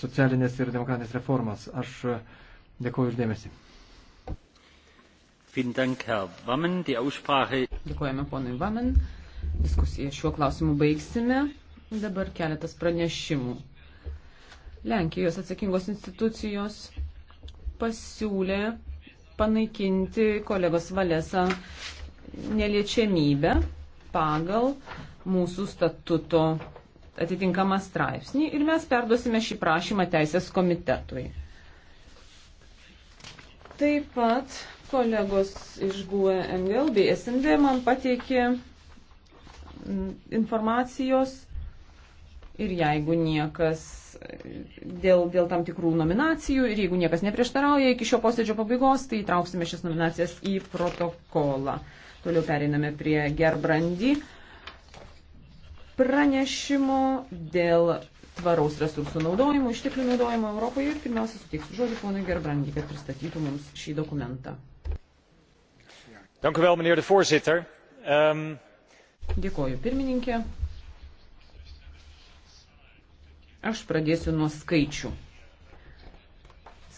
socialinės ir demokratinės reformas. Aš e, dėkuoju uždėmesi. Dėkojame ponui Vamen. Diskusiją šiuo klausimu baigsime. Dabar keletas pranešimų. Lenkijos atsakingos institucijos pasiūlė panaikinti kolegos Valesą neliečiamybę pagal mūsų statuto atitinkamą straipsnį ir mes perduosime šį prašymą Teisės komitetui. Taip pat kolegos iš GUE NGL bei SND man pateikė mm, informacijos ir jeigu niekas dėl, dėl tam tikrų nominacijų ir jeigu niekas neprieštarauja iki šio posėdžio pabaigos, tai įtrauksime šias nominacijas į protokolą. Toliau pereiname prie Gerbrandi pranešimo dėl tvaraus resursų naudojimo, išteklių naudojimo Europoje ir pirmiausia suteiksiu žodį ponui Gerbrandi, kad pristatytų mums šį dokumentą. Dank u wel, meneer de voorzitter. Um... Dėkoju, pirmininkė. Aš pradėsiu nuo skaičių.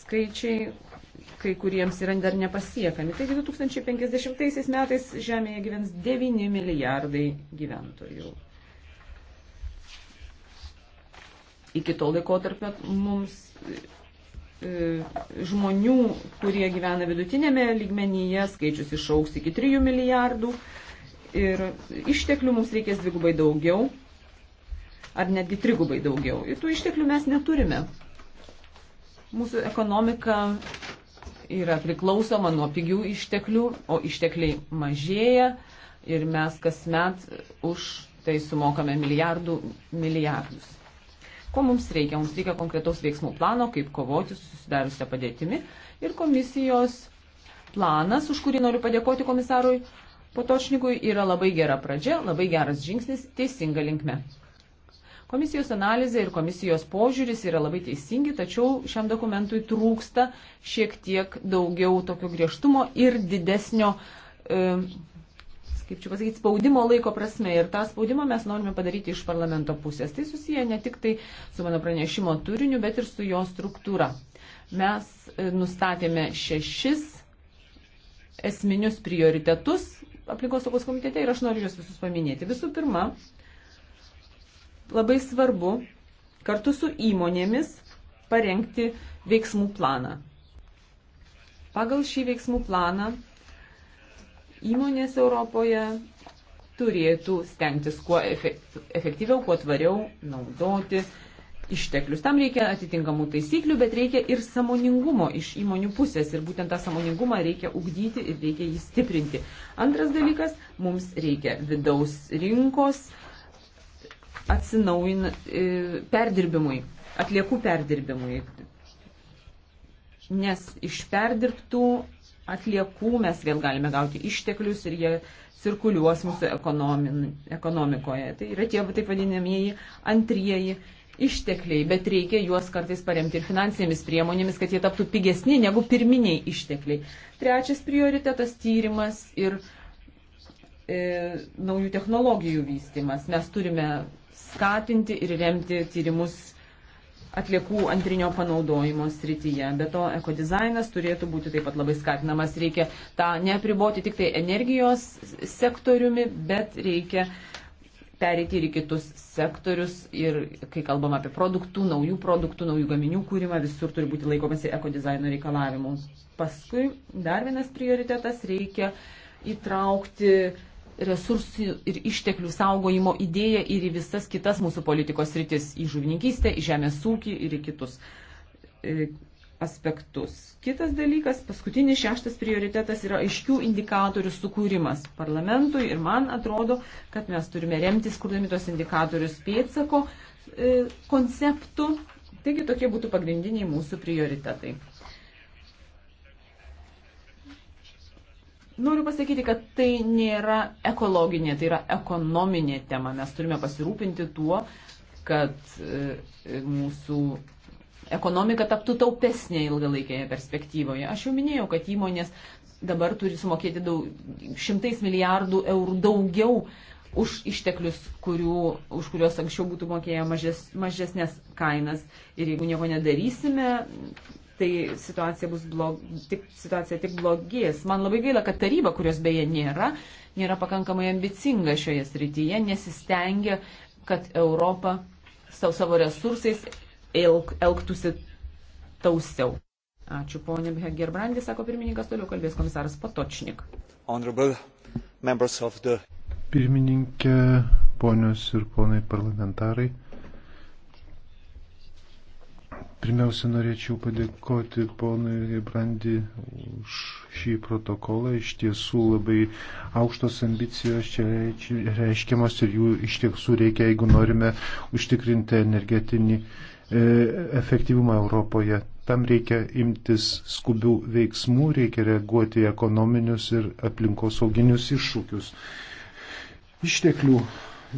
Skaičiai kai kuriems yra dar nepasiekami. Taigi 2050 metais Žemėje gyvens 9 milijardai gyventojų. iki to laiko tarp mums e, žmonių, kurie gyvena vidutinėme lygmenyje, skaičius išauks iki 3 milijardų ir išteklių mums reikės dvigubai daugiau ar netgi trigubai daugiau. Ir tų išteklių mes neturime. Mūsų ekonomika yra priklausoma nuo pigių išteklių, o ištekliai mažėja ir mes kasmet už tai sumokame milijardų milijardus. Ko mums reikia? Mums reikia konkretaus veiksmų plano, kaip kovoti su susidariusią padėtimi ir komisijos planas, už kurį noriu padėkoti komisarui Potočnikui, yra labai gera pradžia, labai geras žingsnis teisinga linkme. Komisijos analizė ir komisijos požiūris yra labai teisingi, tačiau šiam dokumentui trūksta šiek tiek daugiau tokio griežtumo ir didesnio e, kaip čia pasakyti, spaudimo laiko prasme. Ir tą spaudimą mes norime padaryti iš parlamento pusės. Tai susiję ne tik tai su mano pranešimo turiniu, bet ir su jo struktūra. Mes e, nustatėme šešis esminius prioritetus aplinkos saugos komitete ir aš noriu juos visus paminėti. Visų pirma, labai svarbu kartu su įmonėmis parengti veiksmų planą. Pagal šį veiksmų planą Įmonės Europoje turėtų stengtis kuo efektyviau, kuo tvariau naudoti išteklius. Tam reikia atitinkamų taisyklių, bet reikia ir samoningumo iš įmonių pusės. Ir būtent tą samoningumą reikia ugdyti ir reikia jį stiprinti. Antras dalykas, mums reikia vidaus rinkos atsinaujin e, perdirbimui, atliekų perdirbimui. Nes iš perdirbtų atliekų, mes vėl galime gauti išteklius ir jie cirkuliuos mūsų ekonomikoje. Tai yra tie taip vadinamieji antrieji ištekliai, bet reikia juos kartais paremti ir finansinėmis priemonėmis, kad jie taptų pigesni negu pirminiai ištekliai. Trečias prioritetas - tyrimas ir e, naujų technologijų vystimas. Mes turime skatinti ir remti tyrimus atliekų antrinio panaudojimo srityje. Be to, ekodizainas turėtų būti taip pat labai skatinamas. Reikia tą neapriboti tik tai energijos sektoriumi, bet reikia pereiti ir į kitus sektorius. Ir kai kalbam apie produktų, naujų produktų, naujų gaminių kūrimą, visur turi būti laikomasi ekodizaino reikalavimų. Paskui dar vienas prioritetas reikia įtraukti resursų ir išteklių saugojimo idėją ir į visas kitas mūsų politikos rytis - į žuvininkystę, į žemės ūkį ir į kitus e, aspektus. Kitas dalykas, paskutinis šeštas prioritetas yra aiškių indikatorių sukūrimas parlamentui ir man atrodo, kad mes turime remtis, kurdami tos indikatorius pėtsako e, konceptų. Taigi tokie būtų pagrindiniai mūsų prioritetai. Noriu pasakyti, kad tai nėra ekologinė, tai yra ekonominė tema. Mes turime pasirūpinti tuo, kad e, mūsų ekonomika taptų taupesnė ilgalaikėje perspektyvoje. Aš jau minėjau, kad įmonės dabar turi sumokėti daug, šimtais milijardų eurų daugiau už išteklius, kurių, už kuriuos anksčiau būtų mokėję mažes, mažesnės kainas. Ir jeigu nieko nedarysime, tai situacija bus blog, tik, situacija tik blogės. Man labai gaila, kad taryba, kurios beje nėra, nėra pakankamai ambicinga šioje srityje, nesistengia, kad Europa savo, savo resursais elg, elgtųsi tausiau. Ačiū ponė Gerbrandė, sako pirmininkas, toliau kalbės komisaras Patočnik. The... Pirmininkė, ponios ir ponai parlamentarai. Pirmiausia, norėčiau padėkoti ponui Brandi už šį protokolą. Iš tiesų labai aukštos ambicijos čia reiškiamas ir jų iš tiesų reikia, jeigu norime užtikrinti energetinį e, efektyvumą Europoje. Tam reikia imtis skubių veiksmų, reikia reaguoti į ekonominius ir aplinkosauginius iššūkius. Išteklių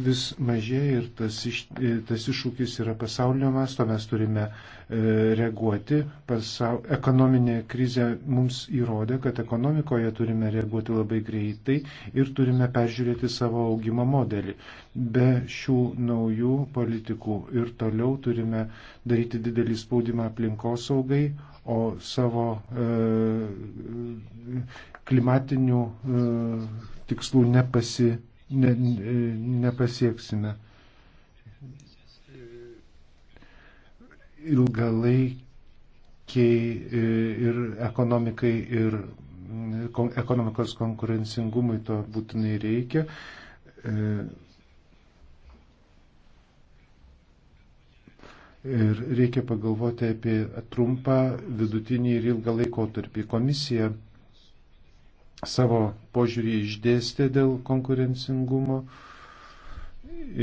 vis mažėja ir tas, iš, e, tas iššūkis yra pasaulio masto, mes turime e, reaguoti. Pasau, ekonominė krizė mums įrodė, kad ekonomikoje turime reaguoti labai greitai ir turime peržiūrėti savo augimo modelį. Be šių naujų politikų ir toliau turime daryti didelį spaudimą aplinkosaugai, o savo e, klimatinių e, tikslų nepasi ne, e, nepasieksime. Ilgalaikiai e, ir ekonomikai ir mm, ekonomikos konkurencingumui to būtinai reikia. E, ir reikia pagalvoti apie trumpą, vidutinį ir ilgą laikotarpį. Komisija savo požiūrį išdėstė dėl konkurencingumo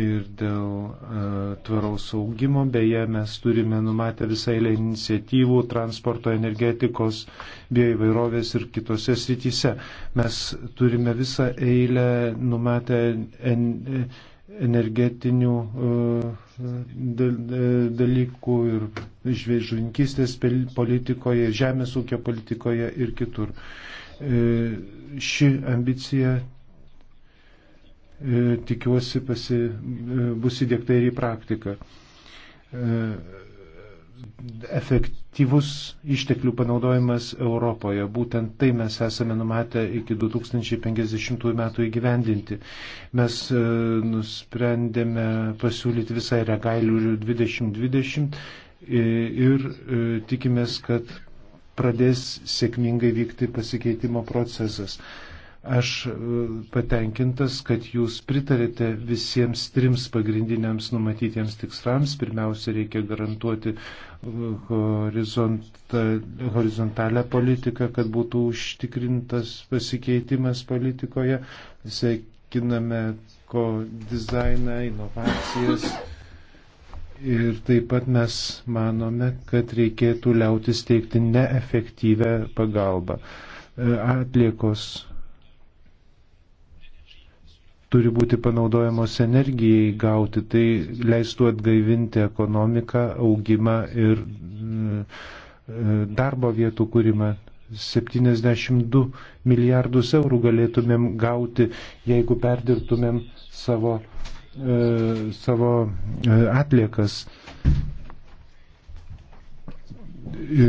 ir dėl e, tvaraus augimo. Beje, mes turime numatę visą eilę iniciatyvų transporto, energetikos, bioįvairovės ir kitose srityse. Mes turime visą eilę numatę en, energetinių e, e dalykų ir žvėžinkistės politikoje, žemės ūkio politikoje ir kitur. E, E, ši ambicija e, tikiuosi pasi, e, bus įdėkta ir į praktiką. Efektyvus išteklių panaudojimas Europoje, būtent tai mes esame numatę iki 2050 metų įgyvendinti. Mes nusprendėme pasiūlyti visai regailių 2020 ir tikimės, kad pradės sėkmingai vykti pasikeitimo procesas. Aš e, patenkintas, kad jūs pritarėte visiems trims pagrindiniams numatytiems tikslams. Pirmiausia, reikia garantuoti e, horizontalę politiką, kad būtų užtikrintas pasikeitimas politikoje. Sveikiname ko dizainą, inovacijas Ir taip pat mes manome, kad reikėtų liautis teikti neefektyvę pagalbą. E, atliekos turi būti panaudojamos energijai gauti, tai leistų atgaivinti ekonomiką, augimą ir e, e, darbo vietų kūrimą. 72 milijardus eurų galėtumėm gauti, jeigu perdirbtumėm savo E, savo e, atliekas e,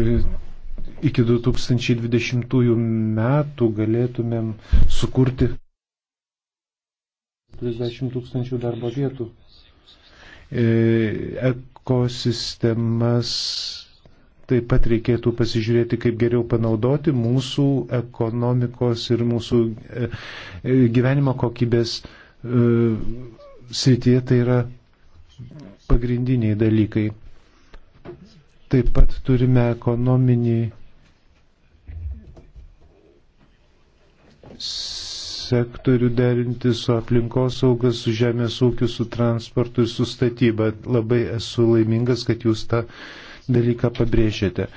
iki 2020 metų galėtumėm sukurti 30 tūkstančių darbo vietų. Ekosistemas taip pat reikėtų pasižiūrėti, kaip geriau panaudoti mūsų ekonomikos ir mūsų gyvenimo kokybės srityje tai yra pagrindiniai dalykai. Taip pat turime ekonominį sektorių derinti su aplinkosaugas, su žemės ūkiu, su transportu ir su statyba. Labai esu laimingas, kad jūs tą dalyką pabrėžėte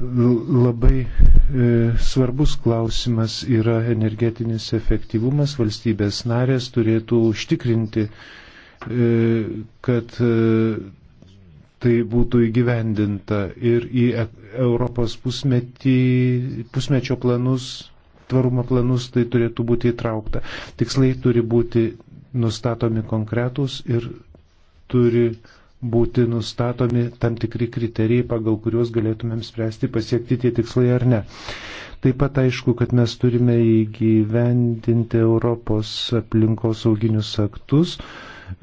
labai e, svarbus klausimas yra energetinis efektyvumas. Valstybės narės turėtų užtikrinti, e, kad e, tai būtų įgyvendinta ir į e, Europos pusmetį, pusmečio planus, tvarumo planus tai turėtų būti įtraukta. Tikslai turi būti nustatomi konkretūs ir turi būti nustatomi tam tikri kriterijai, pagal kuriuos galėtumėm spręsti, pasiekti tie tikslai ar ne. Taip pat aišku, kad mes turime įgyvendinti Europos aplinkosauginius aktus,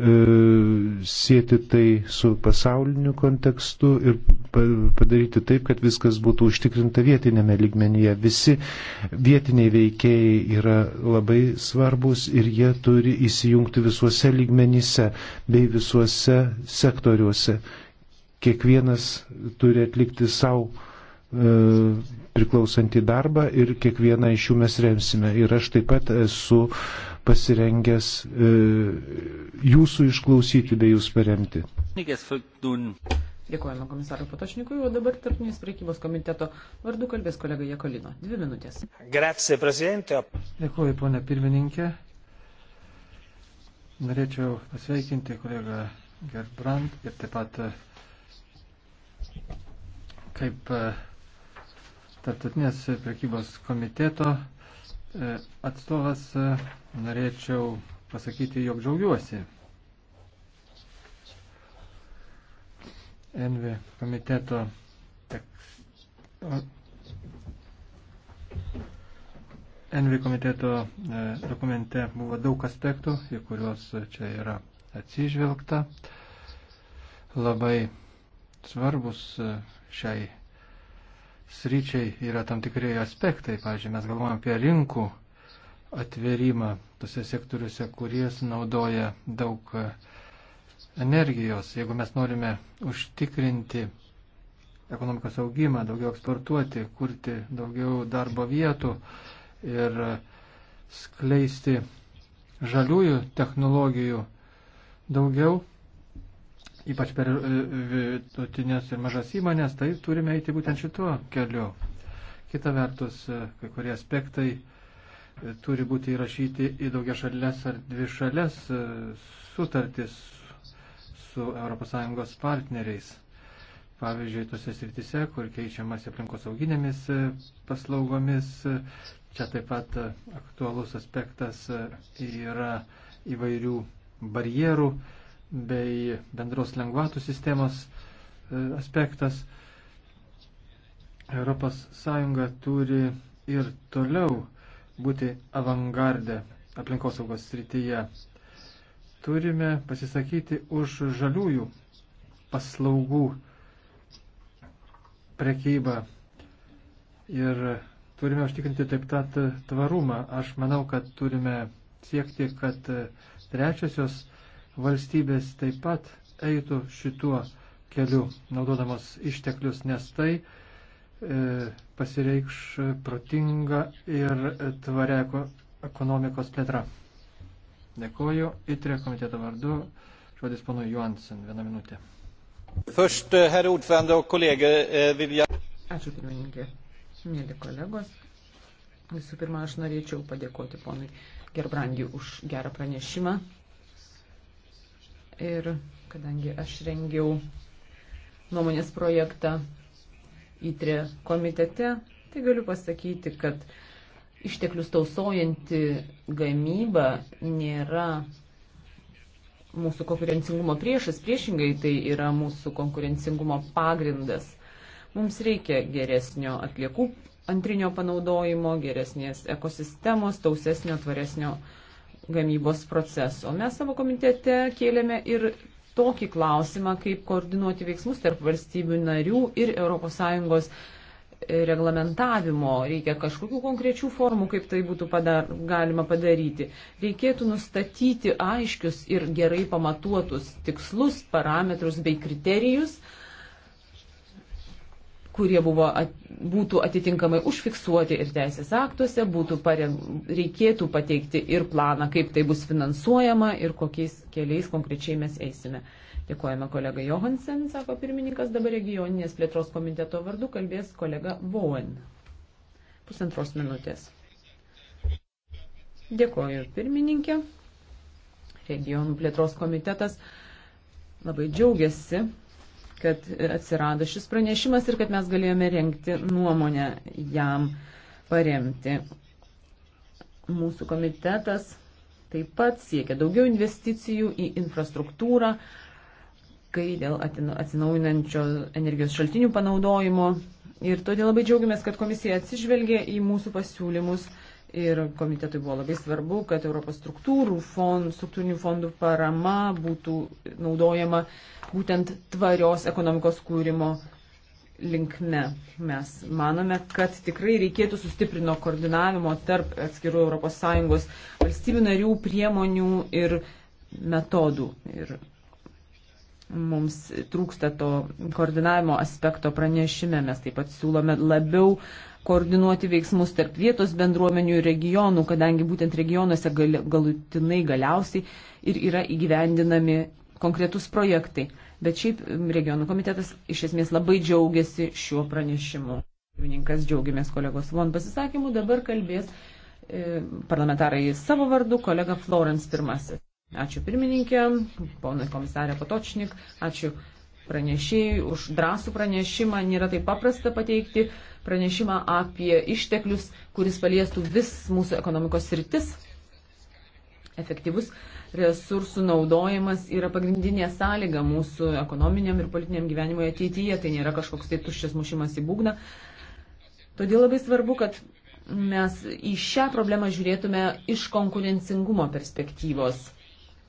E, sėti tai su pasauliniu kontekstu ir padaryti taip, kad viskas būtų užtikrinta vietinėme ligmenyje. Visi vietiniai veikėjai yra labai svarbus ir jie turi įsijungti visuose ligmenyse bei visuose sektoriuose. Kiekvienas turi atlikti savo e, priklausantį darbą ir kiekvieną iš jų mes remsime. Ir aš taip pat esu uh, pasirengęs e, jūsų išklausyti bei jūs paremti. Dėkojame komisarui Patošnikui, o dabar tarptinės priekybos komiteto vardu kalbės kolega Jekolino. Dvi minutės. Grazie, prezidente. Dėkuoju, ponė pirmininkė. Norėčiau pasveikinti kolegą Gerbrand ir taip pat kaip e, tarptautinės priekybos komiteto e, atstovas e, norėčiau pasakyti, jog džiaugiuosi. Envi komiteto Envi komiteto e, dokumente buvo daug aspektų, į kuriuos čia yra atsižvelgta. Labai svarbus e, šiai sryčiai yra tam tikrai aspektai. Pavyzdžiui, mes galvojame apie rinkų atverimą tose sektoriuose, kuris naudoja daug energijos. Jeigu mes norime užtikrinti ekonomikos augimą, daugiau eksportuoti, kurti daugiau darbo vietų ir skleisti žaliųjų technologijų daugiau, ypač per e, e, vidutinės ir mažas įmonės, tai turime eiti būtent šituo keliu. Kita vertus, e, kai kurie aspektai turi būti įrašyti į daugia šalės ar dvi šalės e, sutartis su ES partneriais. Pavyzdžiui, tose sritise, kur keičiamas aplinkosauginėmis e, paslaugomis, e, čia taip pat aktualus aspektas yra įvairių barjerų bei bendros lengvatų sistemos aspektas. ES turi ir toliau būti avangardę aplinkosaugos srityje. Turime pasisakyti už žaliųjų paslaugų prekybą ir turime užtikrinti taip pat tvarumą. Aš manau, kad turime siekti, kad trečiosios valstybės taip pat eitų šituo keliu, naudodamos išteklius, nes tai e, pasireikš protinga ir tvaria ekonomikos plėtra. Dėkoju. Įtrė komiteto vardu. Žodis ponui Johansen. Vieną minutę. First, uh, herr ordförande och kolleger, uh, vill jag... Ačiū pirmininkė. Mėly kolegos, visų pirma, aš norėčiau padėkoti ponui Gerbrandį už gerą pranešimą. Ir kadangi aš rengiau nuomonės projektą įtrė komitete, tai galiu pasakyti, kad išteklius tausojanti gamyba nėra mūsų konkurencingumo priešas, priešingai tai yra mūsų konkurencingumo pagrindas. Mums reikia geresnio atliekų antrinio panaudojimo, geresnės ekosistemos, tausesnio, tvaresnio gamybos proceso. Mes savo komitete kėlėme ir tokį klausimą, kaip koordinuoti veiksmus tarp valstybių narių ir ES e, reglamentavimo, reikia kažkokių konkrečių formų, kaip tai būtų padar, galima padaryti. Reikėtų nustatyti aiškius ir gerai pamatuotus tikslus, parametrus bei kriterijus, uh, kurie buvo, at, būtų atitinkamai užfiksuoti ir teisės aktuose, būtų pareng, reikėtų pateikti ir planą, kaip tai bus finansuojama ir kokiais keliais konkrečiai mes eisime. Dėkojame kolega Johansen, sako pirmininkas, dabar regioninės plėtros komiteto vardu kalbės kolega Bowen. Pusantros minutės. Dėkoju pirmininkė. Regionų plėtros komitetas labai džiaugiasi kad atsirado šis pranešimas ir kad mes galėjome renkti nuomonę jam paremti. Mūsų komitetas taip pat siekia daugiau investicijų į infrastruktūrą, kai dėl atsinaujinančio energijos šaltinių panaudojimo. Ir todėl labai džiaugiamės, kad komisija atsižvelgė į mūsų pasiūlymus Ir komitetui buvo labai svarbu, kad Europos struktūrų fond, struktūrinių fondų parama būtų naudojama būtent tvarios ekonomikos kūrimo linkme. Mes manome, kad tikrai reikėtų sustiprino koordinavimo tarp atskirų ES valstybių narių priemonių ir metodų. Ir Mums trūksta to koordinavimo aspekto pranešime. Mes taip pat siūlome labiau koordinuoti veiksmus tarp vietos bendruomenių ir regionų, kadangi būtent regionuose gal, galutinai galiausiai ir yra įgyvendinami konkretus projektai. Bet šiaip regionų komitetas iš esmės labai džiaugiasi šiuo pranešimu. Pirmininkas džiaugiamės kolegos Von pasisakymu, dabar kalbės e, parlamentarai savo vardu, kolega Florence pirmasis. Ačiū pirmininkė, ponai komisarė Patočnik, ačiū pranešėjai už drąsų pranešimą. Nėra taip paprasta pateikti pranešimą apie išteklius, kuris paliestų vis mūsų ekonomikos sritis. Efektyvus resursų naudojimas yra pagrindinė sąlyga mūsų ekonominiam ir politiniam gyvenimui ateityje. Tai nėra kažkoks tai tuščias mušimas į būgną. Todėl labai svarbu, kad mes į šią problemą žiūrėtume iš konkurencingumo perspektyvos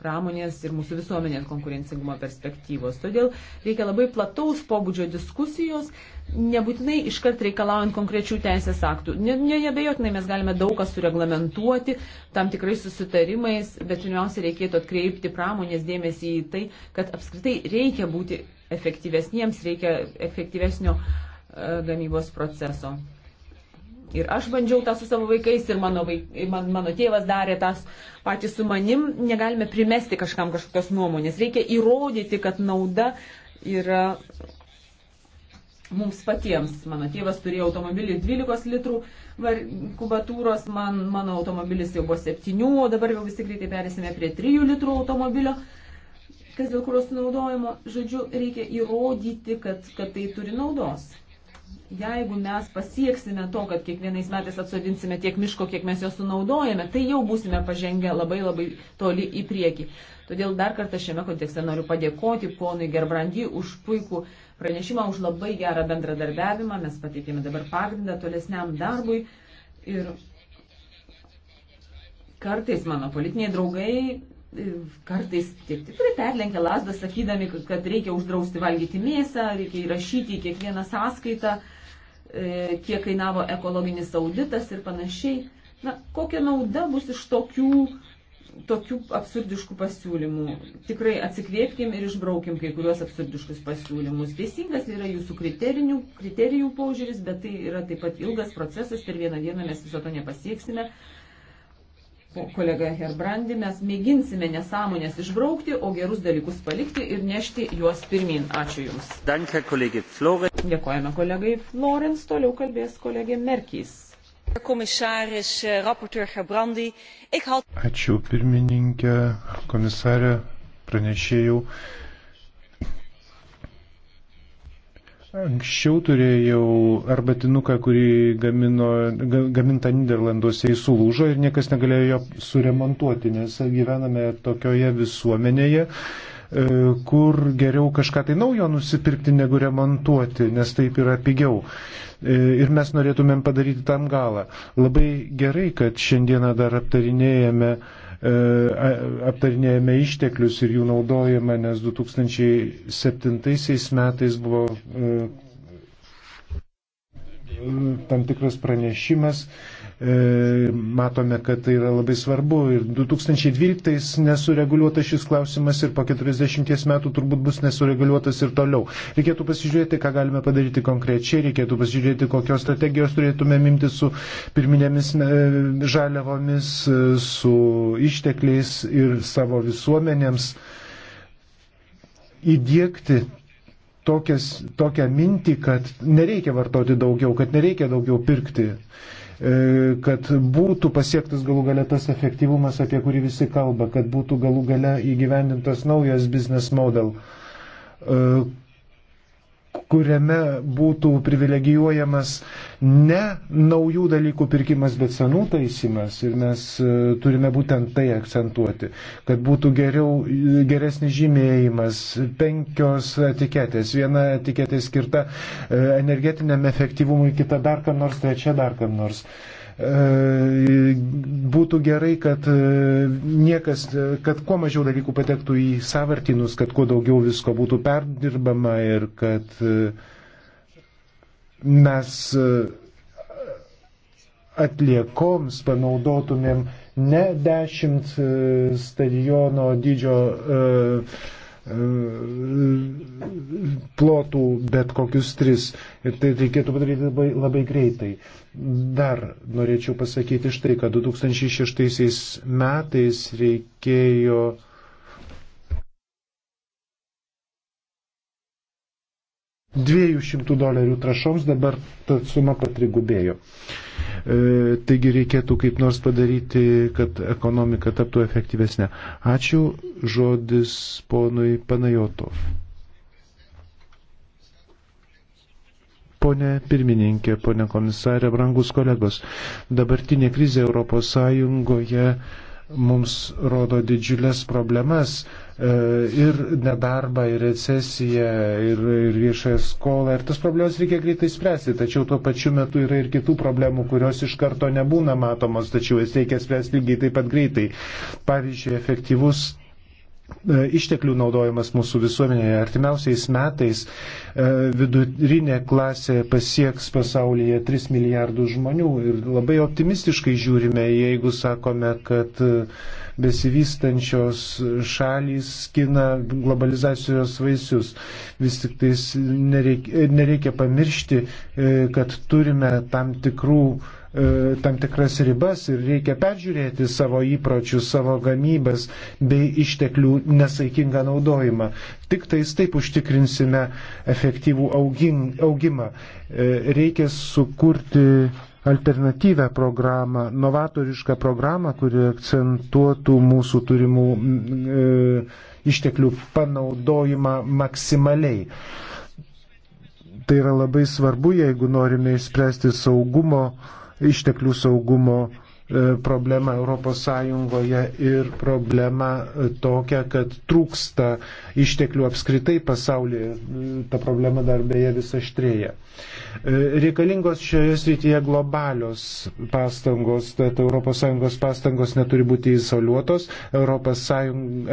pramonės ir mūsų visuomenės konkurencingumo perspektyvos. Todėl reikia labai plataus pobūdžio diskusijos, nebūtinai iškart reikalaujant konkrečių teisės aktų. Ne, ne, nebejotinai mes galime daug kas sureglamentuoti tam tikrais susitarimais, bet pirmiausia reikėtų atkreipti pramonės dėmesį į tai, kad apskritai reikia būti efektyvesniems, reikia efektyvesnio e, gamybos proceso. Ir aš bandžiau tą su savo vaikais, ir mano, vaik, man, mano tėvas darė tas patys su manim. Negalime primesti kažkam kažkokios nuomonės. Reikia įrodyti, kad nauda yra mums patiems. Mano tėvas turėjo automobilį 12 litrų var, kubatūros, man, mano automobilis jau buvo 7, o dabar jau visi greitai perėsime prie 3 litrų automobilio. Kas dėl kurio sunaudojimo, žodžiu, reikia įrodyti, kad, kad tai turi naudos jeigu mes pasieksime to, kad kiekvienais metais atsodinsime tiek miško, kiek mes jo sunaudojame, tai jau būsime pažengę labai labai toli į priekį. Todėl dar kartą šiame kontekste noriu padėkoti ponui Gerbrandy už puikų pranešimą, už labai gerą bendradarbiavimą. Mes pateikėme dabar pagrindą tolesniam darbui. Ir kartais mano politiniai draugai kartais tikrai perlenkia lasdą, sakydami, kad reikia uždrausti valgyti mėsą, reikia įrašyti į kiekvieną sąskaitą, e, kiek kainavo ekologinis auditas ir panašiai. Na, kokia nauda bus iš tokių, tokių absurdiškų pasiūlymų? Tikrai atsikvėpkim ir išbraukim kai kuriuos absurdiškus pasiūlymus. Teisingas yra jūsų kriterijų požiūris, bet tai yra taip pat ilgas procesas, per vieną dieną mes viso to nepasieksime kolega Herbrandi, mes mėginsime nesąmonės išbraukti, o gerus dalykus palikti ir nešti juos pirmin. Ačiū Jums. Danke, kolegė Florence. Dėkojame kolegai Florence, toliau kalbės kolegė Merkys. Komisaris, raporteur Herbrandi, ik had... Ačiū pirmininkė, komisarė, pranešėjau. Anksčiau turėjau arbatinuką, kurį gamino, gaminta Niderlanduose įsulūžo ir niekas negalėjo jo suremontuoti, nes gyvename tokioje visuomenėje, e, kur geriau kažką tai naujo nusipirkti negu remontuoti, nes taip yra pigiau. E, ir mes norėtumėm padaryti tam galą. Labai gerai, kad šiandieną dar aptarinėjame uh, E, aptarinėjame išteklius ir jų naudojimą, nes 2007 metais buvo e, e, tam tikras pranešimas E, matome, kad tai yra labai svarbu. Ir 2012 nesureguliuotas šis klausimas ir po 40 metų turbūt bus nesureguliuotas ir toliau. Reikėtų pasižiūrėti, ką galime padaryti konkrečiai, reikėtų pasižiūrėti, kokios strategijos turėtume imti su pirminėmis e, žaliavomis, e, su ištekliais ir savo visuomenėms įdėkti tokias, tokią mintį, kad nereikia vartoti daugiau, kad nereikia daugiau pirkti. E, kad būtų pasiektas galų gale tas efektyvumas, apie kurį visi kalba, kad būtų galų gale įgyvendintas naujas business model, e, kuriame būtų privilegijuojamas ne naujų dalykų pirkimas, bet senų taisimas. Ir mes e, turime būtent tai akcentuoti, kad būtų geriau, geresnis žymėjimas, penkios etiketės. Viena etiketė skirta e, energetiniam efektyvumui, kita dar kam nors, trečia dar kam nors. Uh, E, būtų gerai, kad e, niekas, e, kad kuo mažiau dalykų patektų į savartinus, kad kuo daugiau visko būtų perdirbama ir kad mes atliekoms panaudotumėm ne 10 stadiono dydžio plotų bet kokius tris. Ir tai reikėtų padaryti labai, labai greitai. Dar norėčiau pasakyti štai, kad 2006 metais reikėjo dviejų šimtų dolerių trašoms, dabar ta suma patrigubėjo. E, taigi reikėtų kaip nors padaryti, kad ekonomika taptų efektyvesnė. Ačiū. Žodis ponui Panajotov. Pone pirmininkė, pone komisarė, brangus kolegos, dabartinė krizė ES mums rodo didžiulės problemas E, ir nedarbą, ir recesiją, ir, ir viešąją skolą. Ir tas problemas reikia greitai spręsti, tačiau tuo pačiu metu yra ir kitų problemų, kurios iš karto nebūna matomos, tačiau jas reikia spręsti lygiai taip pat greitai. Pavyzdžiui, efektyvus e, išteklių naudojimas mūsų visuomenėje. Artimiausiais metais e, vidurinė klasė pasieks pasaulyje 3 milijardų žmonių ir labai optimistiškai žiūrime, jeigu sakome, kad besivystančios šalys skina globalizacijos vaisius. Vis tik tais nereikia, nereikia pamiršti, e, kad turime tam tikrų e, tam tikras ribas ir reikia peržiūrėti savo įpročius, savo gamybas bei išteklių nesaikingą naudojimą. Tik tais taip užtikrinsime efektyvų augin, augimą. E, reikia sukurti alternatyvę programą, novatorišką programą, kuri akcentuotų mūsų turimų mm, e, išteklių panaudojimą maksimaliai. Tai yra labai svarbu, jeigu norime išspręsti saugumo, išteklių saugumo e, problema ES ir problema e, tokia, kad trūksta išteklių apskritai pasaulyje. Ta problema dar beje vis aštrėja. E, reikalingos šioje srityje globalios pastangos, tad ES pastangos neturi būti izoliuotos. ES,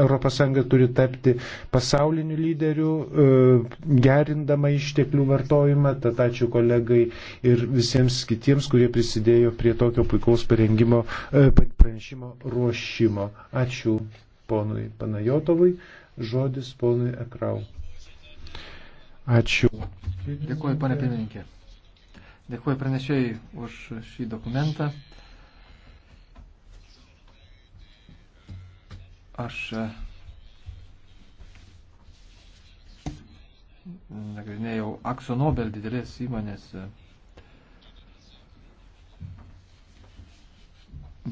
ES turi tapti pasauliniu lyderiu, e, gerindama išteklių vartojimą. Tad ačiū kolegai ir visiems kitiems, kurie prisidėjo prie tokio puikaus parengimo, e, pranešimo ruošimo. Ačiū ponui Panajotovui. Žodis ponui Ekrau. Ačiū. Dėkuoju, ponė pirmininkė. Dėkuoju pranešėjai už šį dokumentą. Aš e, nagrinėjau Akso Nobel didelės įmonės e,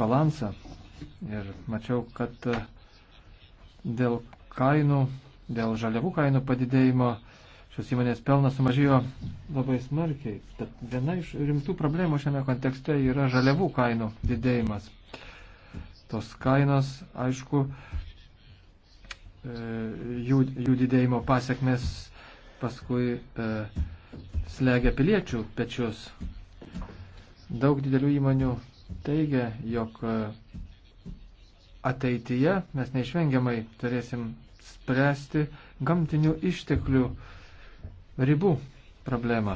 balansą ir mačiau, kad e, dėl kainų, dėl žaliavų kainų padidėjimo šios įmonės pelnas sumažėjo labai smarkiai. Tad viena iš rimtų problemų šiame kontekste yra žaliavų kainų didėjimas. Tos kainos, aišku, e, jų, jų didėjimo pasiekmes paskui e, slegia piliečių pečius. Daug didelių įmonių teigia, jog e, ateityje mes neišvengiamai turėsim spręsti gamtinių išteklių ribų problemą.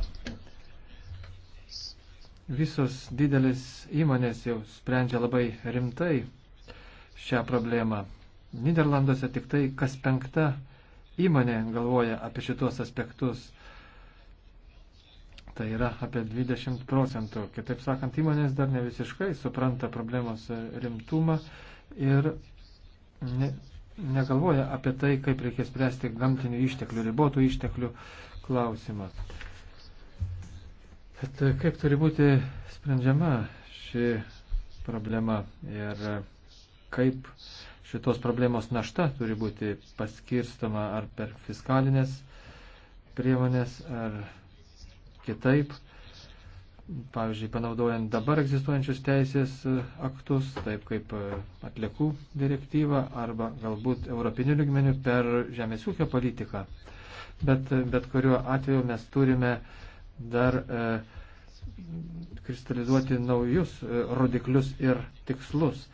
Visos didelis įmonės jau sprendžia labai rimtai šią problemą. Niderlanduose tik tai kas penkta įmonė galvoja apie šitos aspektus. Tai yra apie 20 procentų. Kitaip sakant, įmonės dar ne visiškai supranta problemos rimtumą ir ne, negalvoja apie tai, kaip reikės spręsti gamtinių išteklių, ribotų išteklių klausimą. Bet kaip turi būti sprendžiama ši problema ir kaip šitos problemos našta turi būti paskirstama ar per fiskalinės priemonės, ar kitaip pavyzdžiui, panaudojant dabar egzistuojančius teisės e, aktus, taip kaip e, atliekų direktyvą arba galbūt europinių lygmenių per žemės ūkio politiką. Bet, e, bet kuriuo atveju mes turime dar e, kristalizuoti naujus e, rodiklius ir tikslus,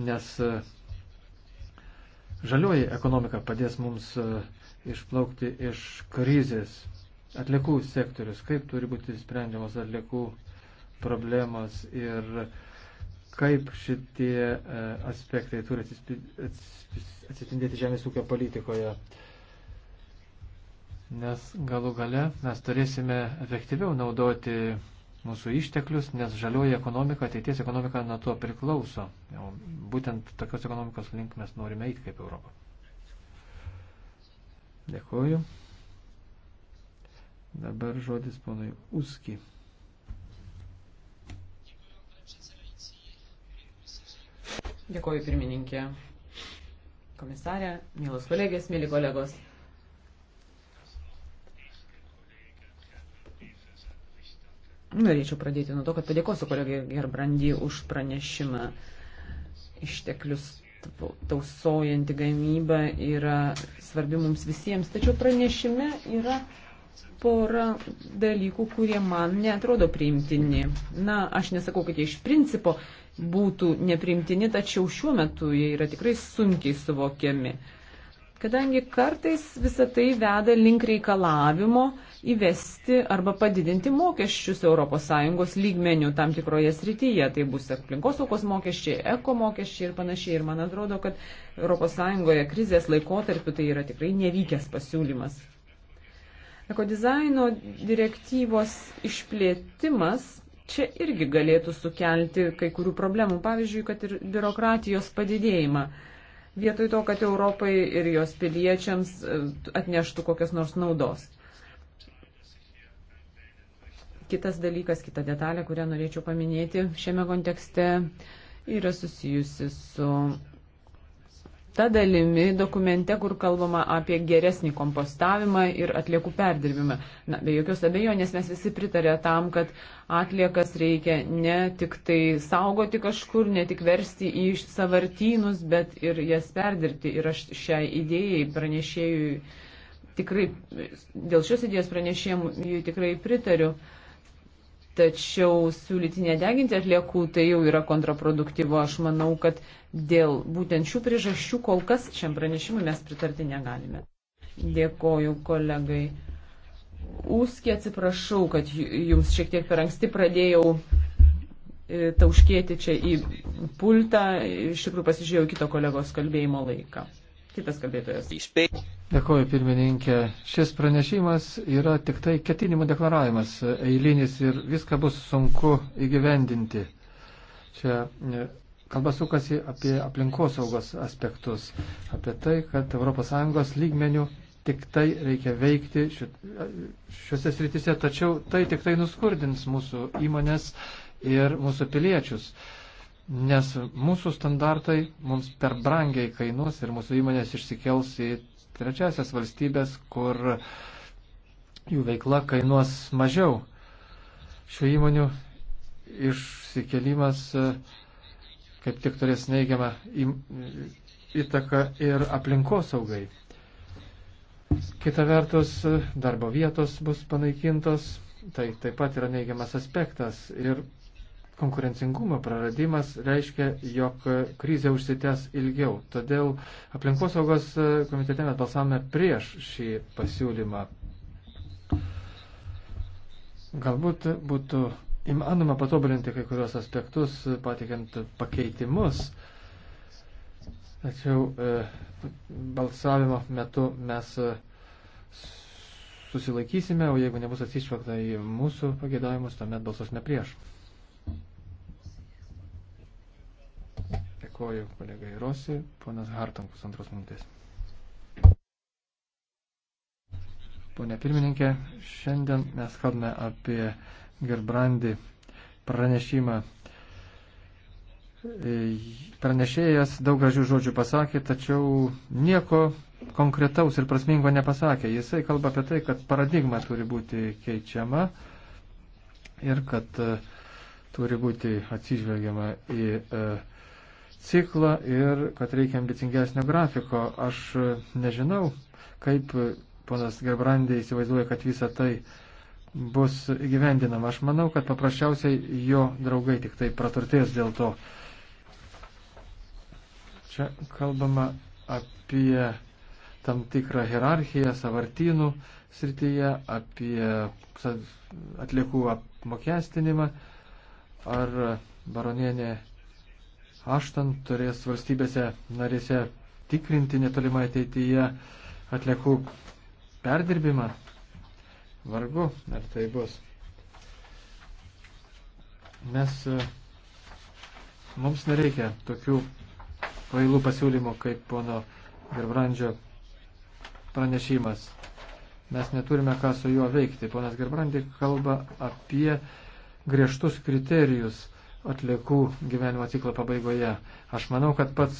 nes e, žalioji ekonomika padės mums e, išplaukti iš krizės atliekų sektorius, kaip turi būti sprendžiamas atliekų problemos ir kaip šitie e, aspektai turi atsitindėti žemės ūkio politikoje. Nes galų gale mes turėsime efektyviau naudoti mūsų išteklius, nes žalioji ekonomika, ateities ekonomika nuo to priklauso. Jau būtent tokios ekonomikos link mes norime eiti kaip Europą. Dėkuoju. Dabar žodis ponui Uski. Dėkoju pirmininkė, komisarė, mielos kolegės, mėly kolegos. Norėčiau pradėti nuo to, kad padėkosiu kolegai Gerbrandy už pranešimą. Išteklius tausojanti gamyba yra svarbi mums visiems, tačiau pranešime yra porą dalykų, kurie man netrodo priimtini. Na, aš nesakau, kad jie iš principo būtų nepriimtini, tačiau šiuo metu jie yra tikrai sunkiai suvokiami. Kadangi kartais visa tai veda link reikalavimo įvesti arba padidinti mokesčius ES lygmenių tam tikroje srityje. Tai bus aplinkosaugos mokesčiai, eko mokesčiai ir panašiai. Ir man atrodo, kad ES krizės laikotarpiu tai yra tikrai nevykęs pasiūlymas. Ekodizaino direktyvos išplėtimas čia irgi galėtų sukelti kai kurių problemų, pavyzdžiui, kad ir biurokratijos padidėjimą. Vietoj to, kad Europai ir jos piliečiams e, atneštų kokias nors naudos. Kitas dalykas, kita detalė, kurią norėčiau paminėti šiame kontekste, yra susijusi su ta dalimi dokumente, kur kalbama apie geresnį kompostavimą ir atliekų perdirbimą. Na, be jokios abejonės mes visi pritarė tam, kad atliekas reikia ne tik tai saugoti kažkur, ne tik versti į savartynus, bet ir jas perdirbti. Ir aš šiai idėjai pranešėjui tikrai, dėl šios idėjos pranešėjui tikrai pritariu. Uh, Tačiau siūlyti nedeginti atliekų tai jau yra kontraproduktyvo. Aš manau, kad dėl būtent šių priežasčių kol kas šiam pranešimui mes pritarti negalime. Dėkoju kolegai. Ūskį atsiprašau, kad jums šiek tiek per anksti pradėjau e, tauškėti čia į pultą. Iš tikrųjų pasižiūrėjau kito kolegos kalbėjimo laiką. Kitas kalbėtojas. Įspėjau. Dėkuoju, pirmininkė. Šis pranešimas yra tik tai ketinimų deklaravimas eilinis ir viską bus sunku įgyvendinti. Čia e, kalba sukasi apie aplinkosaugos aspektus, apie tai, kad ES lygmenių tik tai reikia veikti e, šiuose srityse, tačiau tai tik tai nuskurdins mūsų įmonės ir mūsų piliečius nes mūsų standartai mums per brangiai kainuos ir mūsų įmonės išsikels į trečiasias valstybės, kur jų veikla kainuos mažiau. Šių įmonių išsikelimas e, kaip tik turės neigiamą įtaką ir aplinkosaugai. Kita vertus, darbo vietos bus panaikintos, tai taip pat yra neigiamas aspektas ir konkurencingumo praradimas reiškia, jog krizė užsitęs ilgiau. Todėl aplinkosaugos komitete mes balsavome prieš šį pasiūlymą. Galbūt būtų įmanoma patobulinti kai kurios aspektus, patikiant pakeitimus. Tačiau e, balsavimo metu mes e, susilaikysime, o jeigu nebus atsižvelgta į mūsų pagėdavimus, tuomet balsosime prieš. Dėkoju kolegai Rosi, ponas Hartankus antros minutės. Pone pirmininkė, šiandien mes kalbame apie Gerbrandi pranešimą. E, pranešėjas daug gražių žodžių pasakė, tačiau nieko konkretaus ir prasmingo nepasakė. Jisai kalba apie tai, kad paradigma turi būti keičiama ir kad e, turi būti atsižvelgiama į uh, ciklą ir kad reikia ambicingesnio grafiko. Aš nežinau, kaip ponas Gerbrandė įsivaizduoja, kad visa tai bus įgyvendinama. Aš manau, kad paprasčiausiai jo draugai tik tai praturtės dėl to. Čia kalbama apie tam tikrą hierarchiją savartynų srityje, apie atliekų apmokestinimą. Ar baronienė Aštan turės valstybėse narėse tikrinti netolimai ateityje atliekų perdirbimą. Vargu, ar tai bus. Mes, e, mums nereikia tokių kvailų pasiūlymų kaip pono Gerbrandžio pranešimas. Mes neturime ką su juo veikti. Ponas Gerbrandi kalba apie griežtus kriterijus atliekų gyvenimo ciklo pabaigoje. Aš manau, kad pats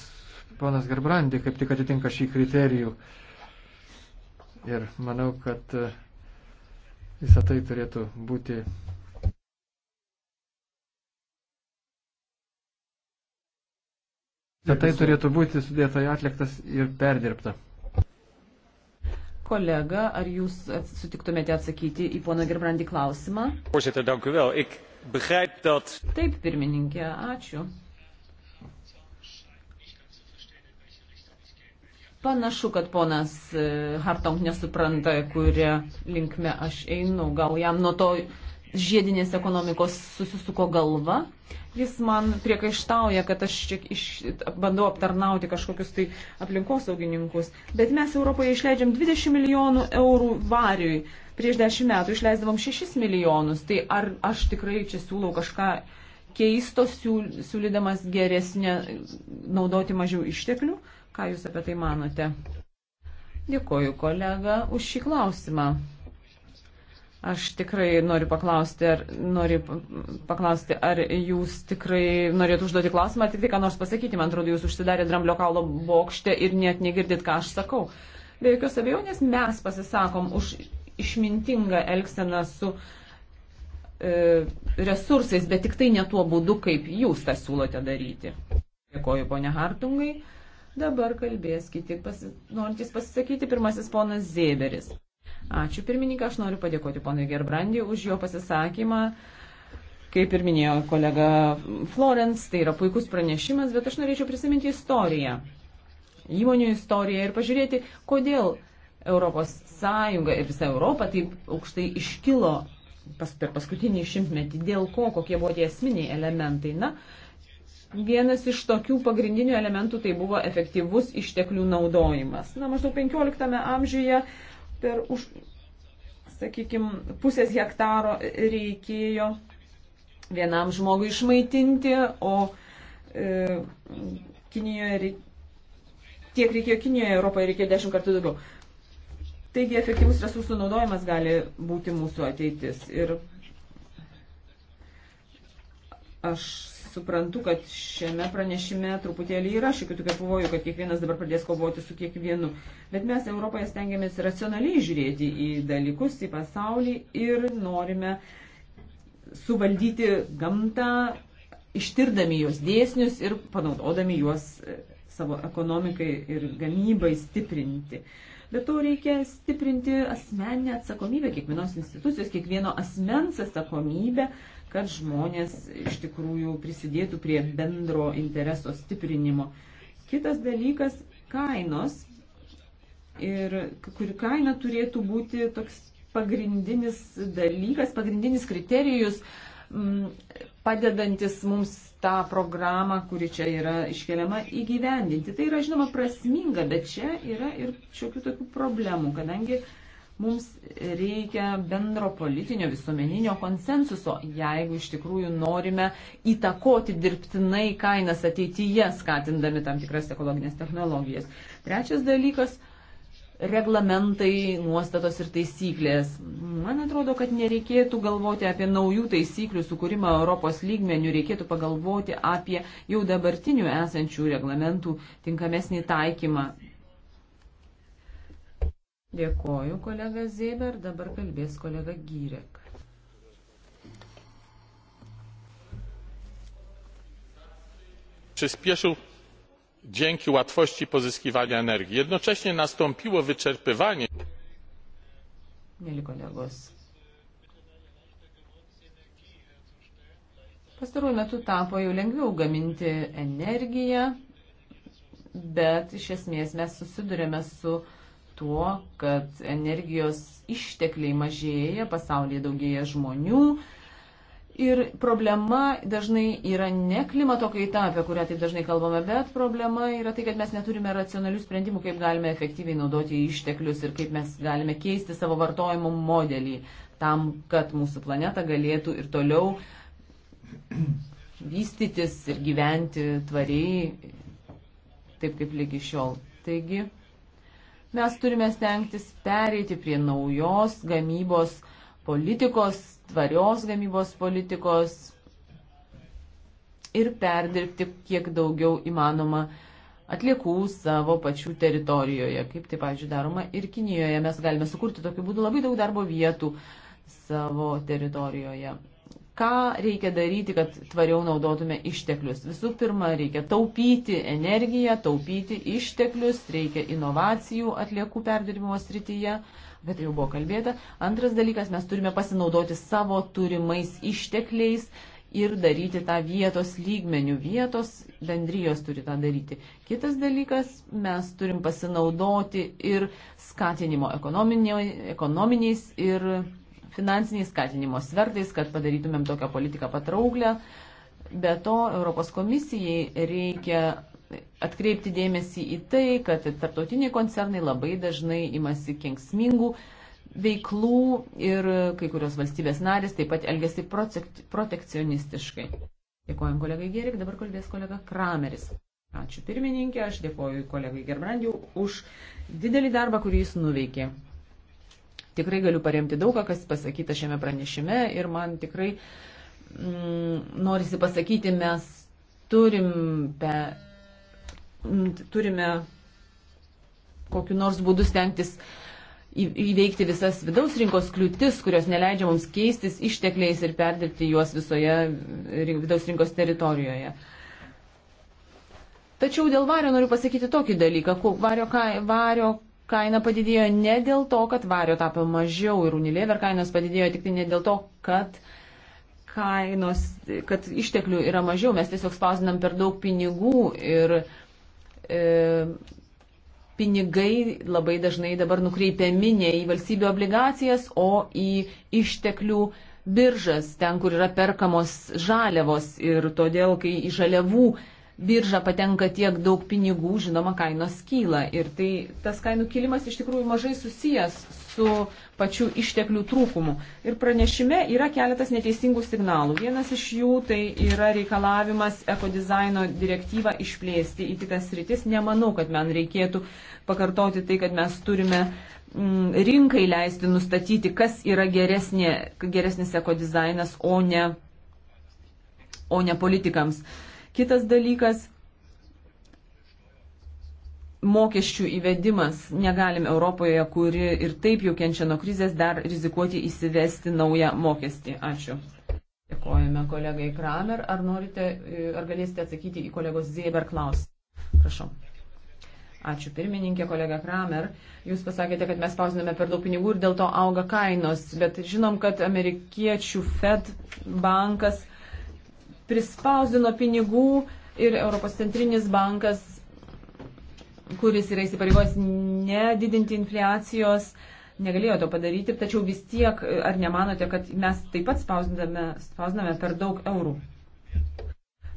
ponas Gerbrandi kaip tik atitinka šį kriterijų. Ir manau, kad e, visą tai turėtų būti. Visą tai turėtų būti sudėta į atliktas ir perdirbta. Kolega, ar jūs sutiktumėte atsakyti į pono Gerbrandi klausimą? Voorzitter, dank u wel. Ik begrijp dat. Taip, pirmininkė, ačiū. Panašu, kad ponas e, Hartong nesupranta, kuria linkme aš einu. Gal jam nuo to žiedinės ekonomikos susisuko galva. Jis man priekaištauja, kad aš čia iš, bandau aptarnauti kažkokius tai aplinkosaugininkus. Bet mes Europoje išleidžiam 20 milijonų eurų variui. Prieš 10 metų išleisdavom 6 milijonus. Tai ar aš tikrai čia siūlau kažką keisto, siūl, siūlydamas geresnę, naudoti mažiau išteklių? Ką Jūs apie tai manote? Dėkoju kolega už šį klausimą. Aš tikrai noriu paklausti, ar, noriu paklausti, ar jūs tikrai norėtų užduoti klausimą, ar tik tai ką nors pasakyti. Man atrodo, jūs užsidarė dramblio kaulo bokšte ir net negirdit, ką aš sakau. Be jokios abejonės mes pasisakom už išmintingą elgseną su e, resursais, bet tik tai ne tuo būdu, kaip jūs tą siūlote daryti. Dėkoju, ponia Hartungai. Dabar kalbės kiti, pasi, norintys pasisakyti, pirmasis ponas Zėberis. Ačiū pirmininką, aš noriu padėkoti ponui Gerbrandį už jo pasisakymą. Kaip ir minėjo kolega Florence, tai yra puikus pranešimas, bet aš norėčiau prisiminti istoriją, įmonių istoriją ir pažiūrėti, kodėl Europos Sąjunga ir visa Europa taip aukštai iškilo pas, per paskutinį šimtmetį, dėl ko, kokie buvo tie esminiai elementai. Na, vienas iš tokių pagrindinių elementų tai buvo efektyvus išteklių naudojimas. Na, maždaug 15 amžiuje uh, per už, sakykime, pusės hektaro reikėjo vienam žmogui išmaitinti, o e, Kinijoje reik, tiek reikėjo Kinijoje, Europoje reikėjo dešimt kartų daugiau. Taigi efektyvus resursų naudojimas gali būti mūsų ateitis. Ir aš suprantu, kad šiame pranešime truputėlį yra šiokių tokių pavojų, kad kiekvienas dabar pradės kovoti su kiekvienu. Bet mes Europoje stengiamės racionaliai žiūrėti į dalykus, į pasaulį ir norime suvaldyti gamtą, ištirdami jos dėsnius ir panaudodami juos e, savo ekonomikai ir gamybai stiprinti. Bet to reikia stiprinti asmeninę atsakomybę, kiekvienos institucijos, kiekvieno asmens atsakomybę kad žmonės iš tikrųjų prisidėtų prie bendro intereso stiprinimo. Kitas dalykas - kainos. Ir kuri kaina turėtų būti toks pagrindinis dalykas, pagrindinis kriterijus, m, mm, padedantis mums tą programą, kuri čia yra iškeliama įgyvendinti. Tai yra, žinoma, prasminga, bet čia yra ir šiokių tokių problemų, kadangi uh, Mums reikia bendro politinio visuomeninio konsensuso, jeigu iš tikrųjų norime įtakoti dirbtinai kainas ateityje, skatindami tam tikras ekologinės technologijas. Trečias dalykas reglamentai, nuostatos ir taisyklės. Man atrodo, kad nereikėtų galvoti apie naujų taisyklių sukūrimą Europos lygmenių, reikėtų pagalvoti apie jau dabartinių esančių reglamentų tinkamesnį taikymą Dėkoju, kolega Zėber, dabar kalbės kolega Gyrek. Przyspieszył dzięki łatwości pozyskiwania energii. Jednocześnie nastąpiło wyczerpywanie. Mieli kolegos. Pastaruoju metu tapo jau lengviau gaminti energiją, bet iš esmės mes susidurėme su uh, tuo, kad energijos ištekliai mažėja, pasaulyje daugėja žmonių. Ir problema dažnai yra ne klimato kaita, apie kurią taip dažnai kalbame, bet problema yra tai, kad mes neturime racionalių sprendimų, kaip galime efektyviai naudoti išteklius ir kaip mes galime keisti savo vartojimo modelį tam, kad mūsų planeta galėtų ir toliau vystytis ir gyventi tvariai, taip kaip lygi šiol. Taigi, Mes turime stengtis pereiti prie naujos gamybos politikos, tvarios gamybos politikos ir perdirbti kiek daugiau įmanoma atliekų savo pačių teritorijoje, kaip tai, pavyzdžiui, daroma ir Kinijoje. Mes galime sukurti tokiu būdu labai daug darbo vietų savo teritorijoje. Ką reikia daryti, kad tvariau naudotume išteklius? Visų pirma, reikia taupyti energiją, taupyti išteklius, reikia inovacijų atliekų perdirbimo srityje, bet tai jau buvo kalbėta. Antras dalykas, mes turime pasinaudoti savo turimais ištekliais, ir daryti tą vietos lygmenių. Vietos bendrijos turi tą daryti. Kitas dalykas, mes turim pasinaudoti ir skatinimo ekonominiais ir finansiniais skatinimo svertais, kad padarytumėm tokią politiką patrauklę. Be to, Europos komisijai reikia atkreipti dėmesį į tai, kad tarptautiniai koncernai labai dažnai imasi kenksmingų veiklų ir kai kurios valstybės narės taip pat elgesi protekcionistiškai. Dėkojom kolegai Gerik, dabar kalbės kolega Krameris. Ačiū pirmininkė, aš dėkoju kolegai Gerbrandijų už didelį darbą, kurį jis nuveikė. Tikrai galiu paremti daugą, kas pasakyta šiame pranešime ir man tikrai mm, norisi pasakyti, mes turim pe, mm, turime kokiu nors būdu stengtis įveikti visas vidaus rinkos kliūtis, kurios neleidžia mums keistis ištekliais ir perdirbti juos visoje vidaus rinkos teritorijoje. Tačiau dėl vario noriu pasakyti tokį dalyką. Vario, vario kaina padidėjo ne dėl to, kad vario tapo mažiau ir Unilever kainos padidėjo tik tai ne dėl to, kad kainos, kad išteklių yra mažiau, mes tiesiog spausdinam per daug pinigų ir e, pinigai labai dažnai dabar nukreipiami ne į valstybių obligacijas, o į išteklių biržas, ten, kur yra perkamos žaliavos ir todėl, kai į žaliavų biržą patenka tiek daug pinigų, žinoma, kainos kyla. Ir tai tas kainų kilimas iš tikrųjų mažai susijęs su pačių išteklių trūkumu. Ir pranešime yra keletas neteisingų signalų. Vienas iš jų tai yra reikalavimas ekodizaino direktyvą išplėsti į kitas rytis. Nemanau, kad man reikėtų pakartoti tai, kad mes turime mm, rinkai leisti nustatyti, kas yra geresnė, geresnis ekodizainas, o ne, o ne politikams. Uh, Kitas dalykas - mokesčių įvedimas. Negalim Europoje, kuri ir taip jau kenčia nuo krizės, dar rizikuoti įsivesti naują mokestį. Ačiū. Dėkojame kolegai Kramer. Ar, norite, e, ar galėsite atsakyti į kolegos Zieber klausimą? Prašau. Ačiū pirmininkė, kolega Kramer. Jūs pasakėte, kad mes spausdiname per daug pinigų ir dėl to auga kainos, bet žinom, kad amerikiečių Fed bankas prispausdino pinigų ir Europos centrinis bankas, kuris yra įsipareigojęs nedidinti infliacijos, negalėjo to padaryti, tačiau vis tiek, ar nemanote, kad mes taip pat spausdiname per daug eurų?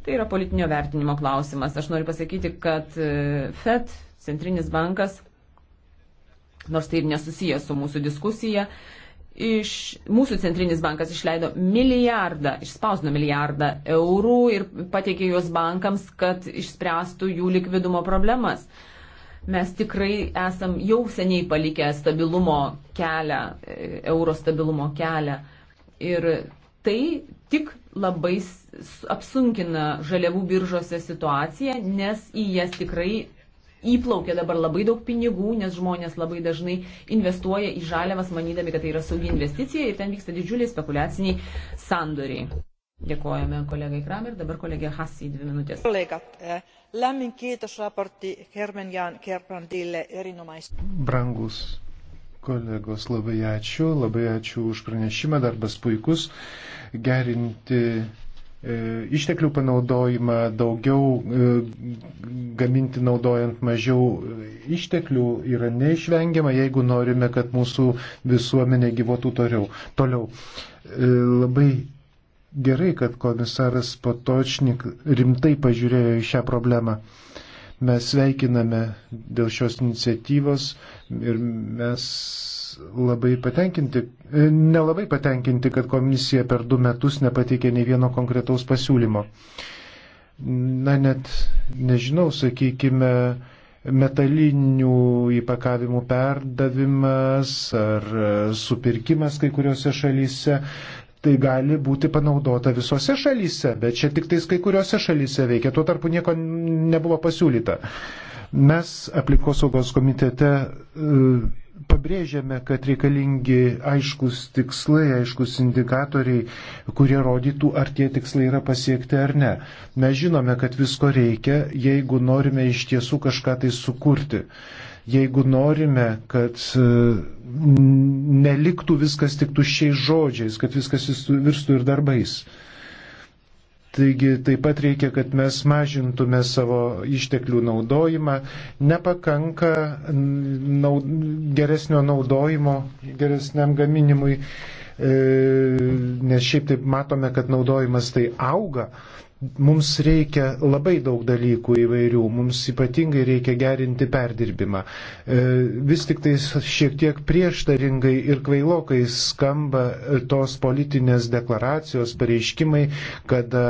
Tai yra politinio vertinimo klausimas. Aš noriu pasakyti, kad e, FED, centrinis bankas, nors tai ir nesusijęs su mūsų diskusija, uh, iš mūsų centrinis bankas išleido milijardą, išspausino milijardą eurų ir pateikė juos bankams, kad išspręstų jų likvidumo problemas. Mes tikrai esam jau seniai palikę stabilumo kelią, e, euro stabilumo kelią. Ir tai tik labai apsunkina žaliavų biržose situaciją, nes į jas tikrai įplaukia dabar labai daug pinigų, nes žmonės labai dažnai investuoja į žaliavas, manydami, kad tai yra saugi investicija ir ten vyksta didžiuliai spekuliaciniai sandoriai. Dėkojame kolegai Kramer, dabar kolegė Hassi, dvi minutės. Kolegat, eh, lämmin kiitos raportti Hermen Jan Kerbrandille erinomais. Brangus kolegos, labai ačiū, labai ačiū už pranešimą, darbas puikus. Gerinti E, išteklių panaudojimą, daugiau e, gaminti naudojant mažiau e, išteklių yra neišvengiama, jeigu norime, kad mūsų visuomenė gyvotų toliau. toliau. Labai gerai, kad komisaras Potočnik rimtai pažiūrėjo į šią problemą. Mes sveikiname dėl šios iniciatyvos ir mes labai patenkinti, e, nelabai patenkinti, kad komisija per du metus nepateikė nei vieno konkretaus pasiūlymo. Na net, nežinau, sakykime, metalinių įpakavimų perdavimas ar e, supirkimas kai kuriuose šalyse tai gali būti panaudota visose šalyse, bet čia tik tais kai kuriuose šalyse veikia, tuo tarpu nieko nebuvo pasiūlyta. Mes aplinkosaugos komitete e, pabrėžiame, kad reikalingi aiškus tikslai, aiškus indikatoriai, kurie rodytų, ar tie tikslai yra pasiekti ar ne. Mes žinome, kad visko reikia, jeigu norime iš tiesų kažką tai sukurti. Jeigu norime, kad e, neliktų viskas tik tuščiais žodžiais, kad viskas virstų ir darbais. Taigi taip pat reikia, kad mes mažintume savo išteklių naudojimą. Nepakanka naud, geresnio naudojimo, geresniam gaminimui, e, nes šiaip taip matome, kad naudojimas tai auga. Mums reikia labai daug dalykų įvairių, mums ypatingai reikia gerinti perdirbimą. E, vis tik tai šiek tiek prieštaringai ir kvailokai skamba e, tos politinės deklaracijos pareiškimai, kad e,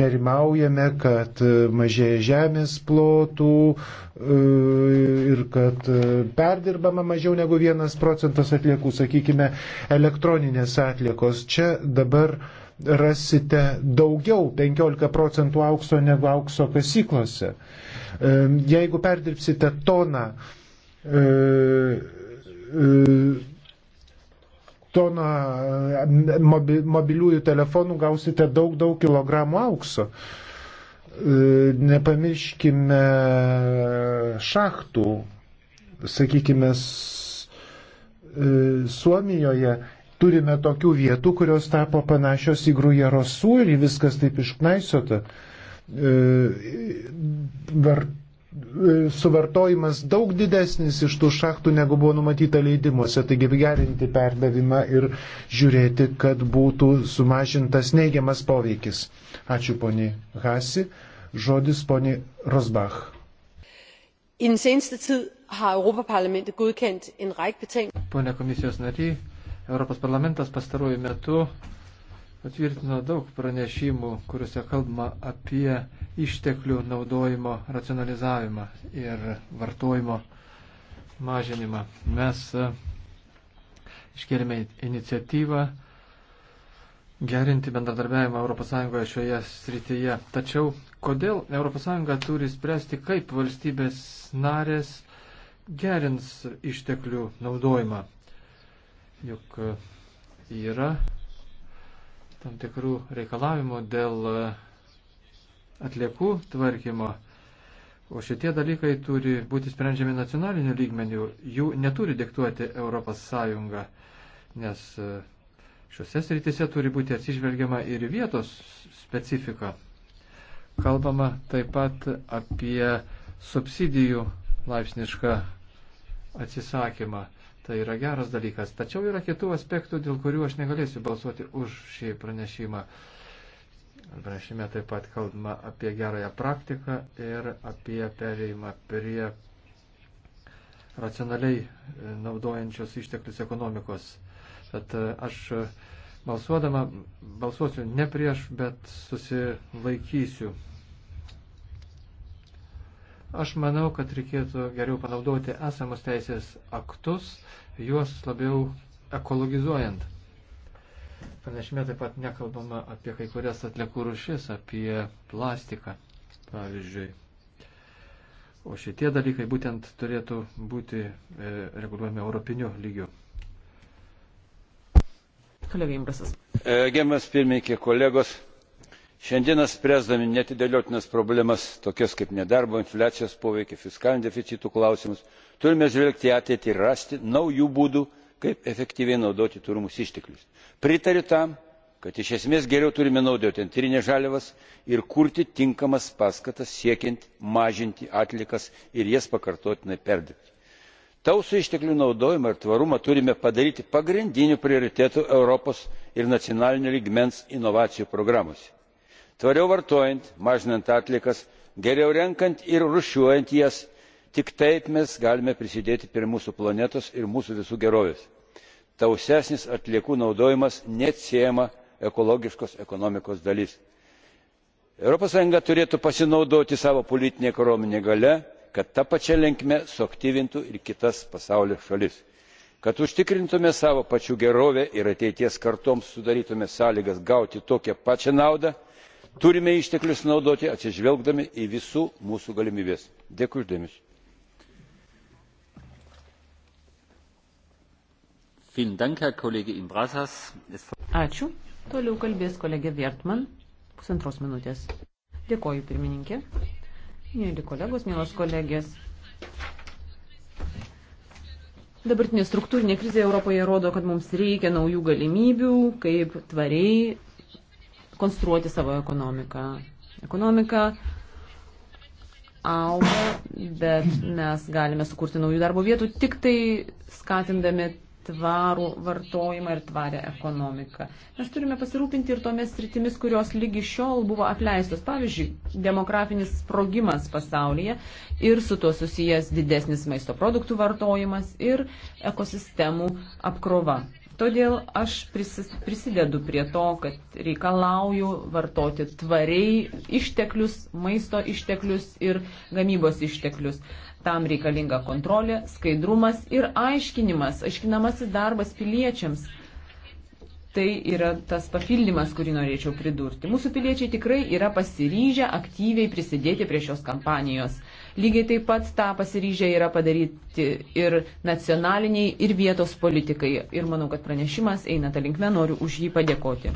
nerimaujame, kad mažėja žemės plotų ir kad perdirbama mažiau negu vienas procentas atliekų, sakykime, elektroninės atliekos. Čia dabar uh, rasite daugiau 15 procentų aukso negu aukso kasyklose. Jeigu perdirbsite toną, e, e, toną e, mobiliųjų telefonų, gausite daug, daug kilogramų aukso. Nepamirškime šachtų, sakykime, Suomijoje turime tokių vietų, kurios tapo panašios į grujerosų ir viskas taip išknaisota. E, var, e, suvartojimas daug didesnis iš tų šachtų, negu buvo numatyta leidimuose. Taigi gerinti perdavimą ir žiūrėti, kad būtų sumažintas neigiamas poveikis. Ačiū poniai Hasi. Žodis poniai Rosbach. I den seneste tid har Europaparlamentet godkendt en række betænkninger. Pone komisijos nariai, Europos parlamentas pastaruoju metu patvirtino daug pranešimų, kuriuose kalbama apie išteklių naudojimo racionalizavimą ir vartojimo mažinimą. Mes e, iškėlėme iniciatyvą gerinti bendradarbiavimą ES šioje srityje. Tačiau kodėl ES turi spręsti, kaip valstybės narės gerins išteklių naudojimą? jog yra tam tikrų reikalavimų dėl atliekų tvarkymo, o šitie dalykai turi būti sprendžiami nacionaliniu lygmeniu, jų neturi diktuoti Europos Sąjunga, nes e, šiuose srityse turi būti atsižvelgiama ir vietos specifika. Kalbama taip pat apie subsidijų laipsnišką atsisakymą. Tai yra geras dalykas. Tačiau yra kitų aspektų, dėl kurių aš negalėsiu balsuoti už šį pranešimą. Pranešime taip pat kalbama apie gerąją praktiką ir apie perėjimą prie racionaliai e, naudojančios išteklius ekonomikos. Tad e, aš balsuodama balsuosiu ne prieš, bet susilaikysiu. Aš manau, kad reikėtų geriau panaudoti esamus teisės aktus, juos labiau ekologizuojant. Pranešime taip pat nekalbama apie kai kurias atliekų rušis, apie plastiką, pavyzdžiui. O šitie dalykai būtent turėtų būti e, reguliuojami europiniu lygiu. Kolega Imbrasas. E, gerbiamas pirmininkė, kolegos, šiandieną spręsdami neatidėliotinas problemas tokias kaip nedarbo infliacijos poveikį fiskalinių deficitų klausimus turime žvelgti į ateitį ir rasti naujų būdų kaip efektyviai naudoti turimus išteklius. pritariu tam kad iš esmės geriau turime naudoti antrines žaliavas ir kurti tinkamas paskatas siekiant mažinti atliekas ir jas pakartotinai perdirbti. tausų išteklių naudojimą ir tvarumą turime padaryti pagrindiniu prioritetu europos ir nacionalinio lygmens inovacijų programose tvariau vartojant mažinant atliekas geriau renkant ir rūšiuojant jas tik taip mes galime prisidėti prie mūsų planetos ir mūsų visų gerovės. tausesnis atliekų naudojimas neatsiejama ekologiškos ekonomikos dalis. europos sąjunga turėtų pasinaudoti savo politine ir ekonomine galia kad ta pačia linkme suaktyvintų ir kitas pasaulio šalis kad užtikrintume savo pačių gerovę ir ateities kartoms sudarytume sąlygas gauti tokią pačią naudą turime išteklius naudoti atsižvelgdami į visų mūsų galimybes. dėkui už dėmesį. Ačiū. Toliau kalbės kolegė Vertman. Pusantros minutės. Dėkoju, pirmininkė. Mėly kolegos, mėlos kolegės. Dabartinė struktūrinė krizė Europoje rodo, kad mums reikia naujų galimybių, kaip tvariai konstruoti savo ekonomiką. Ekonomika auga, bet mes galime sukurti naujų darbo vietų tik tai skatindami tvarų vartojimą ir tvarę ekonomiką. Mes turime pasirūpinti ir tomis sritimis, kurios lygi šiol buvo apleistos. Pavyzdžiui, demografinis sprogimas pasaulyje ir su tuo susijęs didesnis maisto produktų vartojimas ir ekosistemų apkrova. Todėl aš prisidedu prie to, kad reikalauju vartoti tvariai išteklius, maisto išteklius ir gamybos išteklius. Tam reikalinga kontrolė, skaidrumas ir aiškinimas, aiškinamasis darbas piliečiams. Tai yra tas papildymas, kurį norėčiau pridurti. Mūsų piliečiai tikrai yra pasiryžę aktyviai prisidėti prie šios kampanijos. Lygiai taip pat tą pasiryžę yra padaryti ir nacionaliniai, ir vietos politikai. Ir manau, kad pranešimas eina tą linkmę, noriu už jį padėkoti.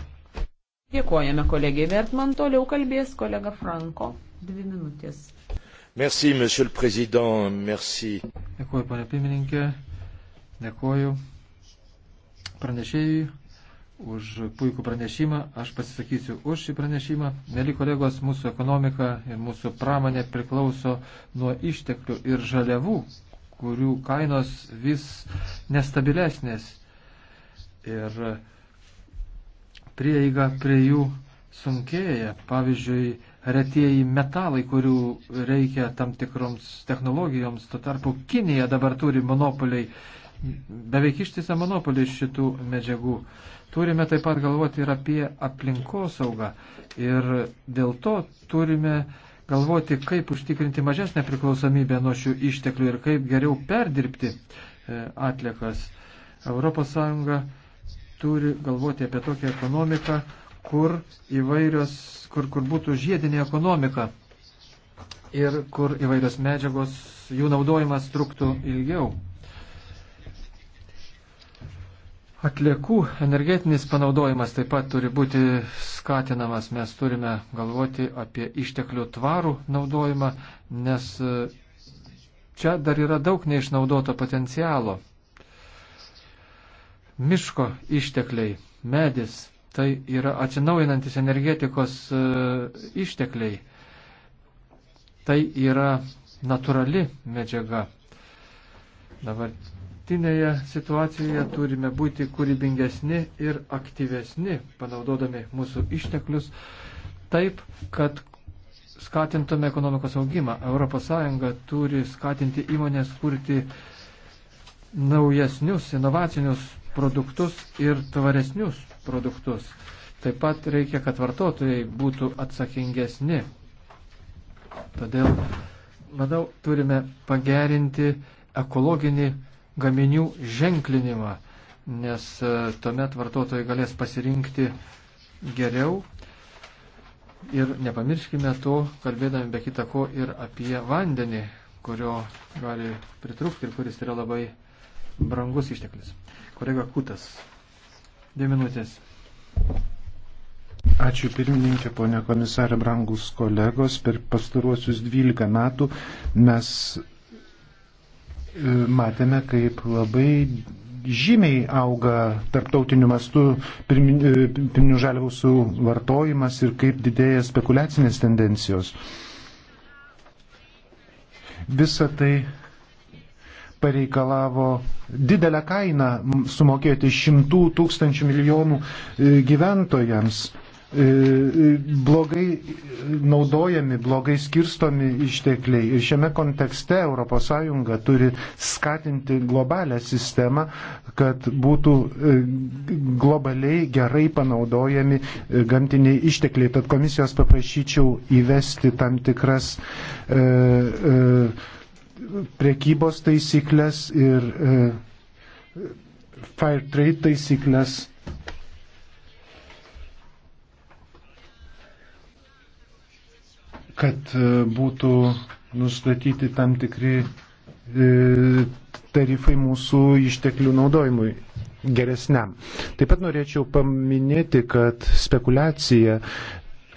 Dėkojame kolegiai Vertman, toliau kalbės kolega Franko. Dvi minutės. Merci, monsieur le président, merci. Dėkuoju, pane pirmininkė, dėkuoju pranešėjui už puikų pranešimą. Aš pasisakysiu už šį pranešimą. Mėly kolegos, mūsų ekonomika ir mūsų pramonė priklauso nuo išteklių ir žaliavų, kurių kainos vis nestabilesnės. Ir prieiga prie jų sunkėja. Pavyzdžiui, retieji metalai, kurių reikia tam tikroms technologijoms. Tuo tarpu Kinija dabar turi monopoliai, beveik ištisą monopolį šitų medžiagų. Uh, Turime taip pat galvoti ir apie aplinkosaugą. Ir dėl to turime galvoti, kaip užtikrinti mažesnę priklausomybę nuo šių išteklių ir kaip geriau perdirbti e, atliekas. ES turi galvoti apie tokią ekonomiką, kur įvairios, kur, kur būtų žiedinė ekonomika ir kur įvairios medžiagos, jų naudojimas truktų ilgiau. Atliekų energetinis panaudojimas taip pat turi būti skatinamas. Mes turime galvoti apie išteklių tvarų naudojimą, nes e, čia dar yra daug neišnaudoto potencialo. Miško ištekliai, medis, tai yra atsinaujinantis energetikos e, ištekliai. Tai yra natūrali medžiaga. Dabar dabartinėje situacijoje turime būti kūrybingesni ir aktyvesni, panaudodami mūsų išteklius, taip, kad skatintume ekonomikos augimą. ES turi skatinti įmonės kurti naujesnius, inovacinius produktus ir tvaresnius produktus. Taip pat reikia, kad vartotojai būtų atsakingesni. Todėl, manau, turime pagerinti ekologinį gaminių ženklinimą, nes e, tuomet vartotojai galės pasirinkti geriau. Ir nepamirškime to, kalbėdami be kita ko ir apie vandenį, kurio gali pritrūkti ir kuris yra labai brangus išteklis. Kolega Kutas. Dvi minutės. Ačiū pirmininkė, ponė komisarė, brangus kolegos. Per pastaruosius 12 metų mes matėme, kaip labai žymiai auga tarptautiniu mastu e, pirminių žaliavų suvartojimas ir kaip didėja spekulacinės tendencijos. Visa tai pareikalavo didelę kainą sumokėti šimtų tūkstančių milijonų e, gyventojams. E, e, blogai naudojami, blogai skirstomi ištekliai. Ir šiame kontekste ES turi skatinti globalią sistemą, kad būtų e, globaliai gerai panaudojami gamtiniai ištekliai. Tad komisijos paprašyčiau įvesti tam tikras e, e, priekybos taisyklės ir e, fair trade taisyklės kad e, būtų nustatyti tam tikri e, tarifai mūsų išteklių naudojimui geresniam. Taip pat norėčiau paminėti, kad spekulacija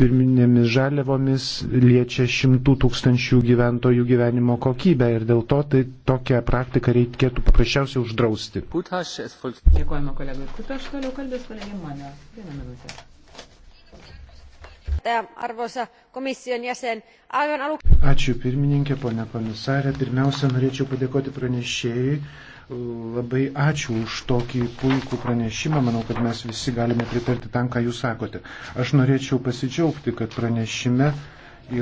pirminėmis žaliavomis liečia šimtų tūkstančių gyventojų gyvenimo kokybę ir dėl to tai tokią praktiką reikėtų paprasčiausiai uždrausti. Dėkojame kolegai Kutaš, toliau kalbės kolegė mane. Vieną minutę. Ačiū pirmininkė, ponė komisarė. Pirmiausia, norėčiau padėkoti pranešėjai. Labai ačiū už tokį puikų pranešimą. Manau, kad mes visi galime pritarti tam, ką jūs sakote. Aš norėčiau pasidžiaugti, kad pranešime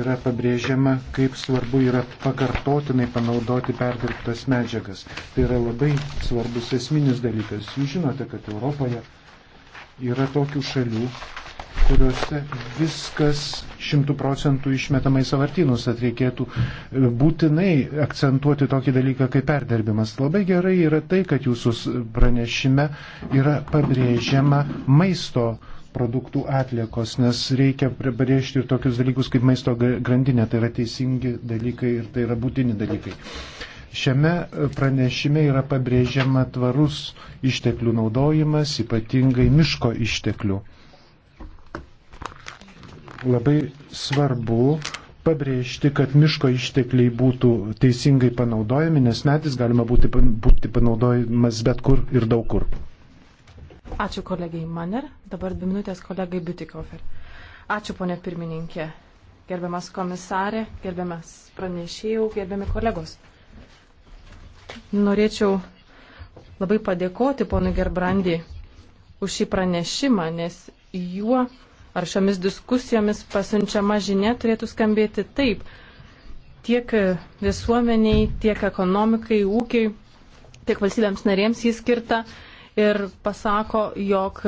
yra pabrėžiama, kaip svarbu yra pakartotinai panaudoti perdirbtas medžiagas. Tai yra labai svarbus esminis dalykas. Jūs žinote, kad Europoje Yra tokių šalių, kuriuose viskas šimtų procentų išmetama į savartynus, tad reikėtų e, būtinai akcentuoti tokį dalyką kaip perdirbimas. Labai gerai yra tai, kad jūsų pranešime yra pabrėžiama maisto produktų atliekos, nes reikia pabrėžti ir tokius dalykus kaip maisto grandinė, tai yra teisingi dalykai ir tai yra būtini dalykai. Šiame pranešime yra pabrėžiama tvarus išteklių naudojimas, ypatingai miško išteklių. Labai svarbu pabrėžti, kad miško ištekliai būtų teisingai panaudojami, nes metis galima būti, būti panaudojamas bet kur ir daug kur. Ačiū kolegai Maner, dabar dvi minutės kolegai Butikofer. Ačiū ponė pirmininkė, gerbiamas komisarė, gerbiamas pranešėjų, gerbiami kolegos. Norėčiau labai padėkoti ponui Gerbrandi už šį pranešimą, nes juo ar šiomis diskusijomis pasiunčiama žinia turėtų skambėti taip. Tiek visuomeniai, tiek ekonomikai, ūkiai, tiek valstybėms narėms jį skirta ir pasako, jog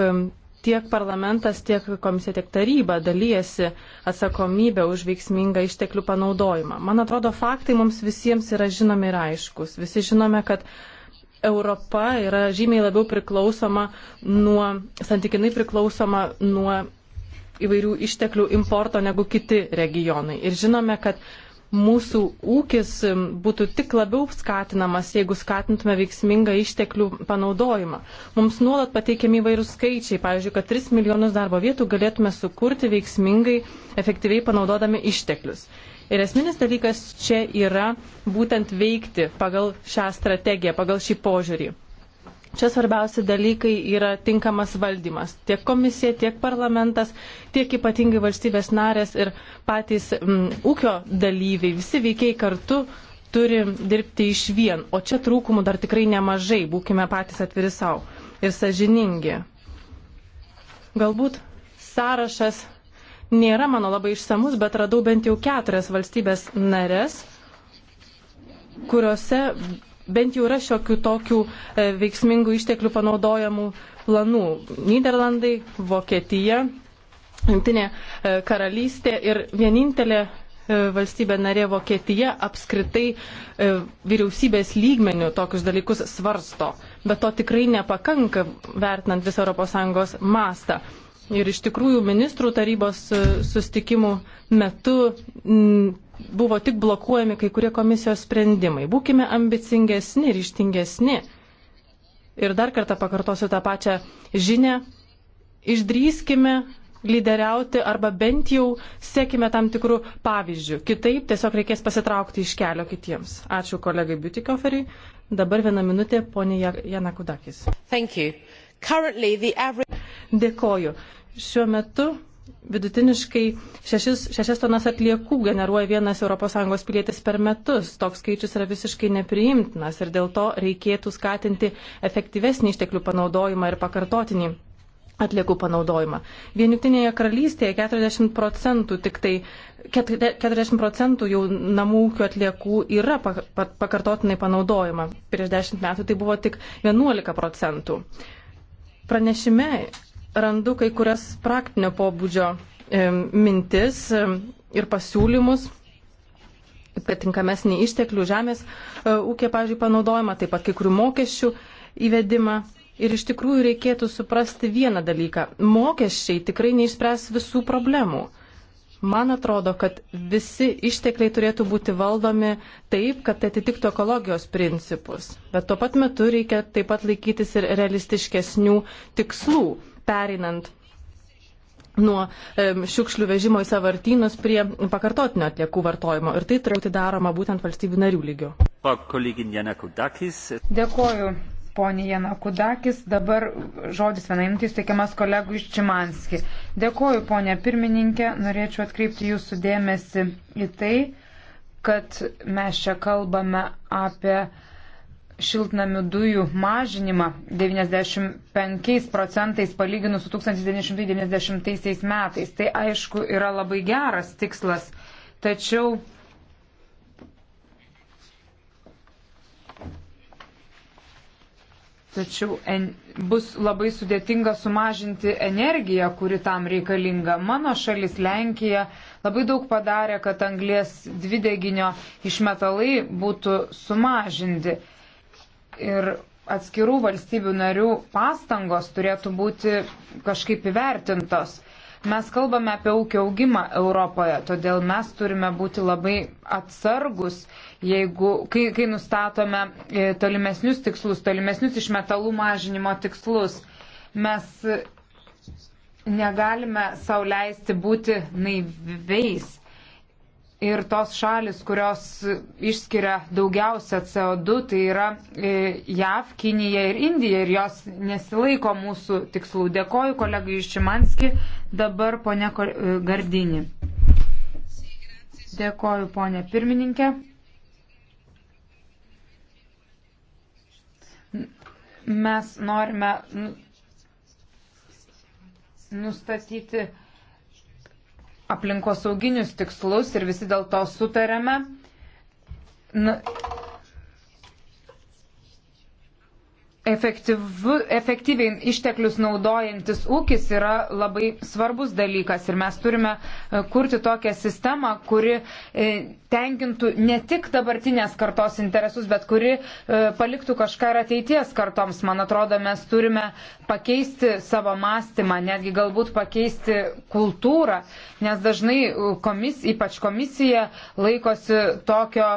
tiek parlamentas, tiek komisija, tiek taryba dalyjasi atsakomybę už veiksmingą išteklių panaudojimą. Man atrodo, faktai mums visiems yra žinomi ir aiškus. Visi žinome, kad Europa yra žymiai labiau priklausoma nuo, santykinai priklausoma nuo įvairių išteklių importo negu kiti regionai. Ir žinome, kad mūsų ūkis būtų tik labiau skatinamas, jeigu skatintume veiksmingą išteklių panaudojimą. Mums nuolat pateikiami įvairūs skaičiai, pavyzdžiui, kad 3 milijonus darbo vietų galėtume sukurti veiksmingai, efektyviai panaudodami išteklius. Ir esminis dalykas čia yra būtent veikti pagal šią strategiją, pagal šį požiūrį. Čia svarbiausi dalykai yra tinkamas valdymas. Tiek komisija, tiek parlamentas, tiek ypatingai valstybės narės ir patys m, mm, ūkio dalyviai, visi veikiai kartu turi dirbti iš vien. O čia trūkumų dar tikrai nemažai, būkime patys atviri savo ir sažiningi. Galbūt sąrašas nėra mano labai išsamus, bet radau bent jau keturias valstybės narės, kuriuose bent jau yra šiokių tokių e, veiksmingų išteklių panaudojamų planų. Niderlandai, Vokietija, Jungtinė e, karalystė ir vienintelė e, valstybė narė Vokietija apskritai vyriausybės lygmenių tokius dalykus svarsto. Bet to tikrai nepakanka vertinant visą ES mastą. Ir iš tikrųjų ministrų tarybos sustikimų metu buvo tik blokuojami kai kurie komisijos sprendimai. Būkime ambicingesni, ryštingesni. Ir dar kartą pakartosiu tą pačią žinę. Išdrįskime lyderiauti arba bent jau sekime tam tikrų pavyzdžių. Kitaip tiesiog reikės pasitraukti iš kelio kitiems. Ačiū kolegai Butikoferiui. Dabar viena minutė, ponė Janakudakis. Average... Dėkoju. Šiuo metu vidutiniškai 6 tonas atliekų generuoja vienas ES pilietis per metus. Toks skaičius yra visiškai nepriimtinas ir dėl to reikėtų skatinti efektyvesnį išteklių panaudojimą ir pakartotinį atliekų panaudojimą. Vienintinėje karalystėje 40 procentų tik tai 40 procentų jau namų ūkio atliekų yra pakartotinai panaudojama. Prieš 10 metų tai buvo tik 11 procentų. Pranešime randu kai kurias praktinio pobūdžio mintis ir pasiūlymus apie tinkamesnį išteklių žemės e, ūkio, pavyzdžiui, panaudojimą, taip pat kai kurių mokesčių įvedimą. Ir iš tikrųjų reikėtų suprasti vieną dalyką. Mokesčiai tikrai neišspręs visų problemų. Man atrodo, kad visi ištekliai turėtų būti valdomi taip, kad tai atitiktų ekologijos principus. Bet tuo pat metu reikia taip pat laikytis ir realistiškesnių tikslų perinant nuo šiukšlių vežimo į savartynus prie pakartotinio atliekų vartojimo. Ir tai turėtų daroma būtent valstybių narių lygių. Dėkuoju. Pone Jana Kudakis, dabar žodis vienai mintis teikiamas kolegų iš Čimanski. Dėkuoju, ponė pirmininkė, norėčiau atkreipti jūsų dėmesį į tai, kad mes čia kalbame apie uh, šiltnamių dujų mažinimą 95 procentais palyginus su 1990 metais. Tai aišku yra labai geras tikslas, tačiau Tačiau en, bus labai sudėtinga sumažinti energiją, kuri tam reikalinga. Mano šalis Lenkija labai daug padarė, kad anglės dvideginio išmetalai būtų sumažinti ir atskirų valstybių narių pastangos turėtų būti kažkaip įvertintos. Mes kalbame apie ūkio augimą Europoje, todėl mes turime būti labai atsargus, jeigu, kai, kai nustatome e, tolimesnius tikslus, tolimesnius išmetalų mažinimo tikslus. Mes negalime sauliaisti būti naiviais ir tos šalis, kurios išskiria daugiausia CO2, tai yra e, JAV, Kinija ir Indija ir jos nesilaiko mūsų tikslų. Dėkoju kolegai iš Šimanski, dabar ponė e, Gardinį. Dėkoju ponė pirmininkė. Mes norime nustatyti aplinkosauginius tikslus ir visi dėl to sutarėme. Na, nu, efektyvu, efektyviai išteklius naudojantis ūkis yra labai svarbus dalykas ir mes turime e, kurti tokią sistemą, kuri e, tenkintų ne tik dabartinės kartos interesus, bet kuri e, paliktų kažką ir ateities kartoms. Man atrodo, mes turime pakeisti savo mąstymą, netgi galbūt pakeisti kultūrą, nes dažnai komis, ypač komisija laikosi tokio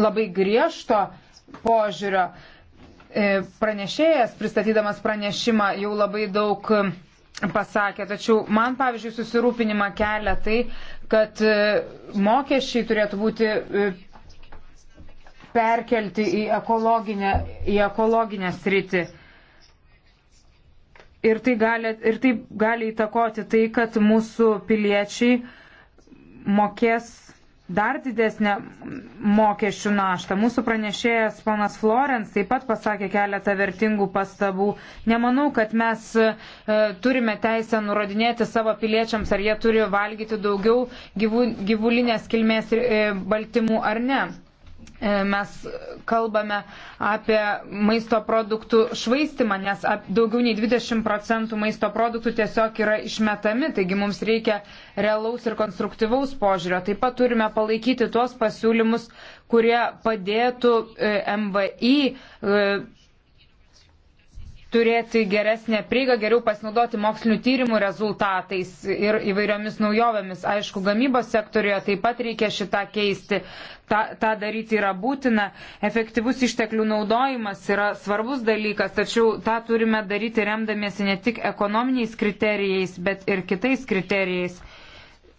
labai griežto požiūrio E, pranešėjas, pristatydamas pranešimą, jau labai daug e, pasakė. Tačiau man, pavyzdžiui, susirūpinimą kelia tai, kad e, mokesčiai turėtų būti perkelti į ekologinę, į ekologinę sritį. Ir tai, gali, ir tai gali įtakoti tai, kad mūsų piliečiai mokės dar didesnę mokesčių naštą. Mūsų pranešėjas ponas Florence taip pat pasakė keletą vertingų pastabų. Nemanau, kad mes e, turime teisę nurodinėti savo piliečiams, ar jie turi valgyti daugiau gyvų, gyvulinės kilmės e, baltymų ar ne. E, mes kalbame apie maisto produktų švaistimą, nes daugiau nei 20 procentų maisto produktų tiesiog yra išmetami, taigi mums reikia realaus ir konstruktyvaus požiūrio. Taip pat turime palaikyti tuos pasiūlymus, kurie padėtų e, MVI e, turėti geresnę prieigą, geriau pasinaudoti mokslinių tyrimų rezultatais ir įvairiomis naujovėmis. Aišku, gamybos sektorijoje taip pat reikia šitą keisti. Ta, ta daryti yra būtina, efektyvus išteklių naudojimas yra svarbus dalykas, tačiau tą turime daryti remdamiesi ne tik ekonominiais kriterijais, bet ir kitais kriterijais.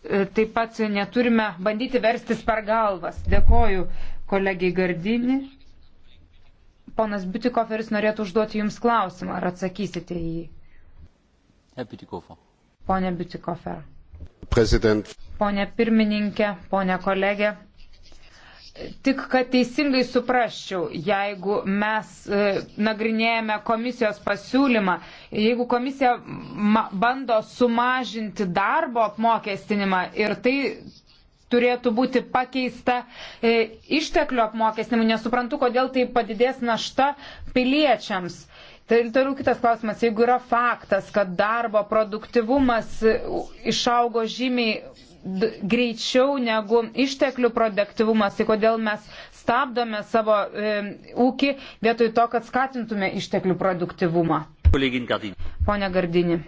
E, taip pat neturime bandyti verstis per galvas. Dėkoju kolegiai Gardinį. Ponas Bitikoferis norėtų užduoti Jums klausimą, ar atsakysite į jį? Pone Bitikofer. Pone pirmininkė, pone kolegė, Tik, kad teisingai suprasčiau, jeigu mes e, nagrinėjame komisijos pasiūlymą, jeigu komisija ma, bando sumažinti darbo apmokestinimą ir tai turėtų būti pakeista e, išteklių apmokestinimu, nesuprantu, kodėl tai padidės našta piliečiams. Tai toliau kitas klausimas, jeigu yra faktas, kad darbo produktivumas e, išaugo žymiai greičiau negu išteklių produktivumas, tai kodėl mes stabdome savo e, ūkį vietoj to, kad skatintume išteklių produktivumą. Pone Gardini.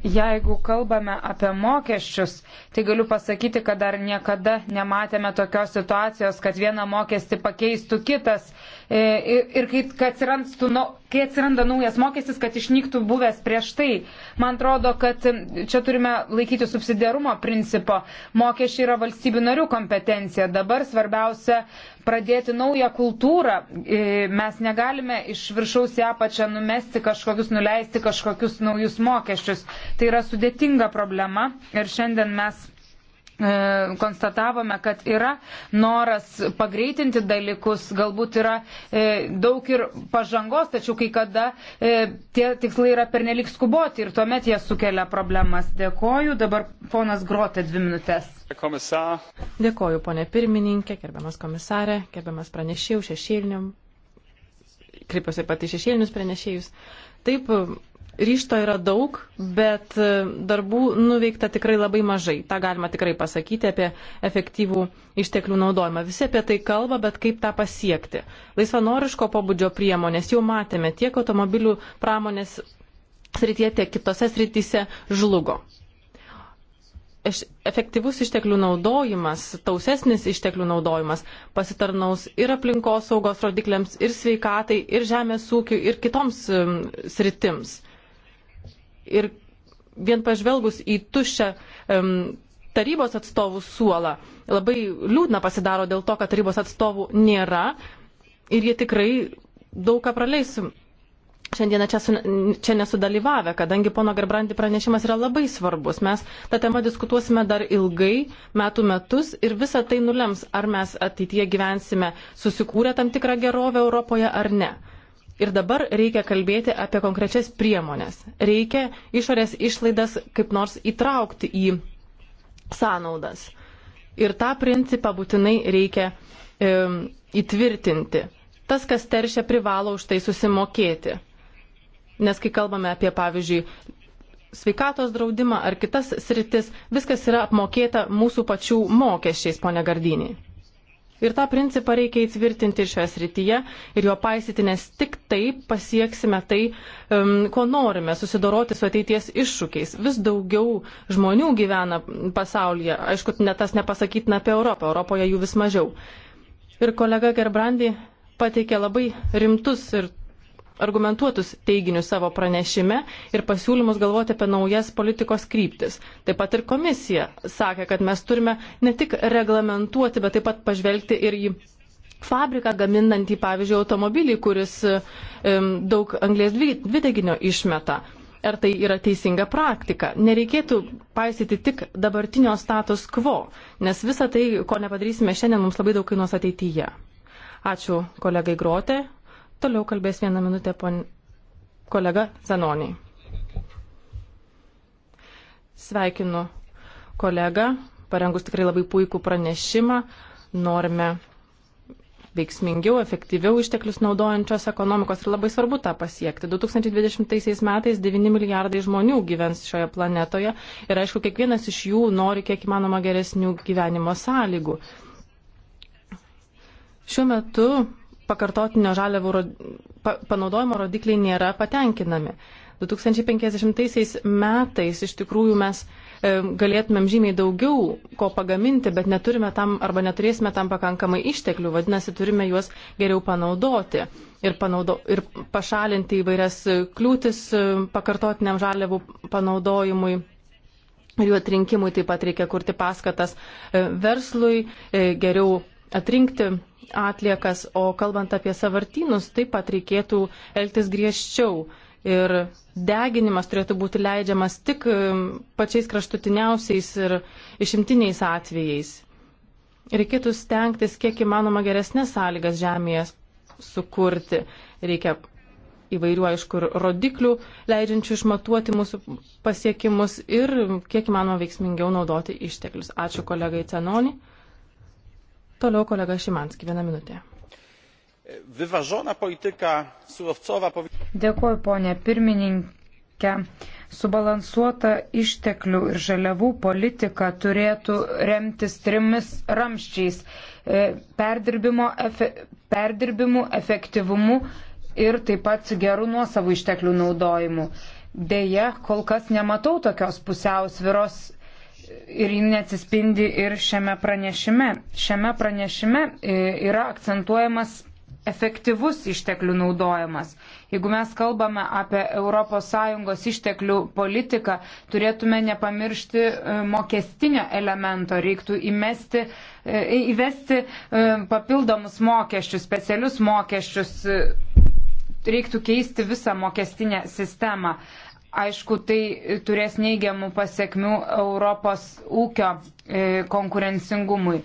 Jeigu kalbame apie mokesčius, tai galiu pasakyti, kad dar niekada nematėme tokios situacijos, kad vieną mokestį pakeistų kitas. E, E, ir kaip, kai, atsirandtų, no, kai atsiranda naujas mokestis, kad išnyktų buvęs prieš tai. Man atrodo, kad čia turime laikyti subsidiarumo principo. Mokesčiai yra valstybių narių kompetencija. Dabar svarbiausia pradėti naują kultūrą. E, mes negalime iš viršaus į apačią numesti kažkokius, nuleisti kažkokius naujus mokesčius. Tai yra sudėtinga problema ir šiandien mes E, konstatavome, kad yra noras pagreitinti dalykus, galbūt yra e, daug ir pažangos, tačiau kai kada e, tie tikslai yra pernelik skuboti ir tuomet jie sukelia problemas. Dėkoju. Dabar ponas Grotė dvi minutės. Komisar. Dėkoju, ponė pirmininkė, gerbiamas komisarė, gerbiamas pranešėjų šešėliniam. Kreipiuosi pati šešėlinius pranešėjus. Taip, ryšto yra daug, bet e, darbų nuveikta tikrai labai mažai. Ta galima tikrai pasakyti apie efektyvų išteklių naudojimą. Visi apie tai kalba, bet kaip tą pasiekti. Laisvanoriško pobūdžio priemonės jau matėme tiek automobilių pramonės srityje, tiek kitose srityse žlugo. Efektyvus išteklių naudojimas, tausesnis išteklių naudojimas pasitarnaus ir aplinkos saugos rodikliams, ir sveikatai, ir žemės ūkiui, ir kitoms sritims ir vien pažvelgus į tuščią um, tarybos atstovų suolą, labai liūdna pasidaro dėl to, kad tarybos atstovų nėra ir jie tikrai daug ką praleis šiandieną čia, su, čia nesudalyvavę, kadangi pono Garbrandi pranešimas yra labai svarbus. Mes tą temą diskutuosime dar ilgai, metų metus ir visa tai nulems, ar mes ateityje gyvensime susikūrę tam tikrą gerovę Europoje ar ne. Ir dabar reikia kalbėti apie konkrečias priemonės. Reikia išorės išlaidas kaip nors įtraukti į sąnaudas. Ir tą principą būtinai reikia e, įtvirtinti. Tas, kas teršia, privalo už tai susimokėti. Nes kai kalbame apie, pavyzdžiui, sveikatos draudimą ar kitas sritis, viskas yra apmokėta mūsų pačių mokesčiais, ponia Gardiniai. Ir tą principą reikia įtvirtinti ir šioje srityje ir jo paisyti, nes tik taip pasieksime tai, um, ko norime, susidoroti su ateities iššūkiais. Vis daugiau žmonių gyvena pasaulyje, aišku, net tas nepasakytina apie Europą, Europoje jų vis mažiau. Ir kolega Gerbrandi pateikė labai rimtus ir argumentuotus teiginius savo pranešime ir pasiūlymus galvoti apie naujas politikos kryptis. Taip pat ir komisija sakė, kad mes turime ne tik reglamentuoti, bet taip pat pažvelgti ir į fabriką gaminantį, pavyzdžiui, automobilį, kuris um, daug anglės dvideginio išmeta. Ar tai yra teisinga praktika? Nereikėtų paisyti tik dabartinio status quo, nes visa tai, ko nepadarysime šiandien, mums labai daug kainuos ateityje. Ačiū kolegai Grote, Toliau kalbės vieną minutę pon... kolega Zanoniai. Sveikinu kolegą, parengus tikrai labai puikų pranešimą. Norime veiksmingiau, efektyviau išteklius naudojančios ekonomikos ir labai svarbu tą pasiekti. 2020 metais 9 milijardai žmonių gyvens šioje planetoje ir aišku, kiekvienas iš jų nori kiek įmanoma geresnių gyvenimo sąlygų. Šiuo metu pakartotinio žaliavų panaudojimo rodikliai nėra patenkinami. 2050 metais iš tikrųjų mes e, galėtumėm žymiai daugiau ko pagaminti, bet neturime tam arba neturėsime tam pakankamai išteklių, vadinasi, turime juos geriau panaudoti ir, panaudo, ir pašalinti įvairias kliūtis e, pakartotiniam žaliavų panaudojimui. Ir jų atrinkimui taip pat reikia kurti paskatas e, verslui, geriau atrinkti atliekas, o kalbant apie savartynus, taip pat reikėtų elgtis griežčiau. Ir deginimas turėtų būti leidžiamas tik um, pačiais kraštutiniausiais ir išimtiniais atvejais. Reikėtų stengtis kiek įmanoma geresnės sąlygas žemėje sukurti. Reikia įvairių, aišku, rodiklių, leidžiančių išmatuoti mūsų pasiekimus ir kiek įmanoma veiksmingiau naudoti išteklius. Ačiū kolegai Cenoni. Toliau kolega Šimanski, vieną minutę. Vyvažona politika surovcova. Dėkuoju, ponė pirmininkė. Subalansuota išteklių ir žaliavų politika turėtų remtis trimis ramščiais e, efe, - perdirbimu, efektyvumu ir taip pat gerų nuosavų išteklių naudojimu. Deja, kol kas nematau tokios pusiausviros ir ji neatsispindi ir šiame pranešime. Šiame pranešime e, yra akcentuojamas efektyvus išteklių naudojimas. Jeigu mes kalbame apie ES išteklių politiką, turėtume nepamiršti e, mokestinio elemento, reiktų įmesti, e, įvesti papildomus mokesčius, specialius mokesčius, reiktų keisti visą mokestinę sistemą. Aišku, tai turės neigiamų pasiekmių Europos ūkio e, konkurencingumui.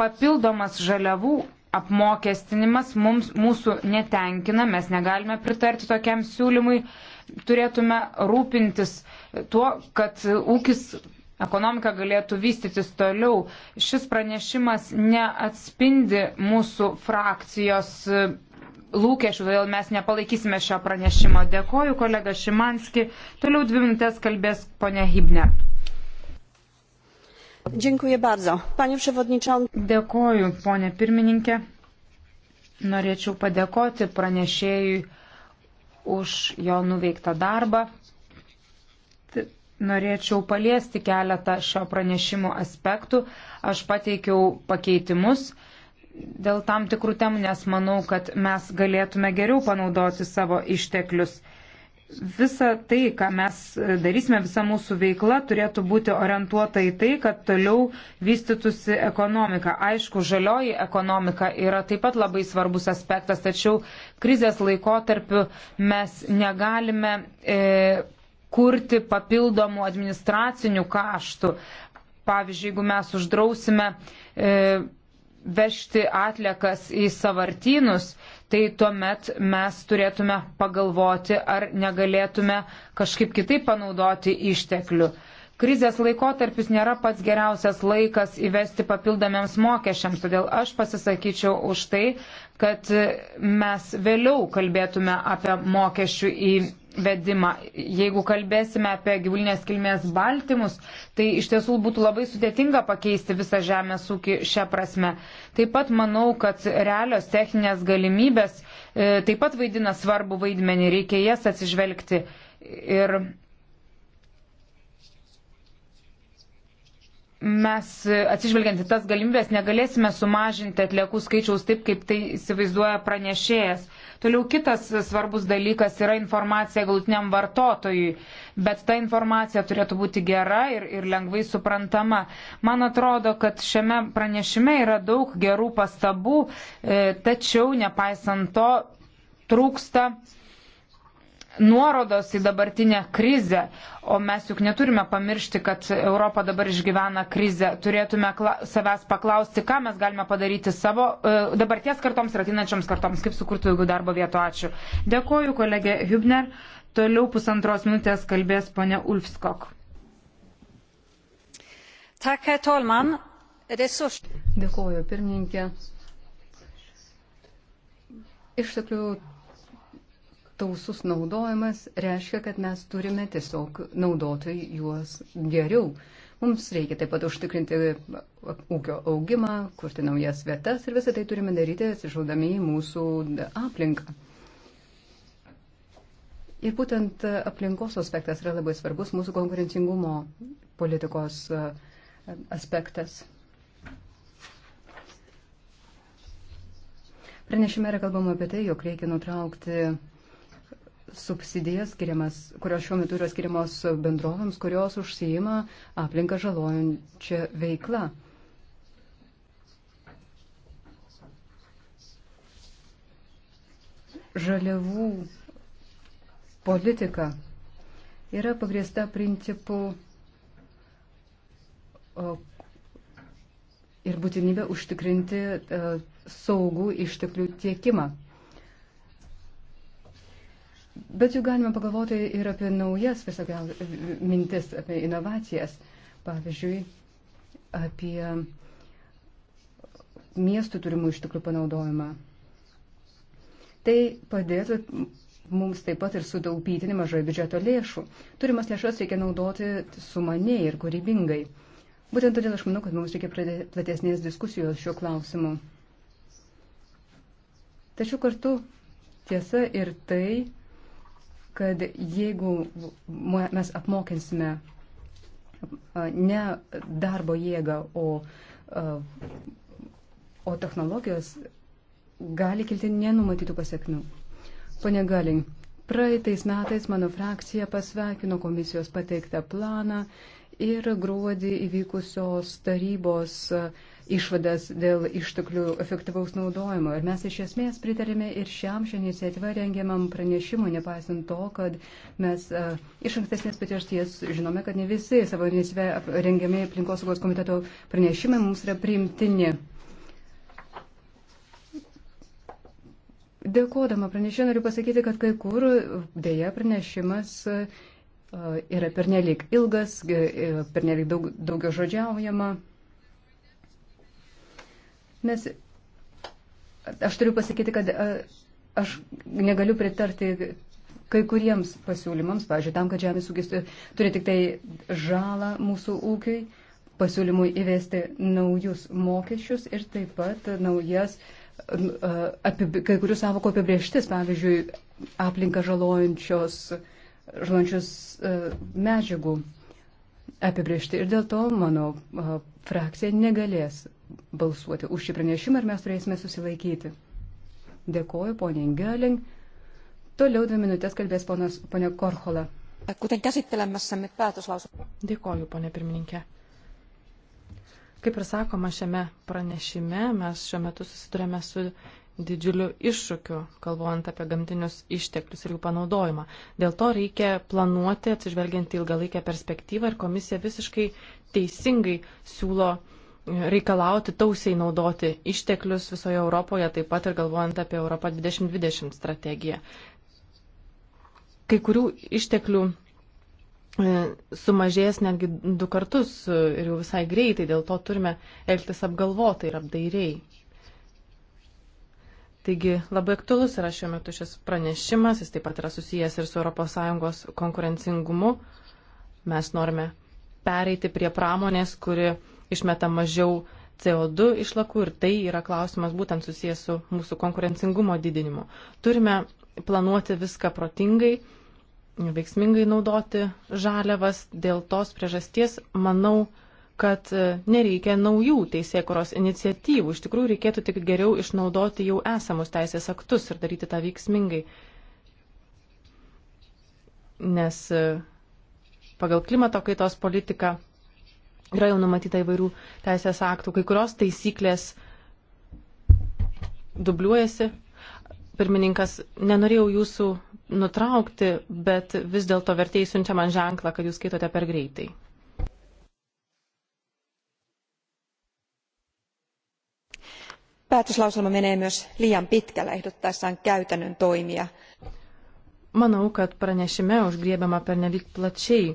Papildomas žaliavų apmokestinimas mums, mūsų netenkina, mes negalime pritarti tokiam siūlymui. Turėtume rūpintis tuo, kad ūkis ekonomika galėtų vystytis toliau. Šis pranešimas neatspindi mūsų frakcijos lūkesčių, todėl mes nepalaikysime šio pranešimo. Dėkoju, kolega Šimanski. Toliau dvi minutės kalbės ponia Hibner. Dziękuję bardzo. Panie przewodniczący. Dėkoju, ponė pirmininkė. Norėčiau padėkoti pranešėjui už jo nuveiktą darbą. Norėčiau paliesti keletą šio pranešimo aspektų. Aš pateikiau pakeitimus dėl tam tikrų temų, nes manau, kad mes galėtume geriau panaudoti savo išteklius. Visa tai, ką mes darysime, visa mūsų veikla turėtų būti orientuota į tai, kad toliau vystytųsi ekonomika. Aišku, žalioji ekonomika yra taip pat labai svarbus aspektas, tačiau krizės laikotarpiu mes negalime e, kurti papildomų administracinių kaštų. Pavyzdžiui, jeigu mes uždrausime. E, vežti atliekas į savartynus, tai tuomet mes turėtume pagalvoti, ar negalėtume kažkaip kitaip panaudoti išteklių. Krizės laikotarpis nėra pats geriausias laikas įvesti papildomiams mokesčiams, todėl aš pasisakyčiau už tai, kad mes vėliau kalbėtume apie mokesčių į vedimą. Jeigu kalbėsime apie gyvulinės kilmės baltymus, tai iš tiesų būtų labai sudėtinga pakeisti visą žemės ūkį šią prasme. Taip pat manau, kad realios techninės galimybės e, taip pat vaidina svarbu vaidmenį, reikia jas atsižvelgti. Ir mes e, atsižvelgiant į tas galimybės negalėsime sumažinti atliekų skaičiaus taip, kaip tai įsivaizduoja pranešėjas. Toliau kitas svarbus dalykas yra informacija galutiniam vartotojui, bet ta informacija turėtų būti gera ir, ir lengvai suprantama. Man atrodo, kad šiame pranešime yra daug gerų pastabų, e, tačiau nepaisant to trūksta nuorodos į dabartinę krizę, o mes juk neturime pamiršti, kad Europa dabar išgyvena krizę. Turėtume savęs paklausti, ką mes galime padaryti savo e, dabarties kartoms ir ateinančioms kartoms, kaip sukurti daugiau darbo vietų. Ačiū. Dėkuoju, kolegė Hübner. Toliau pusantros minutės kalbės ponia Ulfskok. Tak, herr Tolman. Resurs... Dėkuoju, pirmininkė. Išteklių tausus naudojimas reiškia, kad mes turime tiesiog naudoti juos geriau. Mums reikia taip pat užtikrinti ūkio augimą, kurti naujas vietas ir visą tai turime daryti atsižaudami į mūsų aplinką. Ir būtent aplinkos aspektas yra labai svarbus mūsų konkurencingumo politikos aspektas. Pranešime yra kalbama apie tai, jog reikia nutraukti subsidijas, skiriamas, kurios šiuo metu yra skiriamos bendrovėms, kurios užsijima aplinką žalojančią veiklą. Žaliavų politika yra pagrįsta principu ir būtinybė užtikrinti e, saugų išteklių tiekimą. Bet jau galime pagalvoti ir apie naujas visokias mintis, apie inovacijas. Pavyzdžiui, apie miestų turimų išteklių panaudojimą. Tai padėtų mums taip pat ir sutaupyti nemažai biudžeto lėšų. Turimas lėšas reikia naudoti sumaniai ir kūrybingai. Būtent todėl aš manau, kad mums reikia platesnės diskusijos šiuo klausimu. Tačiau kartu tiesa ir tai, kad jeigu mes apmokinsime ne darbo jėgą, o, o technologijos, gali kilti nenumatytų pasiekmių. Pane Galing, praeitais metais mano frakcija pasveikino komisijos pateiktą planą ir gruodį įvykusios tarybos uh, išvadas dėl išteklių efektyvaus naudojimo. Ir mes iš esmės pritarėme ir šiam šią iniciatyvą rengiamam pranešimui, nepaisant to, kad mes uh, iš ankstesnės patirties žinome, kad ne visi savo iniciatyvę rengiami aplinkosaugos komiteto pranešimai mums yra priimtini. Dėkodama pranešimą noriu pasakyti, kad kai kur dėja pranešimas e, yra pernelik ilgas, e, pernelik daug, daugio žodžiaujama. Nes aš turiu pasakyti, kad aš negaliu pritarti kai kuriems pasiūlymams, pavyzdžiui, tam, kad žemės ūkis e, turi tik tai žalą mūsų ūkiui, pasiūlymui įvesti naujus mokesčius ir taip pat naujas kai kurių savokų apibrieštis, pavyzdžiui, aplinką žalojančios, žalojančios e, medžiagų apibriešti. Ir dėl to mano frakcija negalės balsuoti už šį pranešimą ir mes turėsime susilaikyti. Dėkoju, ponė Göling. Toliau dvi minutės kalbės ponas, ponė Korhola. Dėkoju, ponė pirmininkė. Kaip ir sakoma, šiame pranešime mes šiuo metu susidurėme su didžiuliu iššūkiu, kalbant apie gamtinius išteklius ir jų panaudojimą. Dėl to reikia planuoti, atsižvelgiant į ilgalaikę perspektyvą ir komisija visiškai teisingai siūlo uh, reikalauti tausiai naudoti išteklius visoje Europoje, taip pat ir galvojant apie Europą 2020 strategiją. Kai kurių išteklių e, sumažės netgi du kartus e, ir jau visai greitai, dėl to turime elgtis apgalvotai ir apdairiai. Taigi labai aktualus yra šiuo metu šis pranešimas, jis taip pat yra susijęs ir su ES konkurencingumu. Mes norime pereiti prie pramonės, kuri uh, išmeta mažiau CO2 išlakų ir tai yra klausimas būtent susijęs su mūsų konkurencingumo didinimu. Turime planuoti viską protingai, veiksmingai naudoti žaliavas. Dėl tos priežasties manau, kad e, nereikia naujų teisėkuros iniciatyvų. Iš tikrųjų, reikėtų tik geriau išnaudoti jau esamus teisės aktus ir daryti tą veiksmingai. Nes e, pagal klimato kaitos politiką Yra jau numatyta įvairių teisės aktų, kai kurios taisyklės dubliuojasi. Pirmininkas, nenorėjau jūsų nutraukti, bet vis dėlto vertėjai siunčia man ženklą, kad jūs skaitote per greitai. päätöslauselma menee myös liian pitkälle ehdottaessaan käytännön toimia. Manau, kad pranešime užgriebiama pernelyg plačiai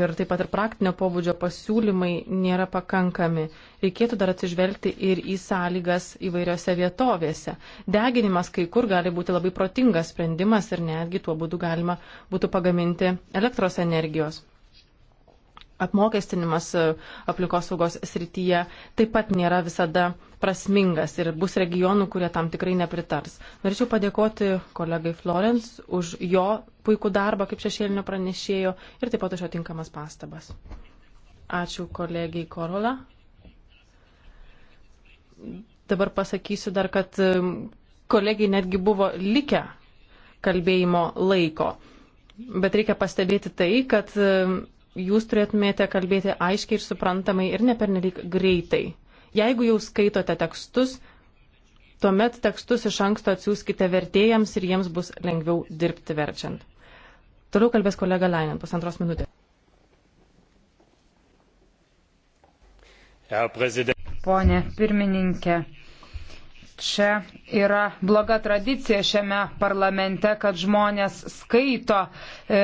ir taip pat ir praktinio pobūdžio pasiūlymai nėra pakankami. Reikėtų dar atsižvelgti ir į sąlygas įvairiose vietovėse. Deginimas kai kur gali būti labai protingas sprendimas ir netgi tuo būdu galima būtų pagaminti elektros energijos apmokestinimas e, aplinkosaugos srityje taip pat nėra visada prasmingas ir bus regionų, kurie tam tikrai nepritars. Norėčiau padėkoti kolegai Florence už jo puikų darbą kaip šešėlinio pranešėjo ir taip pat už jo tinkamas pastabas. Ačiū kolegijai Korola. Dabar pasakysiu dar, kad e, kolegijai netgi buvo likę kalbėjimo laiko. Bet reikia pastebėti tai, kad e, jūs turėtumėte kalbėti aiškiai ir suprantamai ir nepernelyg greitai. Jeigu jau skaitote tekstus, tuomet tekstus iš anksto atsiųskite vertėjams ir jiems bus lengviau dirbti verčiant. Toliau kalbės kolega Lainin, pusantros minutės. Pone pirmininkė, čia yra bloga tradicija šiame parlamente, kad žmonės skaito e,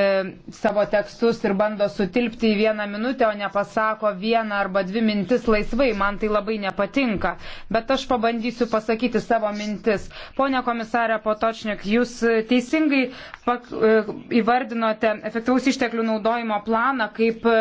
savo tekstus ir bando sutilpti į vieną minutę, o nepasako vieną arba dvi mintis laisvai. Man tai labai nepatinka. Bet aš pabandysiu pasakyti savo mintis. Pone komisarė Potočnik, jūs teisingai pak, e, įvardinote efektyvaus išteklių naudojimo planą kaip e,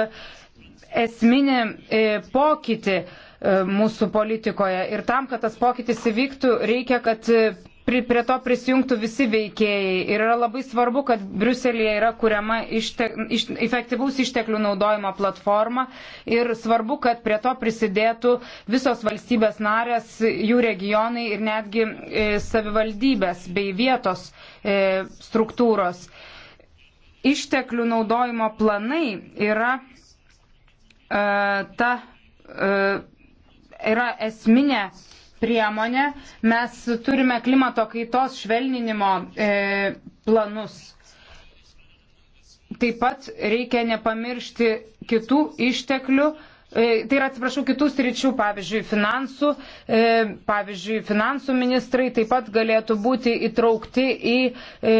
esminį e, pokytį. E, mūsų politikoje. Ir tam, kad tas pokytis įvyktų, reikia, kad e, prie to prisijungtų visi veikėjai. Ir yra labai svarbu, kad Briuselėje yra kuriama ište, iš, efektyvaus išteklių naudojimo platforma. Ir svarbu, kad prie to prisidėtų visos valstybės narės, jų regionai ir netgi e, savivaldybės bei vietos e, struktūros. Išteklių naudojimo planai yra e, ta. E, yra esminė priemonė. Mes turime klimato kaitos švelninimo e, planus. Taip pat reikia nepamiršti kitų išteklių, e, Tai yra, atsiprašau, kitų sričių, pavyzdžiui, finansų, e, pavyzdžiui, finansų ministrai taip pat galėtų būti įtraukti į e,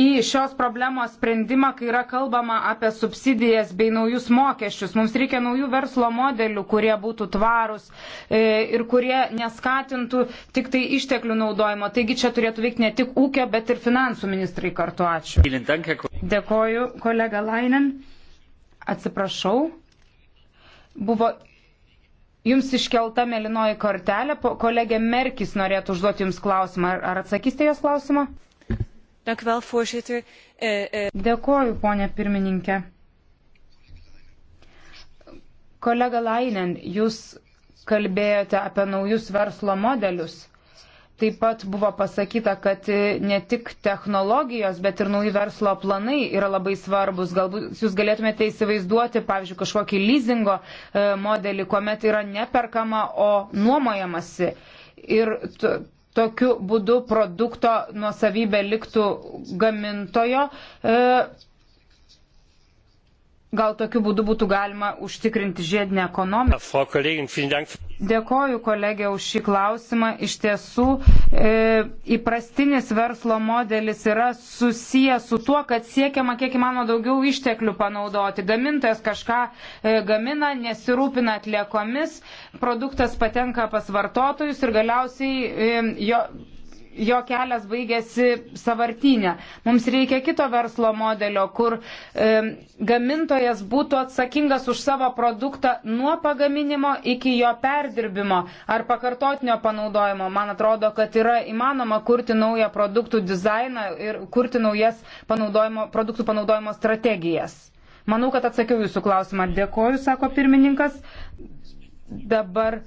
į šios problemos sprendimą, kai yra kalbama apie subsidijas bei naujus mokesčius. Mums reikia naujų verslo modelių, kurie būtų tvarūs e, ir kurie neskatintų tik tai išteklių naudojimo. Taigi čia turėtų veikti ne tik ūkio, bet ir finansų ministrai kartu. Ačiū. Dėkoju, kolega Lainen. Atsiprašau. Buvo Jums iškelta melinoji kortelė, kolegė Merkis norėtų užduoti Jums klausimą. Ar atsakysite jos klausimą? Eh, eh, Dėkoju, ponė pirmininkė. Kolega Lainen, jūs kalbėjote apie naujus verslo modelius. Taip pat buvo pasakyta, kad ne tik technologijos, bet ir nauji verslo planai yra labai svarbus. Galbūt jūs galėtumėte įsivaizduoti, pavyzdžiui, kažkokį leasingo eh, modelį, kuomet yra neperkama, o nuomojamasi. Ir tokiu būdu produkto nuosavybė liktų gamintojo. E, Gal tokiu būdu būtų galima užtikrinti žiedinę ekonomiką? Dėkoju kolegė už šį klausimą. Iš tiesų, e, įprastinis verslo modelis yra susijęs su tuo, kad siekiama kiek įmanoma daugiau išteklių panaudoti. Gamintojas kažką e, gamina, nesirūpina atliekomis, produktas patenka pas vartotojus ir galiausiai e, jo jo kelias baigėsi savartinė. Mums reikia kito verslo modelio, kur e, gamintojas būtų atsakingas už savo produktą nuo pagaminimo iki jo perdirbimo ar pakartotinio panaudojimo. Man atrodo, kad yra įmanoma kurti naują produktų dizainą ir kurti naujas panaudojimo, produktų panaudojimo strategijas. Manau, kad atsakiau jūsų klausimą. Dėkoju, sako pirmininkas. Dabar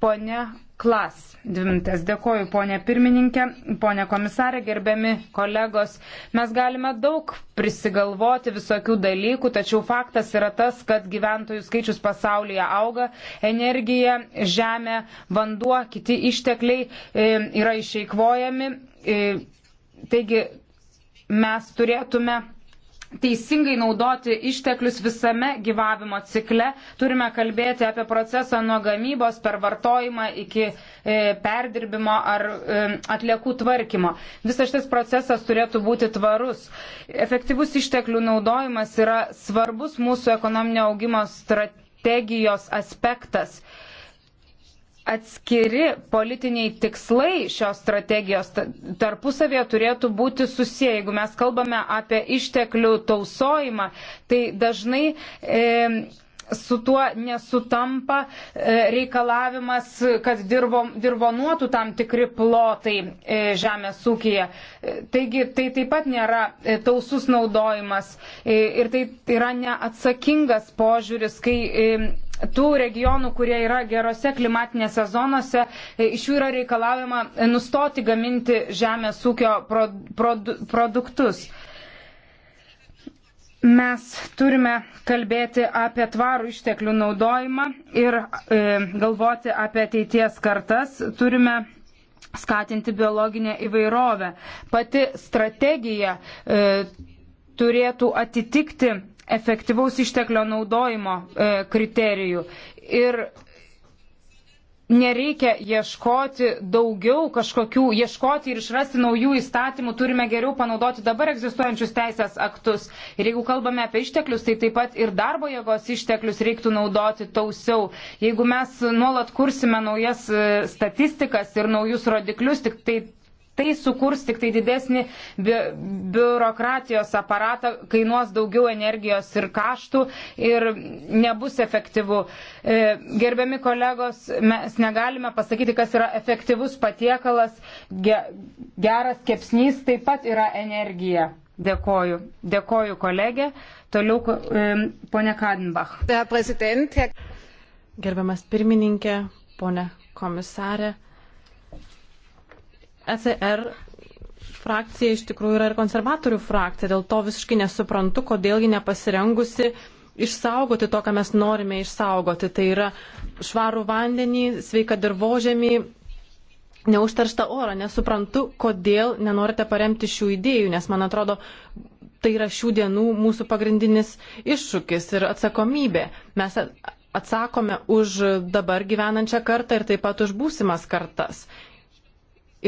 ponia klas. Dvi minutės. Dėkoju, ponė pirmininkė, ponė komisarė, gerbiami kolegos. Mes galime daug prisigalvoti visokių dalykų, tačiau faktas yra tas, kad gyventojų skaičius pasaulyje auga, energija, žemė, vanduo, kiti ištekliai e, yra išeikvojami. E, taigi mes turėtume teisingai naudoti išteklius visame gyvavimo cikle. Turime kalbėti apie procesą nuo gamybos per vartojimą iki e, perdirbimo ar e, atliekų tvarkymo. Visas šis procesas turėtų būti tvarus. Efektyvus išteklių naudojimas yra svarbus mūsų ekonominio augimo strategijos aspektas atskiri politiniai tikslai šios strategijos tarpusavėje turėtų būti susiję. Jeigu mes kalbame apie išteklių tausojimą, tai dažnai e, su tuo nesutampa e, reikalavimas, kad dirbo, dirbonuotų tam tikri plotai e, žemės ūkija. E, taigi tai taip pat nėra e, tausus naudojimas e, ir tai yra neatsakingas požiūris, kai e, tų regionų, kurie yra gerose klimatinėse zonose, e, iš jų yra reikalaujama nustoti gaminti žemės ūkio produktus. Mes turime kalbėti apie tvarų išteklių naudojimą ir e, galvoti apie ateities kartas. Turime skatinti biologinę įvairovę. Pati strategija e, turėtų atitikti efektyvaus išteklio naudojimo e, kriterijų. Ir nereikia ieškoti daugiau kažkokių, ieškoti ir išrasti naujų įstatymų, turime geriau panaudoti dabar egzistuojančius teisės aktus. Ir jeigu kalbame apie išteklius, tai taip pat ir darbo jėgos išteklius reiktų naudoti tausiau. Jeigu mes nuolat kursime naujas e, statistikas ir naujus rodiklius, tik tai tai sukurs tik tai didesnį bi biurokratijos aparatą, kainuos daugiau energijos ir kaštų ir nebus efektyvu. E, gerbiami kolegos, mes negalime pasakyti, kas yra efektyvus patiekalas, ge geras kepsnys taip pat yra energija. Dėkoju. Dėkoju kolegė. Toliau e, ponė Kadenbach. Gerbiamas pirmininkė, ponė komisarė. ECR frakcija iš tikrųjų yra ir konservatorių frakcija, dėl to visiškai nesuprantu, kodėl ji nepasirengusi išsaugoti to, ką mes norime išsaugoti. Tai yra švarų vandenį, sveiką dirbožemį, neužterštą orą. Nesuprantu, kodėl nenorite paremti šių idėjų, nes man atrodo, tai yra šių dienų mūsų pagrindinis iššūkis ir atsakomybė. Mes atsakome už dabar gyvenančią kartą ir taip pat už būsimas kartas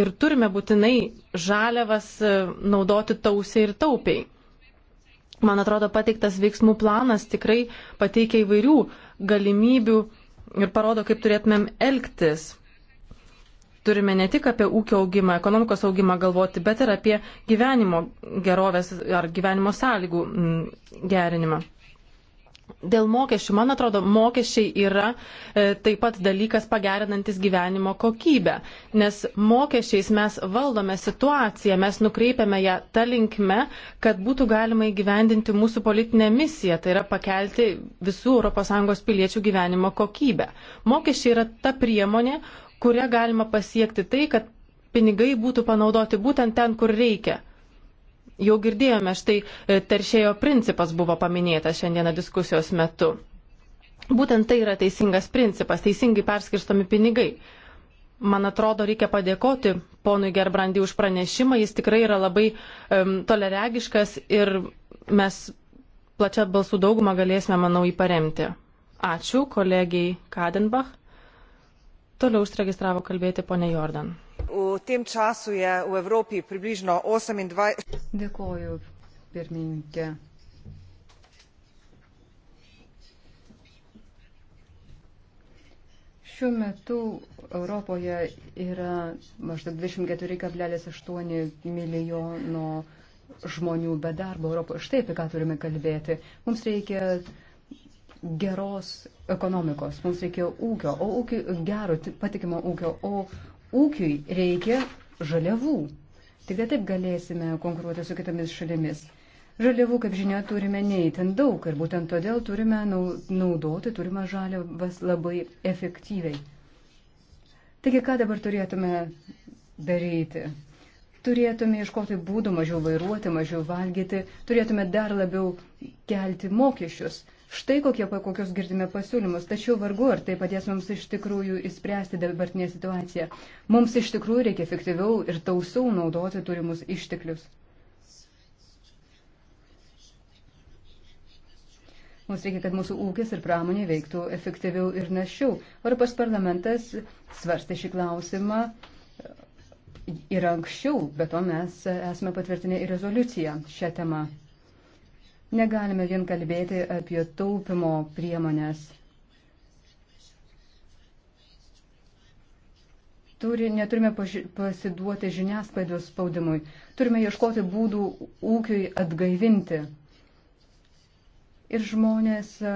ir turime būtinai žaliavas e, naudoti tausiai ir taupiai. Man atrodo, pateiktas veiksmų planas tikrai pateikia įvairių galimybių ir parodo, kaip turėtumėm elgtis. Turime ne tik apie ūkio augimą, ekonomikos augimą galvoti, bet ir apie gyvenimo gerovės ar gyvenimo sąlygų gerinimą. Dėl mokesčių, man atrodo, mokesčiai yra e, taip pat dalykas pagerinantis gyvenimo kokybę, nes mokesčiais mes valdome situaciją, mes nukreipiame ją tą linkme, kad būtų galima įgyvendinti mūsų politinę misiją, tai yra pakelti visų ES piliečių gyvenimo kokybę. Mokesčiai yra ta priemonė, kuria galima pasiekti tai, kad pinigai būtų panaudoti būtent ten, kur reikia Jau girdėjome, štai e, teršėjo principas buvo paminėtas šiandieną diskusijos metu. Būtent tai yra teisingas principas, teisingai perskirstomi pinigai. Man atrodo, reikia padėkoti ponui Gerbrandi už pranešimą, jis tikrai yra labai um, toleregiškas ir mes plačia balsų daugumą galėsime, manau, jį paremti. Ačiū kolegijai Kadenbach. Toliau užsiregistravo kalbėti ponė Jordan v tem času je v Evropi približno 28. Dėkoju, pirmininkė. Šiuo metu Europoje yra maždaug 24,8 milijono žmonių be darbo Europoje. Štai apie ką turime kalbėti. Mums reikia geros ekonomikos, mums reikia ūkio, o ūkio, gero, patikimo ūkio, o ūkiui reikia žaliavų. Tik tai taip galėsime konkuruoti su kitomis šalimis. Žaliavų, kaip žinia, turime neįtin daug ir būtent todėl turime naudoti turimą žaliavas labai efektyviai. Taigi, ką dabar turėtume daryti? Turėtume iškoti būdų mažiau vairuoti, mažiau valgyti, turėtume dar labiau kelti mokesčius, Štai kokie, kokius girdime pasiūlymus, tačiau vargu ar tai padės mums iš tikrųjų įspręsti dabartinę situaciją. Mums iš tikrųjų reikia efektyviau ir tausiau naudoti turimus išteklius. Mums reikia, kad mūsų ūkis ir pramonė veiktų efektyviau ir našiau. Europos parlamentas svarstė šį klausimą ir anksčiau, bet to mes esame patvirtinę ir rezoliuciją šią temą. Negalime vien kalbėti apie taupimo priemonės. Turi, neturime pasiduoti žiniasklaidos spaudimui. Turime ieškoti būdų ūkiui atgaivinti. Ir žmonės e,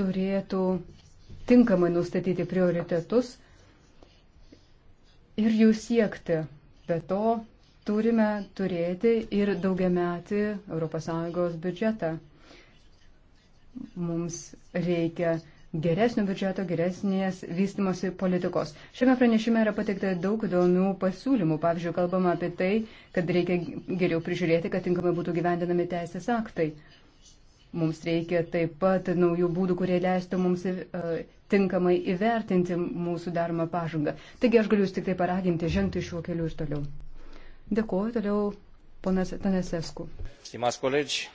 turėtų tinkamai nustatyti prioritetus ir jų siekti. Be to, turime turėti ir daugiametį ES biudžetą. Mums reikia geresnio biudžeto, geresnės vystimosi politikos. Šiame pranešime yra pateikta daug įdomių pasiūlymų. Pavyzdžiui, kalbama apie tai, kad reikia geriau prižiūrėti, kad tinkamai būtų gyvendinami teisės aktai. Mums reikia taip pat naujų būdų, kurie leistų mums e, tinkamai įvertinti mūsų daromą pažangą. Taigi aš galiu jūs tik tai paraginti žengti šiuo keliu ir toliau. Dėkuoju toliau ponas Tanesesku. Stimas koledži.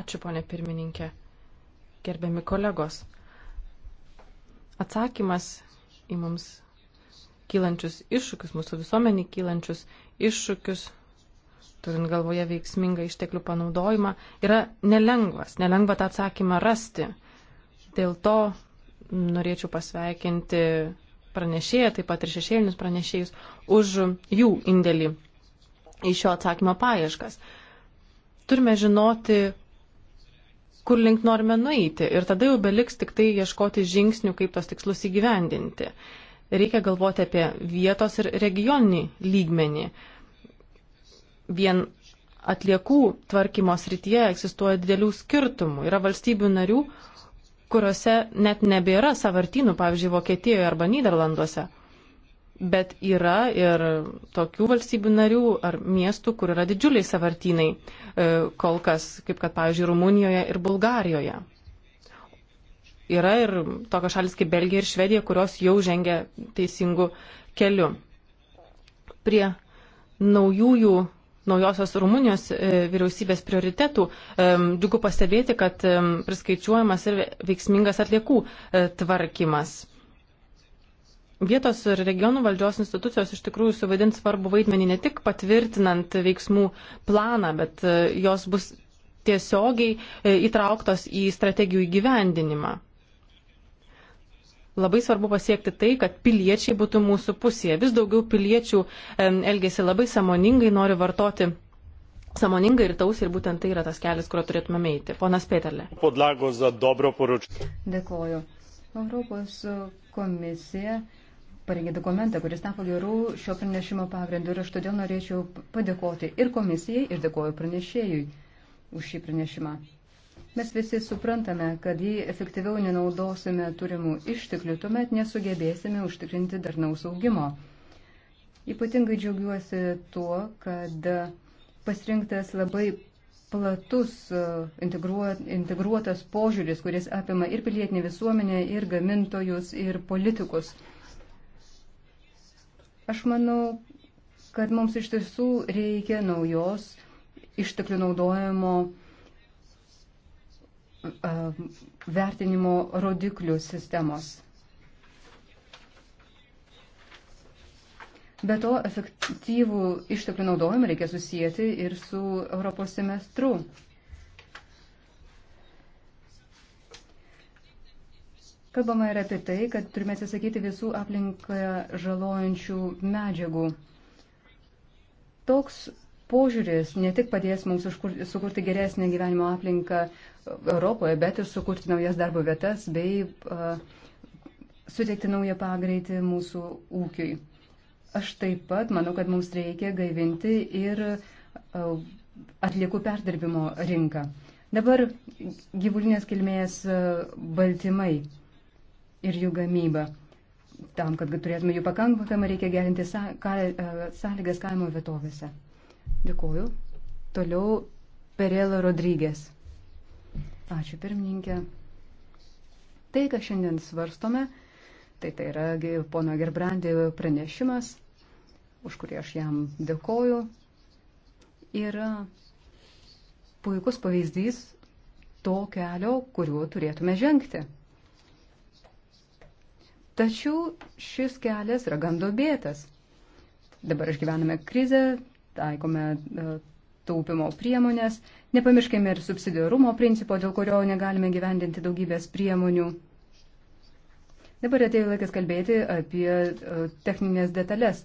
Ačiū, ponė pirmininkė. Gerbiami kolegos. Atsakymas į mums kylančius iššūkius, mūsų visuomenį kylančius iššūkius, turint galvoje veiksmingą išteklių panaudojimą, yra nelengvas. Nelengva tą atsakymą rasti. Dėl to norėčiau pasveikinti pranešėją, taip pat ir šešėlinius pranešėjus, už jų indėlį į šio atsakymo paieškas. Turime žinoti, kur link norime nueiti ir tada jau beliks tik tai ieškoti žingsnių, kaip tos tikslus įgyvendinti. Reikia galvoti apie vietos ir regioninį lygmenį. Vien atliekų tvarkymo srityje egzistuoja didelių skirtumų. Yra valstybių narių, kuriuose net nebėra savartynų, pavyzdžiui, Vokietijoje arba Niderlanduose. Bet yra ir tokių valstybių narių ar miestų, kur yra didžiuliai savartynai e, kol kas, kaip kad, pavyzdžiui, Rumunijoje ir Bulgarijoje. Yra ir tokios šalis kaip Belgija ir Švedija, kurios jau žengia teisingų kelių. Prie naujųjų naujosios Rumunijos e, vyriausybės prioritetų. E, džiugu pastebėti, kad e, priskaičiuojamas ir veiksmingas atliekų tvarkymas. Vietos ir regionų valdžios institucijos iš tikrųjų suvaidins svarbu vaidmenį ne tik patvirtinant veiksmų planą, bet jos bus tiesiogiai įtrauktos į strategijų įgyvendinimą. Labai svarbu pasiekti tai, kad piliečiai būtų mūsų pusėje. Vis daugiau piliečių elgesi labai samoningai, nori vartoti samoningai ir taus ir būtent tai yra tas kelias, kurio turėtume eiti. Ponas Peterle. Podlago za dobro poručio. Dėkoju. Europos komisija parengė dokumentą, kuris tapo gerų šio pranešimo pagrindu ir aš todėl norėčiau padėkoti ir komisijai, ir dėkoju pranešėjui už šį pranešimą. Mes visi suprantame, kad jei efektyviau nenaudosime turimų išteklių, tuomet nesugebėsime užtikrinti darnaus augimo. Ypatingai džiaugiuosi tuo, kad pasirinktas labai platus e, integruotas požiūris, kuris apima ir pilietinį visuomenę, ir gamintojus, ir politikus. Aš manau, kad mums iš tiesų reikia naujos išteklių naudojimo vertinimo rodiklių sistemos. Be to, efektyvų išteklių naudojimą reikia susijęti ir su Europos semestru. Kalbama ir apie tai, kad turime atsisakyti visų aplinką žalojančių medžiagų. Toks požiūris ne tik padės mums sukurti geresnį gyvenimo aplinką Europoje, bet ir sukurti naujas darbo vietas bei suteikti naują pagreitį mūsų ūkiui. Aš taip pat manau, kad mums reikia gaivinti ir atliekų perdirbimo rinką. Dabar gyvulinės kilmės baltymai ir jų gamyba. Tam, kad turėtume jų pakankamai, reikia gerinti sąlygas kaimo vietovėse. Dėkuoju. Toliau Perėlo Rodrygės. Ačiū pirmininkė. Tai, ką šiandien svarstome, tai tai yra pono Gerbrandė pranešimas, už kurį aš jam dėkoju, yra puikus pavyzdys to kelio, kuriuo turėtume žengti. Tačiau šis kelias yra gan dobėtas. Dabar išgyvename krizę, taikome taupimo priemonės, nepamirškime ir subsidiarumo principo, dėl kurio negalime gyvendinti daugybės priemonių. Dabar atėjo laikas kalbėti apie e, techninės detalės.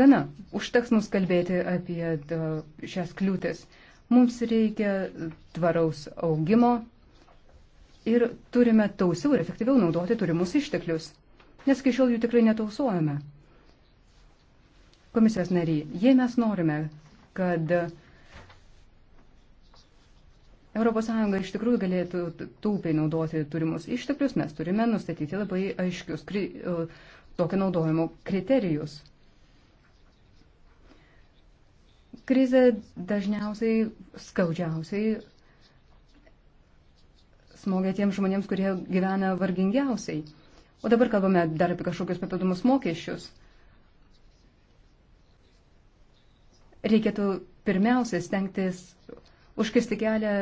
Gana, užteks mus kalbėti apie e, šias kliūtis. Mums reikia tvaraus augimo ir turime tausiau ir efektyviau naudoti turimus išteklius, nes iki šiol jų tikrai netausojame. Komisijos nariai, jei mes norime kad ES iš tikrųjų galėtų taupiai naudoti turimus išteklius, mes turime nustatyti labai aiškius kri, tokio naudojimo kriterijus. Krize dažniausiai skaudžiausiai smogia tiems žmonėms, kurie gyvena vargingiausiai. O dabar kalbame dar apie kažkokius papildomus mokesčius. reikėtų pirmiausia stengtis užkisti kelią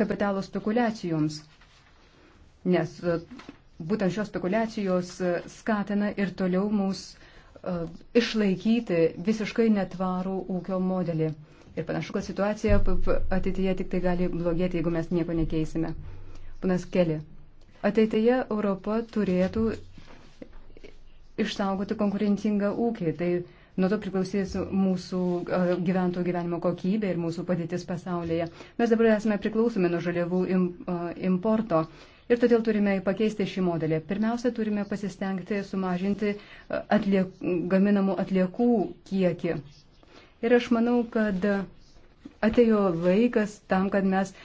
kapitalo spekulacijoms, nes e, būtent šios spekulacijos e, skatina ir toliau mus e, išlaikyti visiškai netvarų ūkio modelį. Ir panašu, kad situacija ateityje tik tai gali blogėti, jeigu mes nieko nekeisime. Panas Keli, ateityje Europa turėtų išsaugoti konkurencingą ūkį. Tai Nuo to priklausys mūsų e, gyventojų gyvenimo kokybė ir mūsų padėtis pasaulyje. Mes dabar esame priklausomi nuo žaliavų e, importo. Ir todėl turime pakeisti šį modelį. Pirmiausia, turime pasistengti sumažinti e, atliek, gaminamų atliekų kiekį. Ir aš manau, kad atėjo laikas tam, kad mes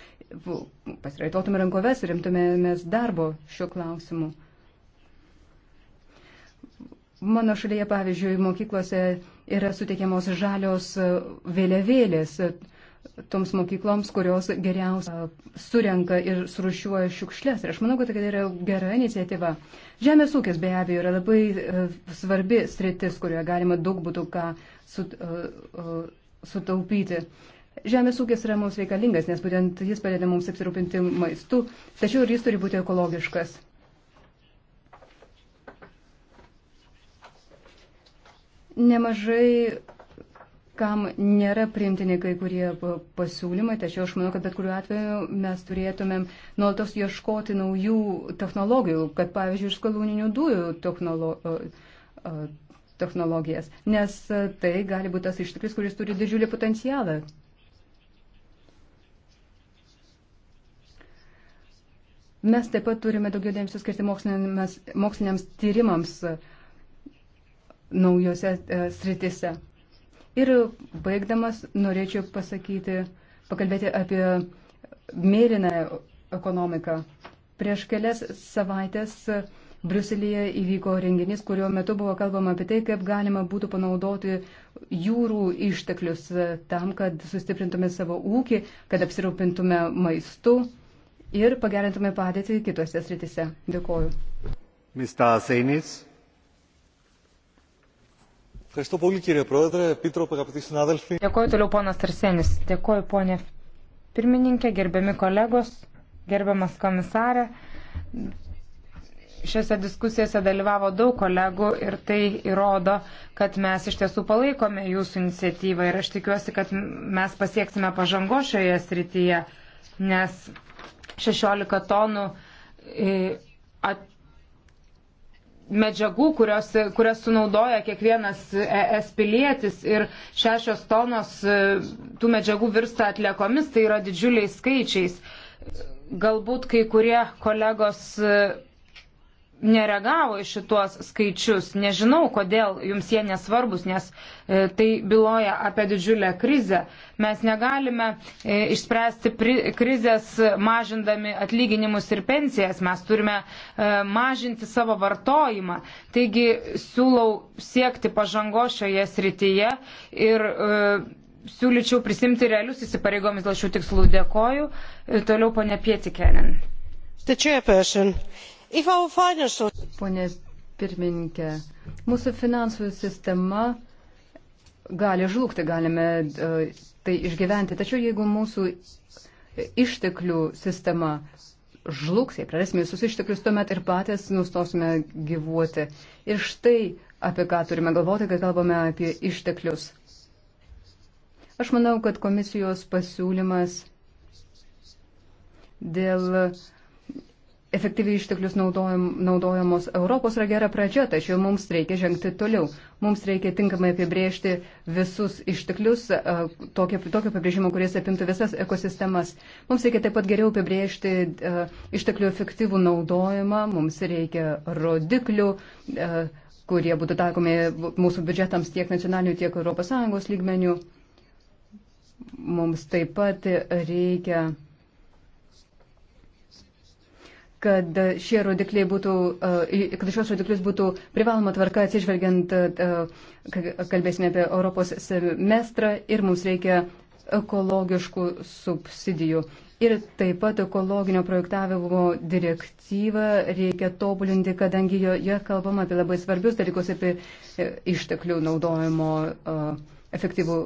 pasiraitotume rankoves ir imtumėmės darbo šiuo klausimu. Mano šalyje, pavyzdžiui, mokyklose yra suteikiamos žalios e, vėliavėlės e, toms mokykloms, kurios geriausia surenka ir surušiuoja šiukšlės. Ir aš manau, kad tai yra gera iniciatyva. Žemės ūkis be abejo yra labai e, svarbi sritis, kurioje galima daug būtų ką sut, uh, uh, sutaupyti. Žemės ūkis yra mums reikalingas, nes būtent jis padeda mums apsirūpinti maistu, tačiau ir jis turi būti ekologiškas. nemažai kam nėra priimtini kai kurie pasiūlymai, tačiau aš manau, kad bet kuriuo atveju mes turėtumėm nuolatos ieškoti naujų technologijų, kad pavyzdžiui, iš skalūninių dujų technolo, technologijas, nes tai gali būti tas išteklis, kuris turi didžiulį potencialą. Mes taip pat turime daugiau dėmesio skirti moksliniams, moksliniams tyrimams. Uh, naujose e, sritise. Ir baigdamas norėčiau pasakyti, pakalbėti apie mėlyną ekonomiką. Prieš kelias savaitės Briuselėje įvyko renginys, kurio metu buvo kalbama apie tai, kaip galima būtų panaudoti jūrų išteklius tam, kad sustiprintume savo ūkį, kad apsirūpintume maistu ir pagerintume padėtį kitose sritise. Dėkoju. Mr. Seinis. Dėkuoju toliau ponas Arsenis. Dėkuoju ponė pirmininkė, gerbiami kolegos, gerbiamas komisarė. Šiuose diskusijose dalyvavo daug kolegų ir tai įrodo, kad mes iš tiesų palaikome jūsų iniciatyvą ir aš tikiuosi, kad mes pasieksime pažango šioje srityje, nes 16 tonų e, at medžiagų, kurios, kurias sunaudoja kiekvienas ES pilietis ir šešios tonos e, tų medžiagų virsta atliekomis, tai yra didžiuliai skaičiais. Galbūt kai kurie kolegos e, nereagavo į šituos skaičius. Nežinau, kodėl jums jie nesvarbus, nes e, tai byloja apie didžiulę krizę. Mes negalime e, išspręsti pri, krizės mažindami atlyginimus ir pensijas. Mes turime e, mažinti savo vartojimą. Taigi siūlau siekti pažango šioje srityje ir e, siūlyčiau prisimti realius įsipareigomis dėl šių tikslų. Dėkoju. E, toliau ponia Pietikenin. The chairperson Financial... Pone pirmininkė, mūsų finansų sistema gali žlugti, galime e, tai išgyventi. Tačiau jeigu mūsų išteklių sistema žlugs, jei prarasime visus išteklius, tuomet ir patys nustosime gyvuoti. Ir štai apie ką turime galvoti, kai kalbame apie išteklius. Aš manau, kad komisijos pasiūlymas dėl uh, efektyviai išteklius naudojam, naudojamos Europos yra gera pradžia, tačiau mums reikia žengti toliau. Mums reikia tinkamai apibriežti visus išteklius, tokio, tokio apibrėžimo, kuris apimtų visas ekosistemas. Mums reikia taip pat geriau apibriežti išteklių efektyvų naudojimą, mums reikia rodiklių kurie būtų taikomi mūsų biudžetams tiek nacionalinių, tiek ES lygmenių. Mums taip pat reikia kad šie rodikliai būtų, e, kad šios rodiklius būtų privaloma tvarka atsižvelgiant, e, e, kalbėsime apie Europos semestrą ir mums reikia ekologiškų subsidijų. Ir taip pat ekologinio projektavimo direktyvą reikia tobulinti, kadangi joje kalbama apie labai svarbius dalykus, apie išteklių naudojimo, efektyvų,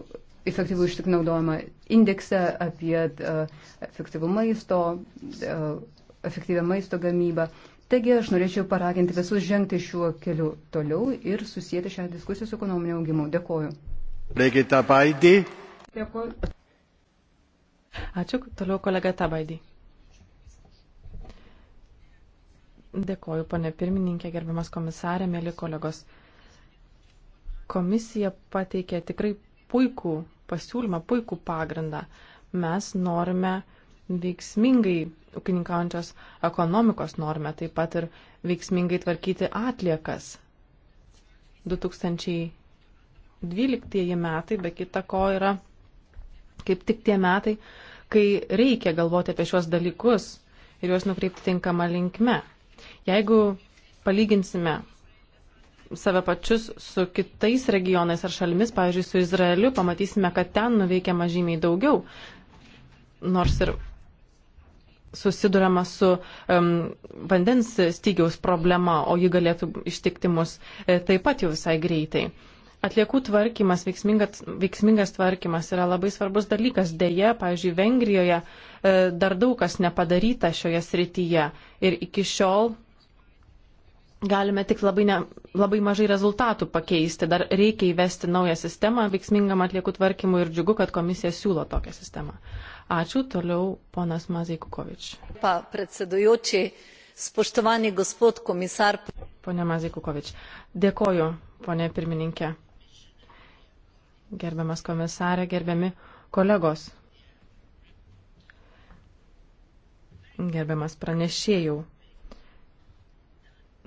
efektyvų išteklių naudojimą indeksą, apie efektyvų maisto. A, efektyvę maisto gamybą. Taigi aš norėčiau paraginti visus žengti šiuo keliu toliau ir susijęti šią diskusiją su ekonominio augimu. Dėkoju. Dėkoju. Ačiū. Toliau kolega Tabaidį. Dėkoju, ponė pirmininkė, gerbiamas komisarė, mėly kolegos. Komisija pateikė tikrai puikų pasiūlymą, puikų pagrindą. Mes norime veiksmingai ūkininkaujančios ekonomikos norime taip pat ir veiksmingai tvarkyti atliekas. 2012 metai, be kita ko, yra kaip tik tie metai, kai reikia galvoti apie šios dalykus ir juos nukreipti tinkamą linkme. Jeigu palyginsime save pačius su kitais regionais ar šalimis, pavyzdžiui, su Izraeliu, pamatysime, kad ten nuveikiama žymiai daugiau. Nors ir susidurama su um, vandens stygiaus problema, o ji galėtų ištikti mus e, taip pat jau visai greitai. Atliekų tvarkymas, veiksmingas, veiksmingas tvarkymas yra labai svarbus dalykas. Deja, pavyzdžiui, Vengrijoje e, dar daug kas nepadaryta šioje srityje ir iki šiol galime tik labai, ne, labai mažai rezultatų pakeisti. Dar reikia įvesti naują sistemą veiksmingam atliekų tvarkymui ir džiugu, kad komisija siūlo tokią sistemą. Ačiū toliau ponas Mazai Kukovič. Pa, predsedujučiai, spoštovani gospod komisar. Pone Mazai Kukovič, dėkoju, ponė pirmininkė. Gerbiamas komisarė, gerbiami kolegos. Gerbiamas pranešėjau,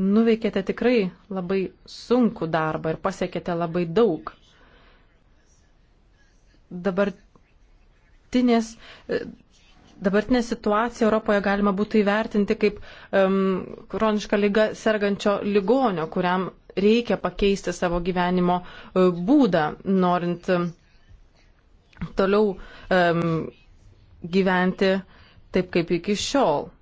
nuveikėte tikrai labai sunku darbą ir pasiekėte labai daug. Dabar dabartinės, e, dabartinę situaciją Europoje galima būtų įvertinti kaip um, kronišką lygą sergančio ligonio, kuriam reikia pakeisti savo gyvenimo e, būdą, norint toliau um, gyventi taip kaip iki šiol.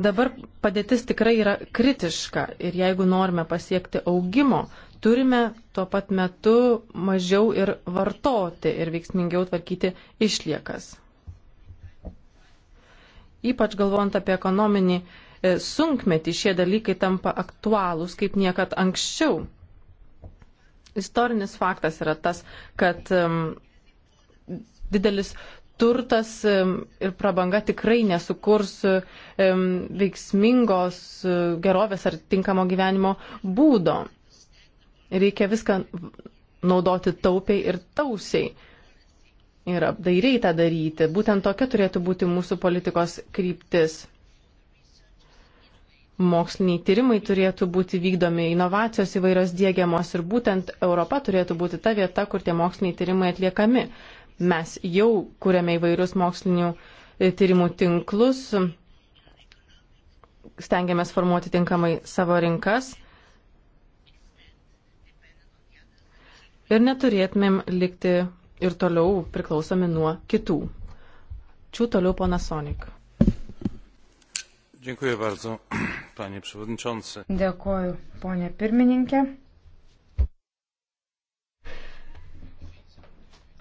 Dabar padėtis tikrai yra kritiška ir jeigu norime pasiekti augimo, turime tuo pat metu mažiau ir vartoti ir veiksmingiau tvarkyti išliekas. Ypač galvojant apie ekonominį e, sunkmetį, šie dalykai tampa aktualūs kaip niekad anksčiau. Istorinis faktas yra tas, kad um, didelis turtas ir prabanga tikrai nesukurs veiksmingos e, gerovės ar tinkamo gyvenimo būdo. Reikia viską naudoti taupiai ir tausiai. Ir apdairiai tą daryti. Būtent tokia turėtų būti mūsų politikos kryptis. Moksliniai tyrimai turėtų būti vykdomi, inovacijos įvairios dėgiamos ir būtent Europa turėtų būti ta vieta, kur tie moksliniai tyrimai atliekami. Mes jau kūrėme įvairius mokslinių e, tyrimų tinklus, stengiamės formuoti tinkamai savo rinkas ir neturėtumėm likti ir toliau priklausomi nuo kitų. Čiū toliau pana Sonik. Dziękuję bardzo, panie przewodniczący. Dėkoju, ponė pirmininkė.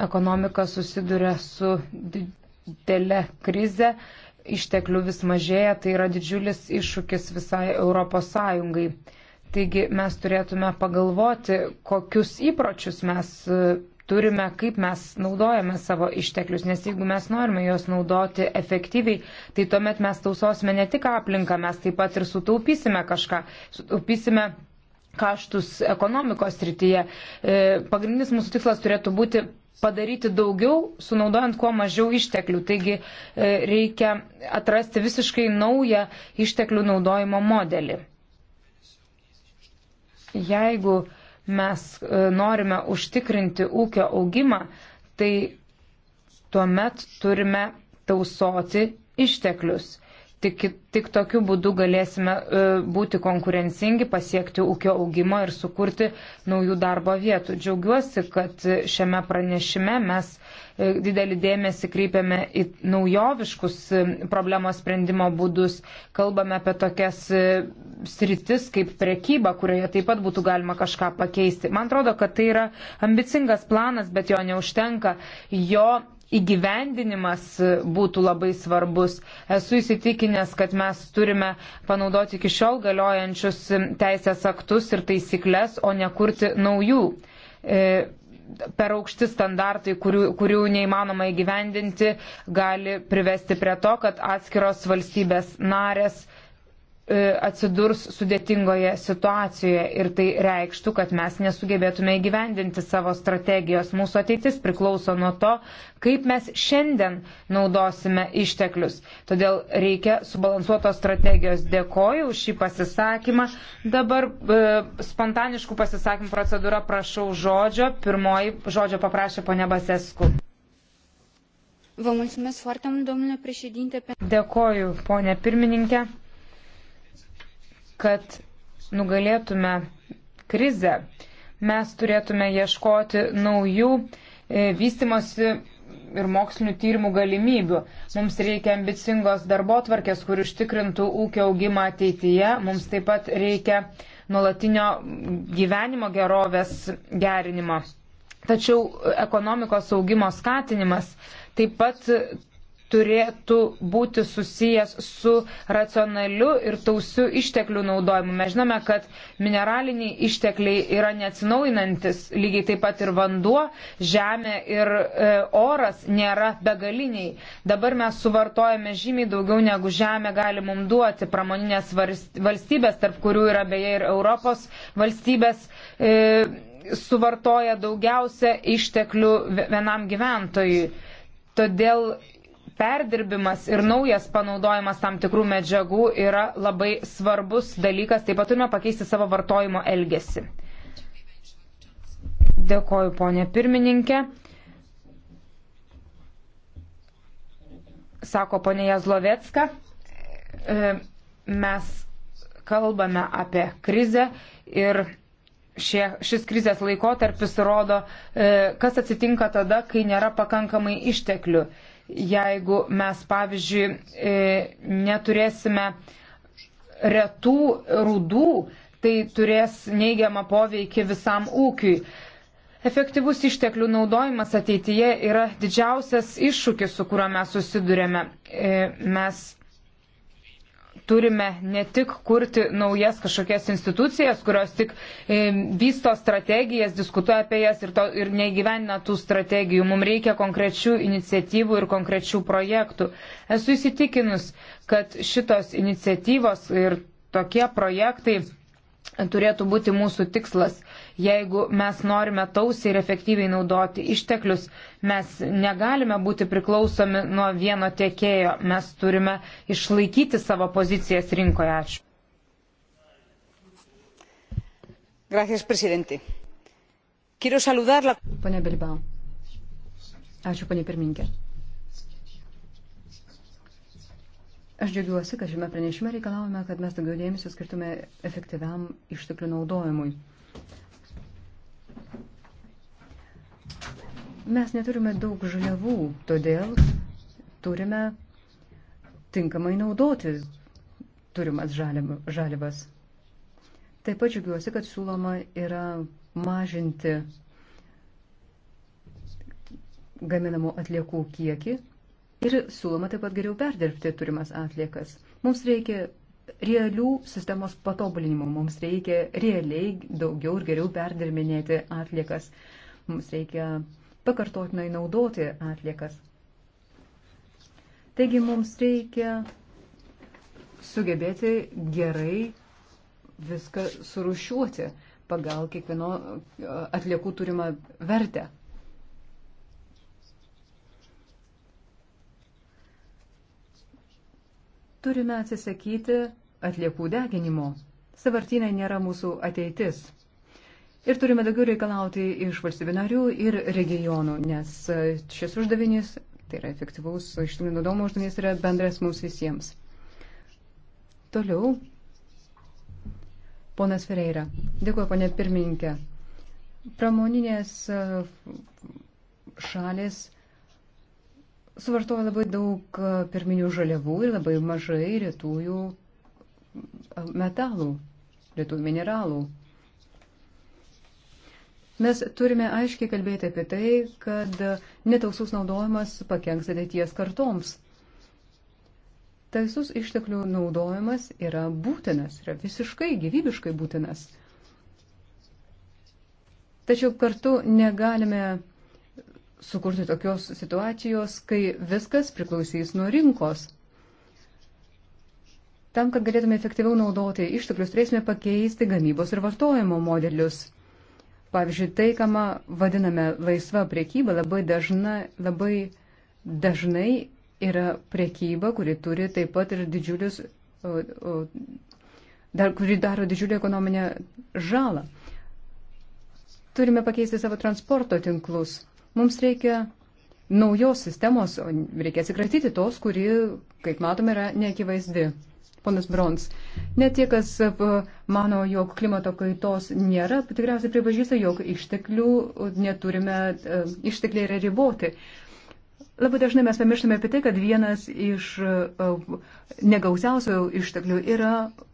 Ekonomika susiduria su didelė krize, išteklių vis mažėja, tai yra didžiulis iššūkis visai Europos Sąjungai. Taigi mes turėtume pagalvoti, kokius įpročius mes e, turime, kaip mes naudojame savo išteklius, nes jeigu mes norime juos naudoti efektyviai, tai tuomet mes tausosime ne tik aplinką, mes taip pat ir sutaupysime kažką, sutaupysime kaštus ekonomikos srityje. E, pagrindinis mūsų tikslas turėtų būti padaryti daugiau, sunaudojant kuo mažiau išteklių. Taigi e, reikia atrasti visiškai naują išteklių naudojimo modelį. Jeigu mes e, norime užtikrinti ūkio augimą, tai tuomet turime tausoti išteklius. Tik, tik tokiu būdu galėsime e, būti konkurencingi, pasiekti ūkio augimo ir sukurti naujų darbo vietų. Džiaugiuosi, kad šiame pranešime mes e, E, didelį dėmesį kreipiame į naujoviškus e, problemos sprendimo būdus, kalbame apie tokias e, sritis kaip prekyba, kurioje taip pat būtų galima kažką pakeisti. Man atrodo, kad tai yra ambicingas planas, bet jo neužtenka. Jo įgyvendinimas būtų labai svarbus. Esu įsitikinęs, kad mes turime panaudoti iki šiol galiojančius teisės aktus ir taisyklės, o ne kurti naujų per aukšti standartai, kurių, kurių neįmanoma įgyvendinti, gali privesti prie to, kad atskiros valstybės narės E, atsidurs sudėtingoje situacijoje ir tai reikštų, kad mes nesugebėtume įgyvendinti savo strategijos. Mūsų ateitis priklauso nuo to, kaip mes šiandien naudosime išteklius. Todėl reikia subalansuotos strategijos. Dėkoju už šį pasisakymą. Dabar e, spontaniškų pasisakymų procedūra prašau žodžio. Pirmoji žodžio paprašė ponia Basesku. Vă mulțumesc foarte mult, domnule președinte. Dėkoju, ponė pirmininkė kad nugalėtume krizę, mes turėtume ieškoti naujų e, vystimosi ir mokslinių tyrimų galimybių. Mums reikia ambicingos darbo tvarkės, kur užtikrintų ūkio augimą ateityje. Mums taip pat reikia nuolatinio gyvenimo gerovės gerinimo. Tačiau ekonomikos augimo skatinimas taip pat turėtų būti susijęs su racionaliu ir tausiu išteklių naudojimu. Mes žinome, kad mineraliniai ištekliai yra neatsinaujinantis, lygiai taip pat ir vanduo, žemė ir e, oras nėra begaliniai. Dabar mes suvartojame žymiai daugiau negu žemė gali mums duoti pramoninės valstybės, tarp kurių yra beje ir Europos valstybės. E, suvartoja daugiausia išteklių vienam gyventojui. Todėl perdirbimas ir naujas panaudojimas tam tikrų medžiagų yra labai svarbus dalykas, taip pat turime pakeisti savo vartojimo elgesį. Dėkoju, ponė pirmininkė. Sako ponė Jazlovecka, e, mes kalbame apie krizę ir šie, šis krizės laikotarpis rodo, e, kas atsitinka tada, kai nėra pakankamai išteklių jeigu mes, pavyzdžiui, e, neturėsime retų rūdų, tai turės neigiamą poveikį visam ūkiui. Efektyvus išteklių naudojimas ateityje yra didžiausias iššūkis, su kuriuo mes susidurėme. E, mes turime ne tik kurti naujas kažkokias institucijas, kurios tik e, vysto strategijas, diskutuoja apie jas ir, to, ir neįgyvenina tų strategijų. Mums reikia konkrečių iniciatyvų ir konkrečių projektų. Esu įsitikinus, kad šitos iniciatyvos ir tokie projektai turėtų būti mūsų tikslas. Jeigu mes norime tausiai ir efektyviai naudoti išteklius, mes negalime būti priklausomi nuo vieno tiekėjo. Mes turime išlaikyti savo pozicijas rinkoje. Ačiū. Gracias, presidente. Quiero saludar la. Pone Bilbao. Ačiū, pone pirmininkė. Aš džiaugiuosi, kad šiame pranešime reikalavome, kad mes daugiau dėmesio skirtume efektyviam išteklių naudojimui. Mes neturime daug žaliavų, todėl turime tinkamai naudoti turimas žalivas. Taip pat džiugiuosi, kad siūloma yra mažinti gaminamų atliekų kiekį Ir siūloma taip pat geriau perdirbti turimas atliekas. Mums reikia realių sistemos patobulinimų, mums reikia realiai daugiau ir geriau perdirminėti atliekas, mums reikia pakartotinai naudoti atliekas. Taigi mums reikia sugebėti gerai viską surušiuoti pagal kiekvieno atliekų turimą vertę. Turime atsisakyti atliekų deginimo. Savartinai nėra mūsų ateitis. Ir turime daugiau reikalauti iš valstybių narių ir regionų, nes šis uždavinys, tai yra efektyvaus ištumių naudomo uždavinys, yra bendras mums visiems. Toliau. Ponas Fereira. Dėkuoju, ponė pirmininkė. Pramoninės šalis suvartoja labai daug e, pirminių žaliavų ir labai mažai retųjų e, metalų, retųjų mineralų. Mes turime aiškiai kalbėti apie tai, kad netausus naudojimas pakenks ateities kartoms. Taisus išteklių naudojimas yra būtinas, yra visiškai gyvybiškai būtinas. Tačiau kartu negalime sukurti tokios situacijos, kai viskas priklausys nuo rinkos. Tam, kad galėtume efektyviau naudoti išteklius, turėsime pakeisti gamybos ir vartojimo modelius. Pavyzdžiui, tai, ką vadiname laisva priekyba, labai, dažna, labai dažnai yra priekyba, kuri turi taip pat ir didžiulius, dar, kuri daro didžiulį ekonominę žalą. Turime pakeisti savo transporto tinklus. Mums reikia naujos sistemos, reikia atsikratyti tos, kuri, kaip matome, yra neakivaizdi. Ponas Brons, net tie, kas e, mano, jog klimato kaitos nėra, tikriausiai pripažįsta, jog išteklių neturime, e, ištekliai yra riboti. Labai dažnai mes pamirštame apie tai, kad vienas iš e, negausiausių išteklių yra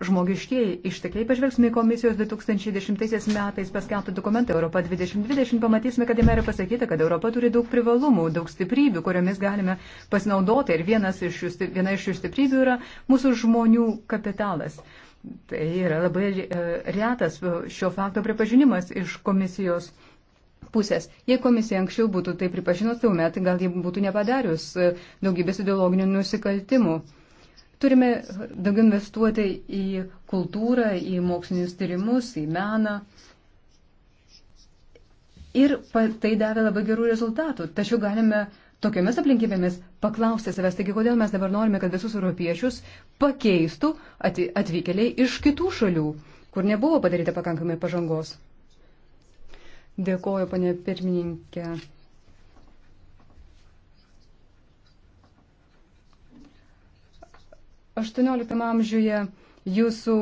žmogiškieji ištekliai. Pažvelgsime į komisijos 2010 metais paskelbtą dokumentą Europa 2020, pamatysime, kad jame yra pasakyta, kad Europa turi daug privalumų, daug stiprybių, kuriomis galime pasinaudoti. Ir vienas iš šių, viena iš šių stiprybių yra mūsų žmonių kapitalas. Tai yra labai e, retas šio fakto pripažinimas iš komisijos pusės. Jei komisija anksčiau būtų tai pripažinus, tuomet gal jie būtų nepadarius e, daugybės ideologinių nusikaltimų. Turime daugiau investuoti į kultūrą, į mokslinius tyrimus, į meną. Ir tai davė labai gerų rezultatų. Tačiau galime tokiamis aplinkybėmis paklausti savęs, taigi kodėl mes dabar norime, kad visus europiečius pakeistų atvykėliai iš kitų šalių, kur nebuvo padaryta pakankamai pažangos. Dėkoju, panė pirmininkė. XVIII amžiuje jūsų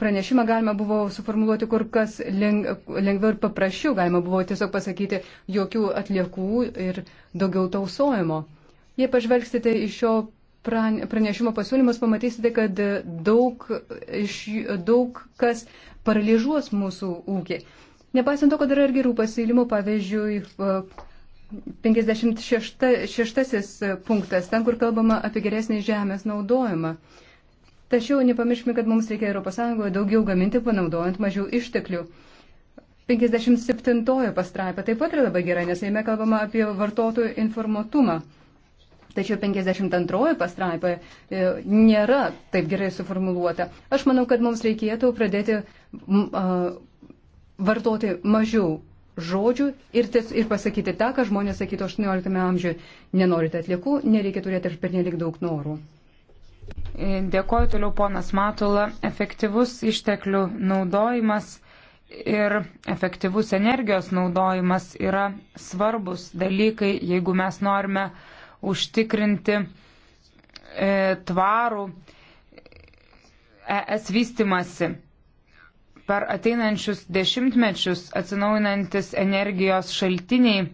pranešimą galima buvo suformuoluoti kur kas lengviau ir paprasčiau, galima buvo tiesiog pasakyti jokių atliekų ir daugiau tausojimo. Jei pažvelgsite iš šio pranešimo pasiūlymus, pamatysite, kad daug, daug kas paralyžuos mūsų ūkį. Nepaisant to, kad yra ir gerų pasiūlymų, pavyzdžiui, 56 e, e, punktas, ten, kur kalbama apie geresnį žemės naudojimą. Tačiau nepamirškime, kad mums reikia ES daugiau gaminti, panaudojant mažiau išteklių. 57 pastraipa taip pat yra labai gera, nes jame kalbama apie vartotojų informatumą. Tačiau 52 pastraipa e, nėra taip gerai suformuluota. Aš manau, kad mums reikėtų pradėti vartoti mažiau žodžių ir, ties, ir pasakyti tą, ką žmonės sakytų 18 amžiuje. Nenorite atliekų, nereikia turėti ir pernelik daug norų. E, dėkoju toliau ponas Matula. Efektyvus išteklių naudojimas ir efektyvus energijos naudojimas yra svarbus dalykai, jeigu mes norime užtikrinti e, tvarų e, ES vystimasi per ateinančius dešimtmečius atsinaujinantis energijos šaltiniai,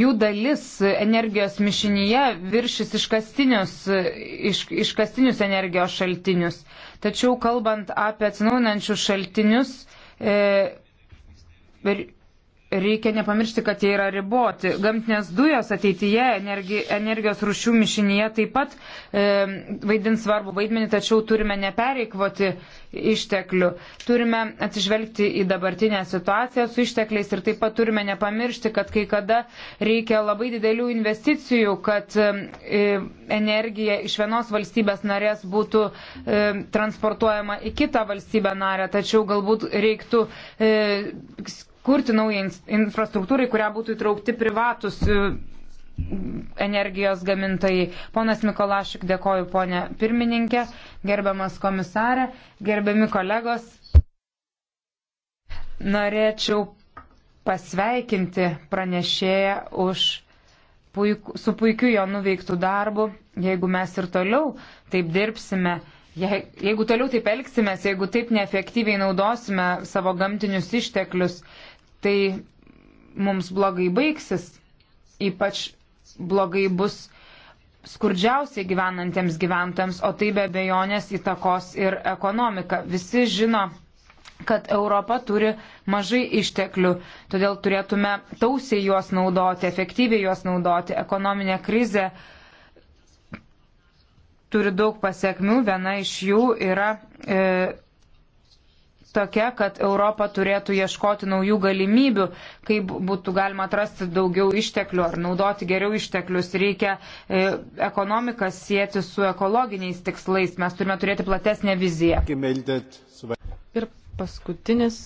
jų dalis energijos mišinyje viršis iškastinius, iš, iškastinius energijos šaltinius. Tačiau kalbant apie atsinaujinančius šaltinius, e, reikia nepamiršti, kad jie yra riboti. Gamtinės dujos ateityje energi, energijos rušių mišinyje taip pat e, vaidins svarbu vaidmenį, tačiau turime nepereikvoti išteklių. Turime atsižvelgti į dabartinę situaciją su ištekliais ir taip pat turime nepamiršti, kad kai kada reikia labai didelių investicijų, kad e, energija iš vienos valstybės narės būtų e, transportuojama į kitą valstybę narę, tačiau galbūt reiktų e, kurti naują infrastruktūrą, į kurią būtų įtraukti privatus e, energijos gamintojai. Ponas Mikolašik, dėkoju ponė pirmininkė, gerbiamas komisarė, gerbiami kolegos. Norėčiau pasveikinti pranešėją už puiku, su puikiu jo nuveiktų darbu, jeigu mes ir toliau taip dirbsime. Je, jeigu toliau taip elgsimės, jeigu taip neefektyviai naudosime savo gamtinius išteklius, tai mums blogai baigsis, ypač blogai bus skurdžiausiai gyvenantiems gyventojams, o tai be bejonės įtakos ir ekonomika. Visi žino, kad Europa turi mažai išteklių, todėl turėtume tausiai juos naudoti, efektyviai juos naudoti. Ekonominė krizė turi daug pasiekmių, viena iš jų yra e, tokia, kad Europa turėtų ieškoti naujų galimybių, kaip būtų galima atrasti daugiau išteklių ar naudoti geriau išteklius. Reikia e, ekonomiką sieti su ekologiniais tikslais. Mes turime turėti platesnę viziją. Ir paskutinis,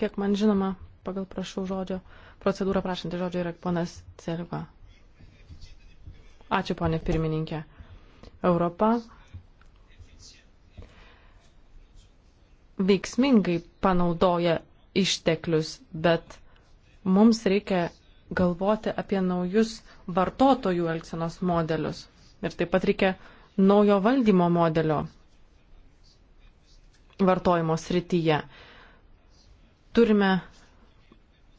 kiek man žinoma, pagal prašau žodžio, procedūrą prašantį žodžio yra ponas Cerva. Ačiū, ponė pirmininkė. Europa veiksmingai panaudoja išteklius, bet mums reikia galvoti apie naujus vartotojų elgsenos modelius. Ir taip pat reikia naujo valdymo modelio vartojimo srityje. Turime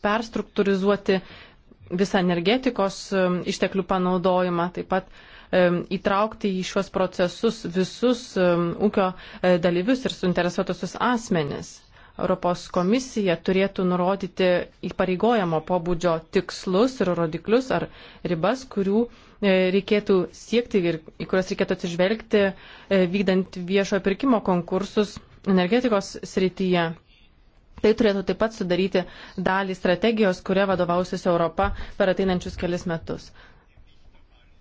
perstruktūrizuoti visą energetikos um, išteklių panaudojimą, taip pat įtraukti į šiuos procesus visus ūkio e, dalyvius ir suinteresuotusius asmenis. Europos komisija turėtų nurodyti įpareigojamo pobūdžio tikslus ir rodiklius ar ribas, kurių e, reikėtų siekti ir į kurias reikėtų atsižvelgti e, vykdant viešojo pirkimo konkursus energetikos srityje. Tai turėtų taip pat sudaryti dalį strategijos, kuria vadovausis Europa per ateinančius kelias metus.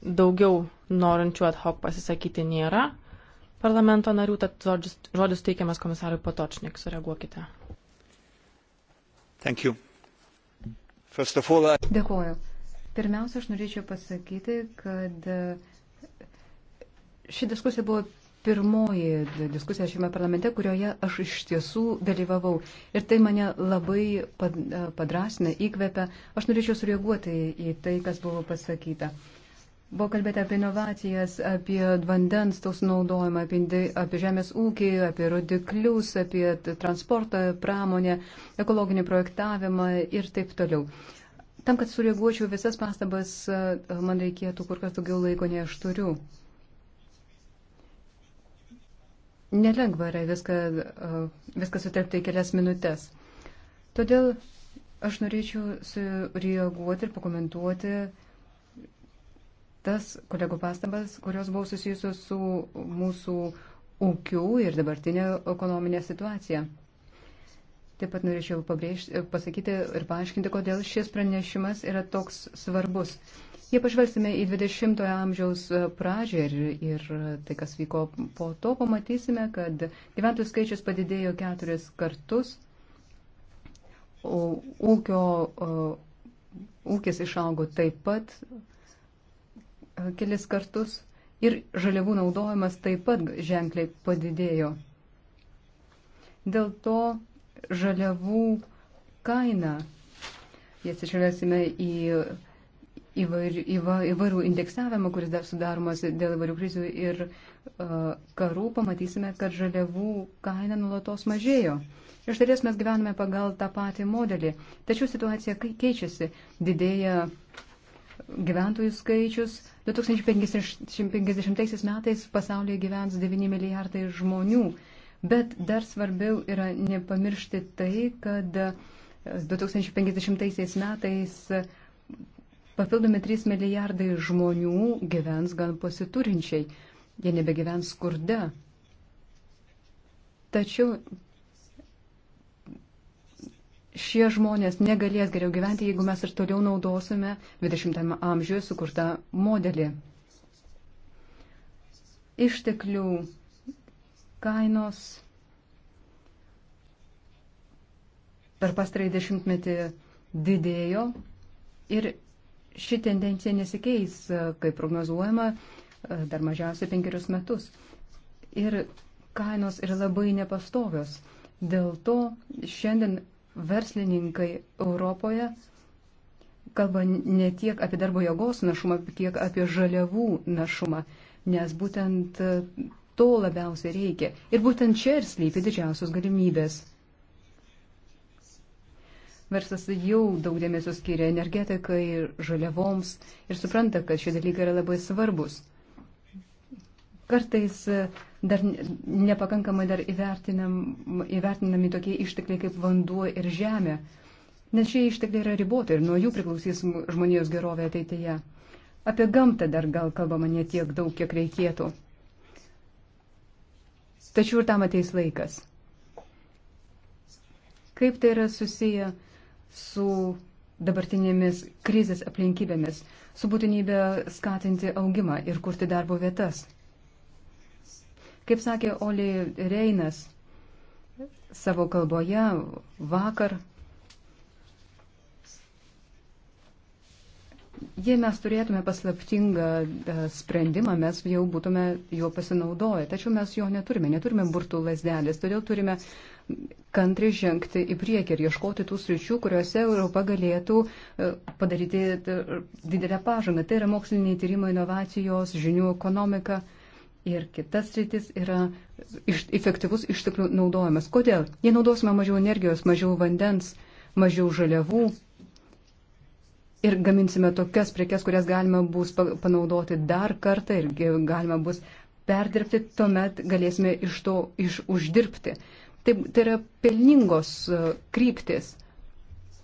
Daugiau norinčių ad hoc pasisakyti nėra parlamento narių, tad žodis, žodis teikiamas komisarui Patočnik. Sureaguokite. All, I... Dėkuoju. Pirmiausia, aš norėčiau pasakyti, kad ši diskusija buvo pirmoji diskusija šiame parlamente, kurioje aš iš tiesų dalyvavau. Ir tai mane labai padrasina, įkvepia. Aš norėčiau sureaguoti į tai, kas buvo pasakyta. Uh, Buvo kalbėta apie inovacijas, apie vandens taus naudojimą, apie, apie žemės ūkį, apie rodiklius, apie transportą, pramonę, ekologinį projektavimą ir taip toliau. Tam, kad sureaguočiau visas pastabas, man reikėtų kur kas daugiau laiko, nei aš turiu. Nelengva yra viską, viską sutelkti į kelias minutės. Todėl aš norėčiau sureaguoti ir pakomentuoti tas kolegų pastabas, kurios buvo susijusios su mūsų ūkių ir dabartinė ekonominė situacija. Taip pat norėčiau pabrėžti, pasakyti ir paaiškinti, kodėl šis pranešimas yra toks svarbus. Jei pažvelgsime į 20-ojo amžiaus pradžią ir, ir tai, kas vyko po to, pamatysime, kad gyventojų skaičius padidėjo keturis kartus, o ūkio, o, ūkis išaugo taip pat kelis kartus ir žaliavų naudojimas taip pat ženkliai padidėjo. Dėl to žaliavų kaina, jei atsižvelgsime į įvairių, įvairių indeksavimą, kuris dar sudaromas dėl įvairių krizių ir uh, karų, pamatysime, kad žaliavų kaina nulatos mažėjo. Iš dalies mes gyvename pagal tą patį modelį, tačiau situacija keičiasi, didėja uh, gyventojų skaičius. 2050 metais pasaulyje gyvens 9 milijardai žmonių. Bet dar svarbiau yra nepamiršti tai, kad 2050 metais papildomi 3 milijardai žmonių gyvens gan pasiturinčiai. Jie nebegyvens skurde. Tačiau šie žmonės negalės geriau gyventi, jeigu mes ir toliau naudosime 20-ame amžiuje sukurtą modelį. Išteklių kainos per pastarąjį dešimtmetį didėjo ir ši tendencija nesikeis, kaip prognozuojama, dar mažiausiai penkerius metus. Ir kainos yra labai nepastovios. Dėl to šiandien verslininkai Europoje kalba ne tiek apie darbo jėgos našumą, kiek apie žaliavų našumą, nes būtent e, to labiausiai reikia. Ir būtent čia ir slypi didžiausios galimybės. Verslas jau daug dėmesio skiria energetikai, žaliavoms ir supranta, kad šie dalykai yra labai svarbus. Kartais e, dar nepakankamai dar įvertinam, įvertinami tokie ištekliai kaip vanduo ir žemė, nes šie ištekliai yra riboti ir nuo jų priklausys žmonijos gerovė ateityje. Apie gamtą dar gal kalbama ne tiek daug, kiek reikėtų. Tačiau ir tam ateis laikas. Kaip tai yra susiję su dabartinėmis krizės aplinkybėmis, su būtinybė skatinti augimą ir kurti darbo vietas? Kaip sakė Oli Reinas savo kalboje vakar, jei mes turėtume paslaptingą e, sprendimą, mes jau būtume juo pasinaudoję. Tačiau mes jo neturime, neturime burtų lasdelės, todėl turime kantri žengti į priekį ir ieškoti tų sričių, kuriuose Europa galėtų e, padaryti e, didelę pažangą. Tai yra moksliniai tyrimai, inovacijos, žinių ekonomika ir kitas rytis yra iš, efektyvus išteklių naudojimas. Kodėl? Jei naudosime mažiau energijos, mažiau vandens, mažiau žaliavų ir gaminsime tokias prekes, kurias galima bus panaudoti dar kartą ir galima bus perdirbti, tuomet galėsime iš to iš uždirbti. Tai, tai yra pelningos e, kryptis.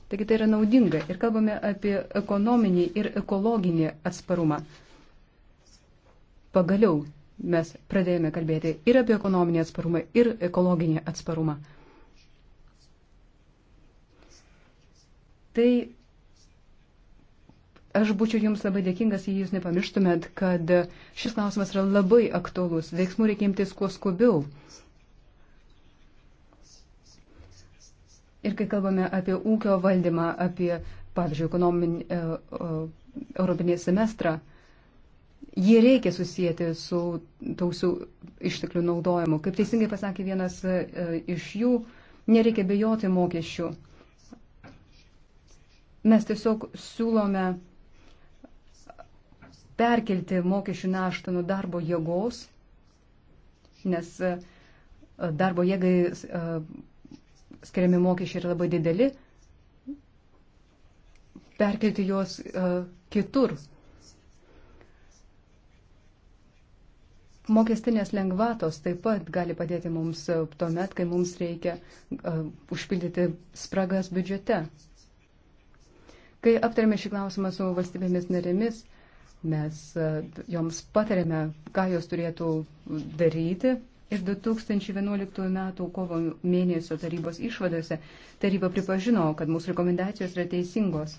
Taigi tai yra naudinga ir kalbame apie ekonominį ir ekologinį atsparumą. Pagaliau, mes pradėjome kalbėti ir apie ekonominį atsparumą, ir ekologinį atsparumą. Tai aš būčiau jums labai dėkingas, jei jūs nepamirštumėt, kad šis klausimas yra labai aktuolus. Veiksmų reikia imtis kuo skubiau. Ir kai kalbame apie ūkio valdymą, apie, pavyzdžiui, ekonominį e, e, europinį semestrą, e, Jie reikia susijęti su tausių išteklių naudojimu. Kaip teisingai pasakė vienas e, iš jų, nereikia bejoti mokesčių. Mes tiesiog siūlome perkelti mokesčių naštą nuo darbo jėgos, nes e, darbo jėgai e, skiriami mokesčiai yra labai dideli, perkelti juos kitur. Mokestinės lengvatos taip pat gali padėti mums e, tuomet, kai mums reikia uh, užpildyti spragas biudžete. Kai aptarėme šį klausimą su valstybėmis narėmis, mes uh, joms patarėme, ką jos turėtų daryti. Ir 2011 m. kovo mėnesio tarybos išvadose taryba pripažino, kad mūsų rekomendacijos yra teisingos.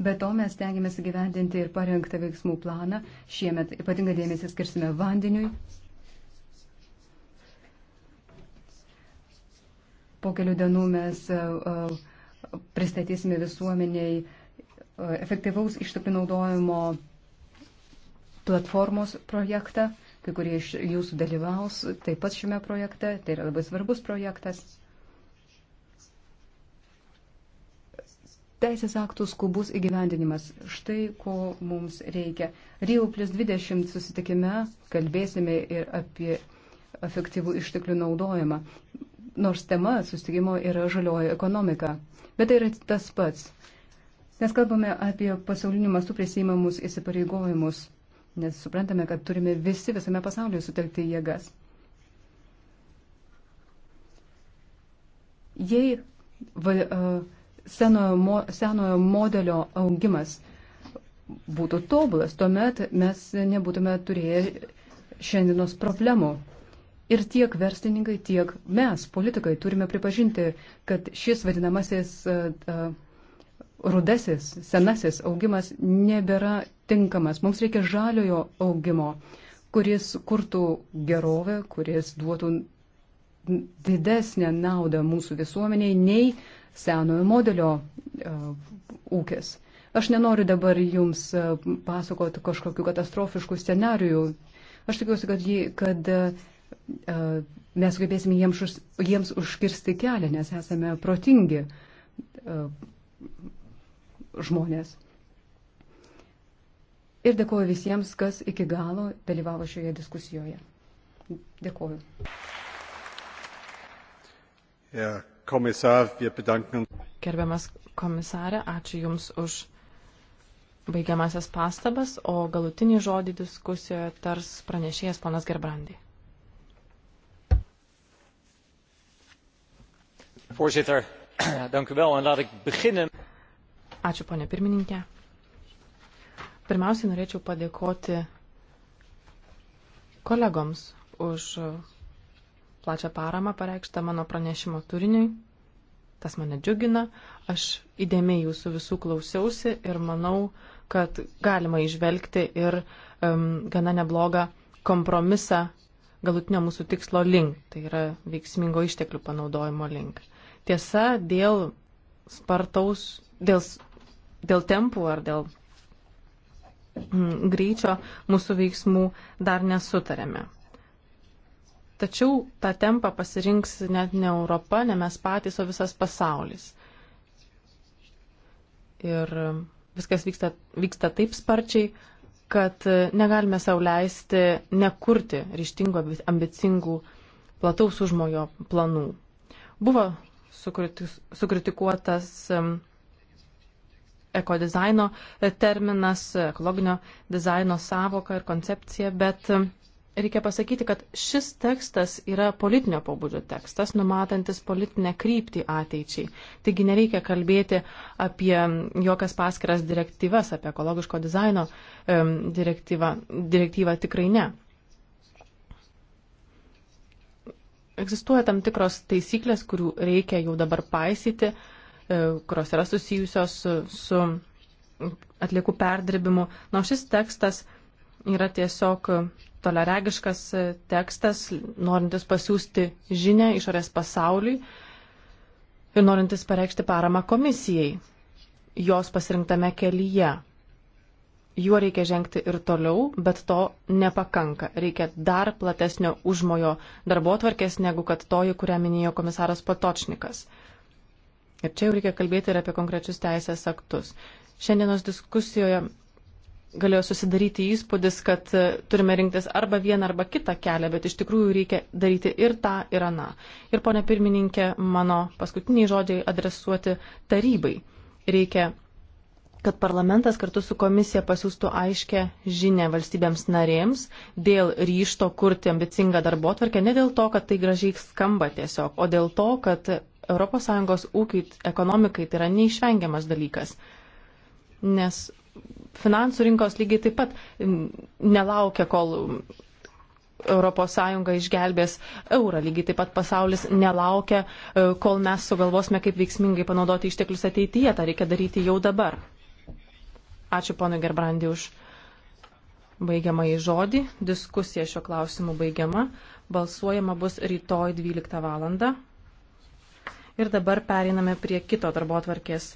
Be to mes tengiamės gyvendinti ir parengtą veiksmų planą. Šiemet ypatingą dėmesį skirsime vandeniui. Po kelių dienų mes e, e, pristatysime visuomeniai e, efektyvaus išteklių naudojimo platformos projektą. Kai kurie iš jūsų dalyvaus taip pat šiame projekte. Tai yra labai svarbus projektas. Teisės aktų skubus įgyvendinimas. Štai ko mums reikia. Rio plus 20 susitikime kalbėsime ir apie efektyvų išteklių naudojimą. Nors tema susitikimo yra žalioji ekonomika. Bet tai yra tas pats. Mes kalbame apie pasaulinių mastų prisimamus įsipareigojimus, nes suprantame, kad turime visi visame pasaulyje sutelkti jėgas. Jei va, uh, senojo, mo, senojo modelio augimas būtų tobulas, tuomet mes nebūtume turėję šiandienos problemų. Ir tiek verslininkai, tiek mes, politikai, turime pripažinti, kad šis vadinamasis uh, rudasis, senasis augimas nebėra tinkamas. Mums reikia žaliojo augimo, kuris kurtų gerovę, kuris duotų didesnę naudą mūsų visuomeniai nei senojo modelio e, ūkis. Aš nenoriu dabar jums e, pasakoti kažkokių katastrofiškų scenarijų. Aš tikiuosi, kad, jį, kad e, mes sugebėsime jiems, už, jiems užkirsti kelią, nes esame protingi žmonės. Ir dėkoju visiems, kas iki galo dalyvavo šioje diskusijoje. Dėkoju. Gerbiamas komisarė, ačiū Jums už baigiamasias pastabas, o galutinį žodį diskusijoje tars pranešėjas ponas Gerbrandi. Voorzitter, dank u wel en laat ik beginnen. Ačiū, ponė pirmininkė. Pirmiausiai norėčiau padėkoti kolegoms už plačią paramą pareikštą mano pranešimo turiniui. Tas mane džiugina. Aš įdėmiai jūsų visų klausiausi ir manau, kad galima išvelgti ir um, gana neblogą kompromisą galutinio mūsų tikslo link, tai yra veiksmingo išteklių panaudojimo link. Tiesa, dėl spartaus, dėl, dėl tempų ar dėl mm, greičio mūsų veiksmų dar nesutarėme. Tačiau tą tempą pasirinks net ne Europa, ne mes patys, o visas pasaulis. Ir viskas vyksta, vyksta taip sparčiai, kad negalime sauliaisti nekurti ryštingų, ambicingų, plataus užmojo planų. Buvo sukritikuotas ekodizaino terminas, ekologinio dizaino savoka ir koncepcija, bet reikia pasakyti, kad šis tekstas yra politinio pobūdžio tekstas, numatantis politinę kryptį ateičiai. Taigi nereikia kalbėti apie jokias paskiras direktyvas, apie ekologiško dizaino um, direktyvą, direktyvą tikrai ne. Egzistuoja tam tikros taisyklės, kurių reikia jau dabar paisyti, e, kurios yra susijusios su, su atliekų perdirbimu. Na, šis tekstas yra tiesiog toleregiškas tekstas, norintis pasiūsti žinę išorės pasauliui ir norintis pareikšti paramą komisijai jos pasirinktame kelyje. Juo reikia žengti ir toliau, bet to nepakanka. Reikia dar platesnio užmojo darbo tvarkės negu kad toji, kurią minėjo komisaras Patočnikas. Ir čia jau reikia kalbėti ir apie konkrečius teisės aktus. Šiandienos diskusijoje galėjo susidaryti įspūdis, kad e, turime rinktis arba vieną arba kitą kelią, bet iš tikrųjų reikia daryti ir tą, ir aną. Ir ponė pirmininkė, mano paskutiniai žodžiai adresuoti tarybai. Reikia, kad parlamentas kartu su komisija pasiūstų aiškę žinę valstybėms narėms dėl ryšto kurti ambicingą darbo tvarkę, ne dėl to, kad tai gražiai skamba tiesiog, o dėl to, kad ES ūkiai, ekonomikai tai yra neišvengiamas dalykas. Nes finansų rinkos lygiai taip pat nelaukia, kol ES išgelbės eurą. Lygiai taip pat pasaulis nelaukia, e, kol mes sugalvosime, kaip veiksmingai panaudoti išteklius ateityje. Ta reikia daryti jau dabar. Ačiū ponui Gerbrandi už baigiamą į žodį. Diskusija šio klausimu baigiama. Balsuojama bus rytoj 12 val. Ir dabar periname prie kito darbo atvarkės